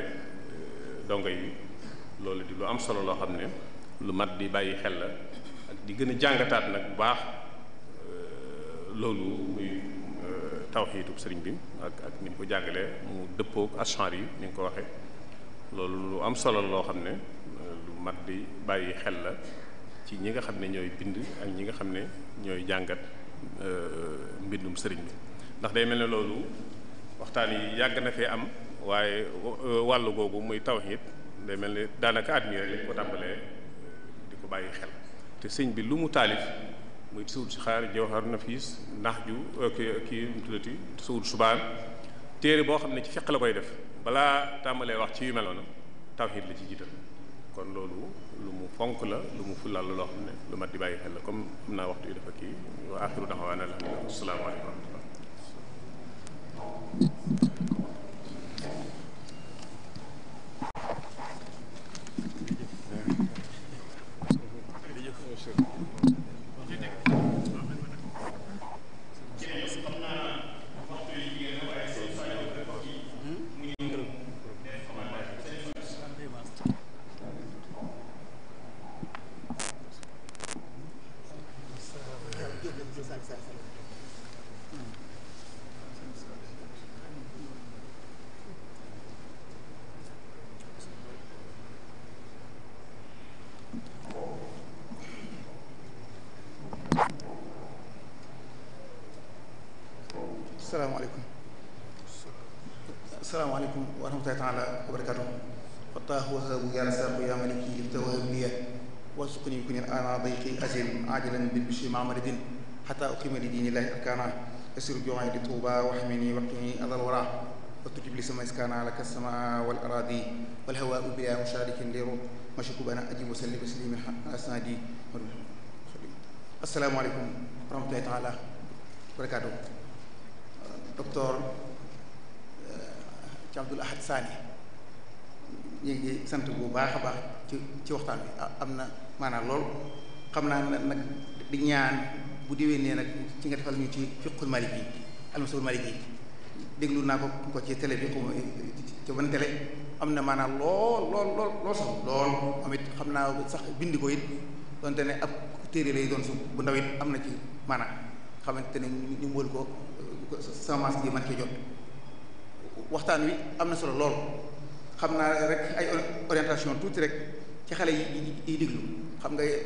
euh, dongo yi loolu di lu am solo loo xam ne lu mat di bàyyi xel la ak di gën a jàngataat nag bu baax loolu muy tawxiitu sëriñ bi ak ak ni mu ko jàngalee mu dëppoo ak yi ni nga ko waxee loolu lu am solo loo xam ne lu mat di bàyyi xel la ci ñi nga xam ne ñooy bind ak ñi nga xam ne ñooy jàngat euh, mbindum sëriñ bi ndax day mel ne loolu waxtaan yi yàgg na fee am waaye euh, wàll googu muy tawxiit day mel ne daanaka at mi lañ ko tàmbalee di ko bàyyi xel te sëñ bi lu mu taalif muy tasawut si xaar jawhar nafis nax ju euh, kii tuddati tasawut subaan téere boo xam ne ci fiq la koy def balaa tàmbalee wax ci yu meloona tawxiid la ci jiital kon loolu lu mu fonk la lu mu fulal la loo xam ne lu mat di bàyyi xel la comme xam naa waxtu yi dafa kii wa axiru daxawaana alhamdulilah asalaamaaleykum salaamaaleykum salaamaaleykum wa rahmatullahi taala wa barakatuh fataahu wahabu yaa rasaaqu yaa maliki lifta wahabliya wasukuni kuni ana dayqi azim ajilan bil bishri mamadin xata uqima li diinillahi arkana asiru joxay di tuuba waxmini waqini adal wara وتجب لي سما إسكانا لك السماء والأراضي والهواء بلا مشارك ليرو مشكوب أنا أجيب وسلم وسلم أسنادي السلام عليكم ورحمة الله تعالى وبركاته docteur euh, ci Abdul Ahad Sani ñu sant bu baax a baax ci ci waxtaan bi am na maanaam lool xam naa ne nag di bu déwénee nag ci nga defal ñu ci fiqul maliki almasabul maliki déglu naa ko ko ci télé bi am na maanaam lool lool lool sax lool amit xam naa sax bind ko it donte ne ab téere lay doon su bu ndaw am na ci maanaa xamante ne ñu mbool ko semence bi mën cee jot waxtaan wi am na solo lool xam naa rek ay orientation tuuti rek ci xale yi yi diglu xam nga eh,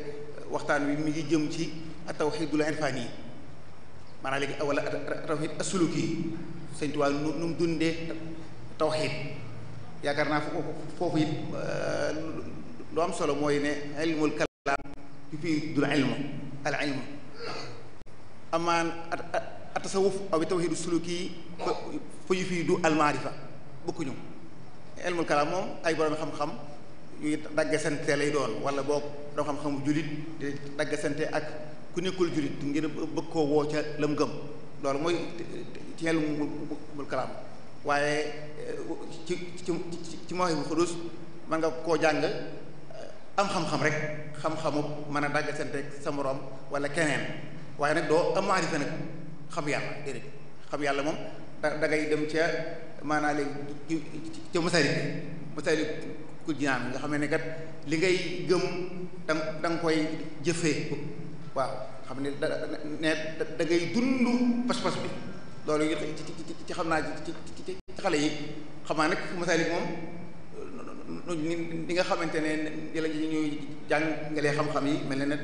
waxtaan wi mu ngi jëm ci tawxiidul irfaani yi maanaam léegi wala tawxiid asuluki yi sëñ Tuubaa nu nu mu dundee tawxiid yaakaar naa foofu it eh, lu am solo mooy ne ilmul kalaam yufiidul ilmu al ilmu amaan atasawuf aw tawxidu suluki fa yu fii du almaarifa bokku ñu ilmul kalaam moom ay borom xam-xam yuy daggasante lay doon wala boog doo xam xamul julit di daggasante ak ku nekkul julit ngir bëgg koo woo ca lam gëm loolu mooy ci ilmul kalaam waaye ci ci ci mawahibul xudus mën nga koo jàng am xam-xam rek xam-xamu mën a daggasante ak sa morom wala keneen waaye nag doo am maarifa nag xam yàlla déedéet xam yàlla moom da da dem ca maanaa léegi ca masalik masalik ku jinaan nga xam ne kat li ngay gëm da da nga koy jëfee waaw xam ne da ne da ngay dund pas-pas bi loolu yi ci xam naa ci ci xale yi xam naa nag masalik moom ni nga xamante ne ni la ñu jàngalee xam-xam yi mel ne ne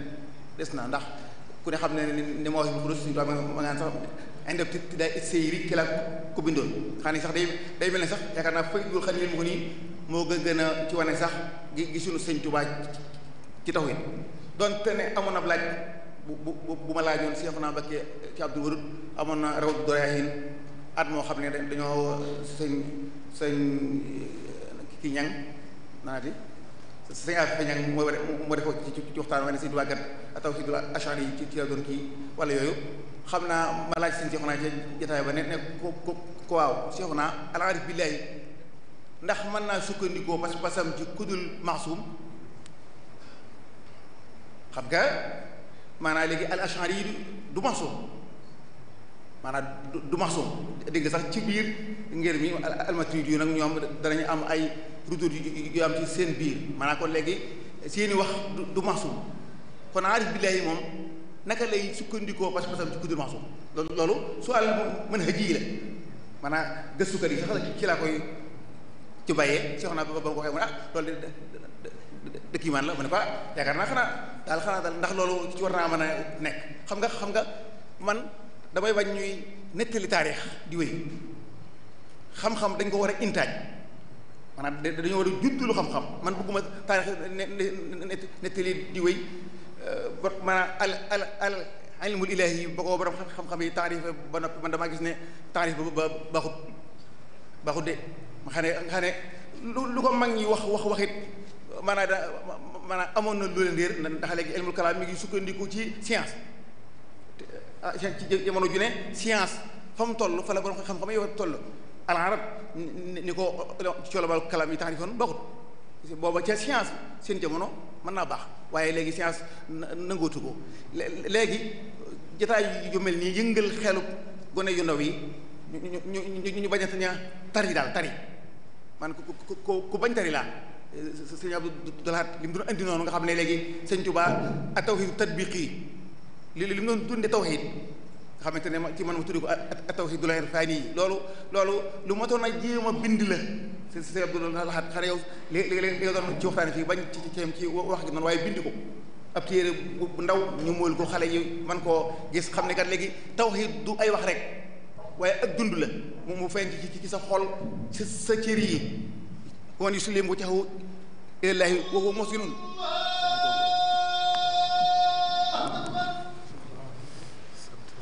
des na ndax ku ne xam ne ni ma wax ni xurus suñu doom ma naan sax sax day day mel ne sax yaakaar naa fay dul xam ne mu ko nii moo gën gën a ci wane sax gi gisuñu sëñ Tuubaa ci tax it donte ne amoon na laaj bu bu bu ma laajoon Seexuna Mbakke ci Abdul Wadud amoon na raw doraahin at moo xam ne dañoo sëñ sëñ ki ñang naati sëñ Afia Ñaŋ moo moo defoo ci ci waxtaan waaye ne si diwaan kat taw si doon kii wala yooyu xam naa ma laaj seen seexu naa ca ba ne ne ko ko ko waaw seexu naa alaarif billaahi ndax mën naa sukkandikoo parce que pasam ci kudul maasum xam nga maanaam léegi al achan yi du maasum maanaam du maasum dégg sax ci biir ngir mi almaturidi yu nag ñoom danañu am ay. retour yu am ci seen biir man maanaam kon léegi seeni wax du maxsum kon aarif billaahi moom naka lay sukkandikoo parce ci kudur maxsum loolu loolu su àll man a ji la maanaam gëstukat yi sax ci laa koy ci bàyyee si wax naa ba ba ko waxee mu ah loolu de dëkk maan la mu ne ko ah, yaakaar naa xanaa daal xanaa daal ndax loolu ci war naa mën a nekk xam nga xam nga man damay bañ ñuy nettali taarix di wéy xam-xam dañ ko war a intaaj maanaam dañoo war a juddu lu xam-xam man bëgguma taarix nettali di wéy ba euh, maanaam al al al ilmul ilaahi yi ba ko yi taarif ba noppi man damaa gis ne taarif ba baaxut baaxut de ma xam ne xam ne lu ko mag ñi wax wax waxit maanaam da maanaam amoon na lu leen réer ndax léegi ilmul kalaam mi ngi sukkandiku ci science ah ci jamono ju ne science fa mu toll fa la borom xam-xam yi war toll al arab ni ko eh, colobal kalam yi taxrifoon bokkut booba ca science seen jamono mën naa baax waaye léegi science nangootu ko léegi jotaay yu mel nii yëngal xelu gone yu ndaw yi ñu ñu ñu ñu bañ a sañ a tari daal tari man ku ku ku bañ tari laa eh, sëñ Abdou Lahad li mu doon noonu nga xam ne léegi sëñ Tuubaa at tawxiid tatbiqi li li mu doon taw tawxiid xamante ne ci man ma tuddi ko tawxiid du leen fay nii loolu loolu lu motoon a jéem bind la si si Abdul Ahad xare yow léegi léegi li nga doon ci waxtaane fii bañ ci ci ci wax gi noonu waaye bind ko ab téere bu ndaw ñu mool ko xale yi man koo gis xam ne kat léegi tawxiid du ay wax rek waaye ak dund la mu mu feeñ ci sa xol ci sa cër yi su yu si leen bu caxu ilallaahi wa huwa muslim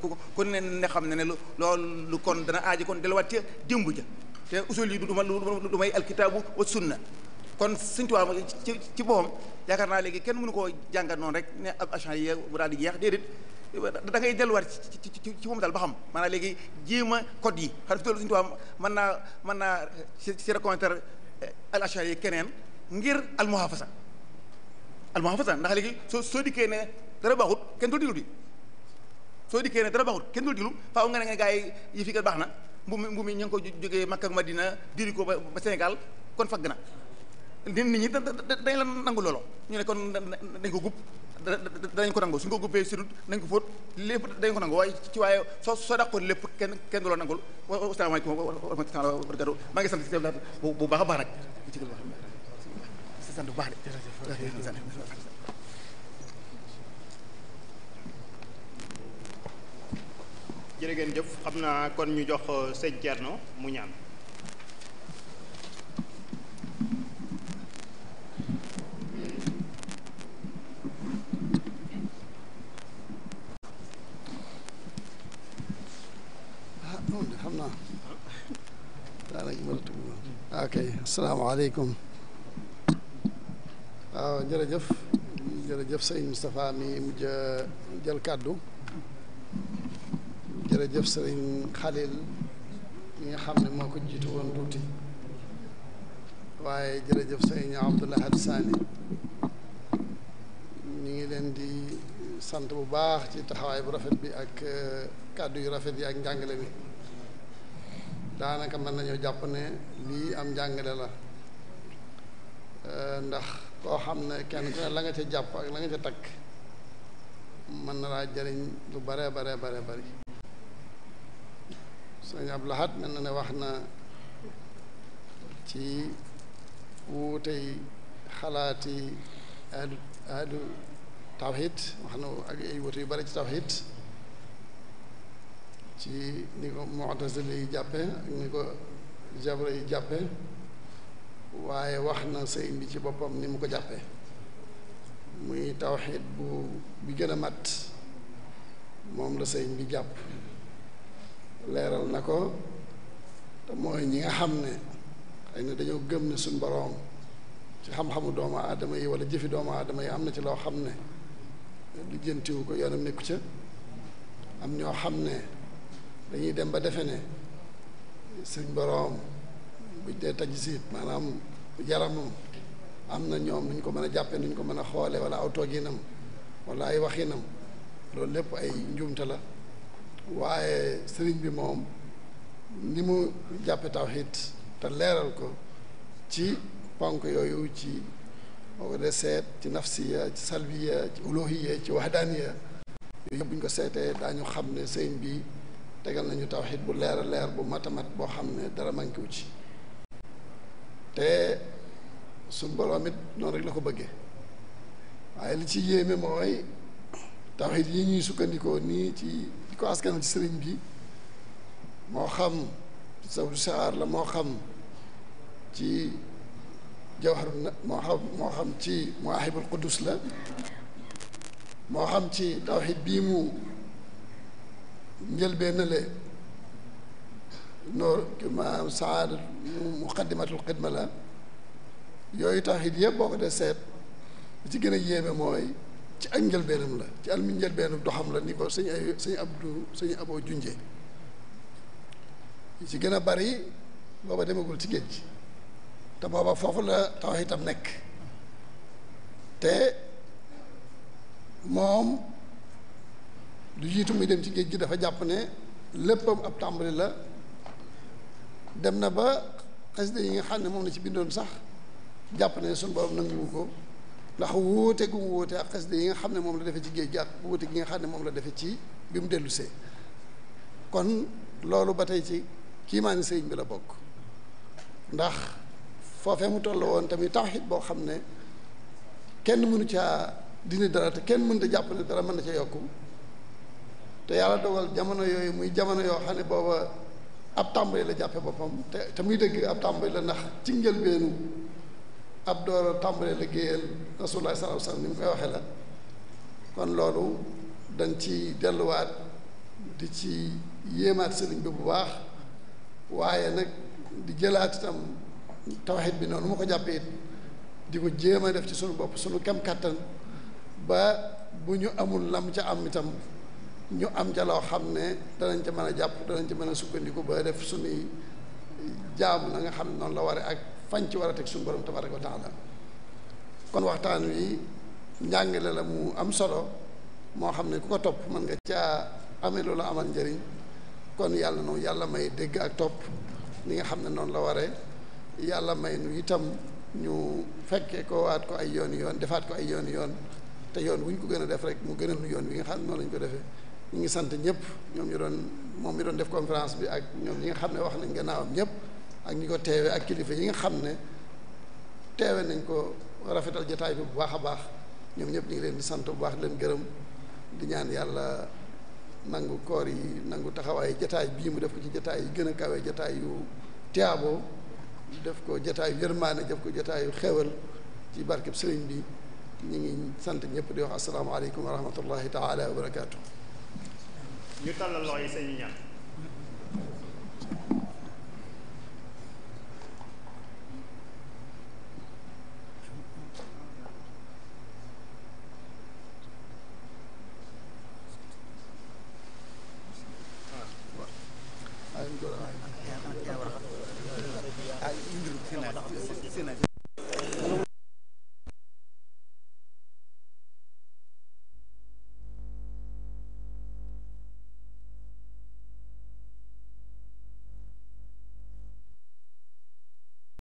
ku ku ne ne xam ne ne loolu kon dana aaj kon delluwaat ca démb ja te usul yi du ma du may alkitaabu wa sunna kon Sëñ Tuubaa ci ci boppam yaakaar naa léegi kenn mënu koo jàngat noonu rek ne ab agent yi bu daal di jeex déedéet da ngay delluwaat ci ci ci moom daal ba xam maanaam léegi jéem a code yi xanaa fi toll Sëñ Tuubaa mën naa mën naa si si reconnaître eh, yi keneen ngir al muhafaza al muhafaza ndax léegi soo soo dikkee ne dara baaxut kenn dootul di. soo dikkee ne dara baaxut kenn dul diglu faaw nga ne nga gaa yi yi fi kat baax na mbu mi mbu mi ñu ngi ko jógee Makka ak Madina diri ko ba Sénégal kon fagg na nit ñi dañ la nangu loolo ñu ne kon dañ ko gub danañ ko nangu suñ ko gubbee surut nañ ko fóot lépp dañ ko nangu waaye ci waaye soo soo dàqoon lépp kenn kenn du la nangul asalaamaaleykum wa rahmatulah wa barakatu maa ngi sant si bu baax a baax nag. sant bu baax de. jërë jëf xam naa kon ñu jox euh, sëñ Thierno mu ñaan ah, xam naa daanaka mënatu ah, ok asalaamaaleykum waaw ah, jërëjëf jërëjëf sëñ mi mujj euh, jël kàddu jërëjëf sëriñ Khalil mi nga xam ne moo ko jiitu woon tuuti waaye jërëjëf sëriñ Abdoulahad Sani ñu ngi leen di sant bu baax ci taxawaay bu rafet bi ak euh, kàddu yu rafet yi ak njàngale bi daanaka mën nañoo jàpp ne lii am njàngale la euh, ndax koo xam ne kenn ku la nga ca jàpp ak la nga ca takk mën na laa jëriñ lu bare bare bare bari sëñ Abdou Lahad mel na ne wax na ci wuutey xalaati ahlu ahlu tawhid wax na ak ay wuute yu bari ci tawhid ci ni ko mu'tazila yi jàppe ak ni ko jabra yi jàppe waaye wax na sëñ bi ci boppam ni mu ko jàppe muy tawxid bu bi gën a mat moom la sëñ bi jàpp leeral na ko te mooy ñi nga xam ne xëy na dañoo gëm ne suñ boroom ci xam-xamu doomu aadama yi wala jëfi doomu adama yi am na ci loo xam ne lijjantiwu ko yoonam nekku ca am ñoo xam ne dañuy dem ba defe ne suñ boroom buñ dee siit maanaam yaramam am na ñoom nu ñu ko mën a jàppe nu ñu ko mën a xoole wala aw tooginam wala ay wax waxinam loolu lépp ay njuumte la waaye sëriñ bi moom ni mu jàppe tawhid te leeral ko ci ponk yooyu ci boo ko dee seet ci nafsiya ci salbiya ci uluhiya ci wahdaniya yooyu yëpp ñu ko seetee daañu xam ne sëriñ bi tegal nañu tawhid bu leer leer bu matamat boo xam ne dara manqué wu ci te suñ boroom noonu rek la ko bëggee waaye li ci yéeme mooy tawhid yi ñuy sukkandikoo nii ci ko askan ci sëriñ bi moo xam sawdu saar la moo xam ci jawhar moo moo xam ci muwaahibul qudus la moo xam ci tawxiid bii mu njëlbeenale noor maanaam saada muqaddimatul xidma la yooyu tawxiid yëpp boo ko seet li ci gën a yéeme mooy ci ak njëlbeenam la ci almi njëlbeenam doxam la ni ko sëñ ay sëñ Abdou sëñ Abo junje yi ci gën a bari booba demagul ci géej te booba foofu la taw itam nekk te moom du jiitu muy dem ci géej gi dafa jàpp ne léppam ab tàmbali la dem na ba xasida yi nga xam ne moom la ci bindoon sax jàpp ne suñu borom nanguwu ko ndax wuute gu mu wuute ak xasida yi nga xam ne moom la defee ci géej gi ak wuute gi nga xam ne moom la defee ci bi mu dellusee kon loolu ba tey ci kiimaani sëriñ bi la bokk ndax foofee mu toll woon tamit tawxiid boo xam ne kenn mënu caa dina dara te kenn mënut a jàpp ne dara mën na ca yokku te yàlla dogal jamono yooyu muy jamono yoo xam ne booba ab tàmbali la jàppe boppam te te muy dëgg ab tàmbali la ndax ci njëlbeenu ab door a tàmbalee liggéeyal rasulullah sallallahu alayhi wasallam ni mu koy waxee la kon loolu dañ ci delluwaat di ci yéemaat sëriñ bi bu baax waaye nag di jëlaat itam tawxid bi noonu ma ko jàppee it di ko jéem a def ci sunu bopp sunu kem kàttan ba bu ñu amul lam ca am itam ñu am ca loo xam ne danañ ca mën a jàpp danañ ci mën a sukkandiku ba def sunuy jaamu la nga xam ne noonu la waree ak fañ ci war a teg suñu borom ko wa taala kon waxtaan wi njàngale la mu am solo moo xam ne ku ko topp mën nga caa amee lu amal njariñ kon yàlla noonu yàlla may dégg ak topp li nga xam ne noonu la waree yàlla may nu itam ñu fekkee waat ko ay yoon yoon defaat ko ay yoon yoon te yoon wu ko gën a def rek mu gënal nu yoon wi nga xam ne noonu lañu ko defee ñu ngi sant ñëpp ñoom ñu doon moom mi doon def conférence bi ak ñoom ñi nga xam ne wax nañ gannaawam ñëpp ak ñi ko teewe ak kilifa yi nga xam ne teewe nañ ko rafetal jataay bi bu baax a baax ñoom ñëpp ñu ngi leen di sant bu baax leen gërëm di ñaan yàlla nangu koor yi nangu taxawaayu jataay bii mu def ko ci jataay yi gën a jataay yu tiyaabo def ko jataay yu yërmaane def ko jataay yu xewal ci barkeb sëriñ bi ñu ngi sant ñëpp di wax asalaamaaleykum wa rahmatullahi taala wa barakaatu. ñu tàllal loxo yi sëñ ñaan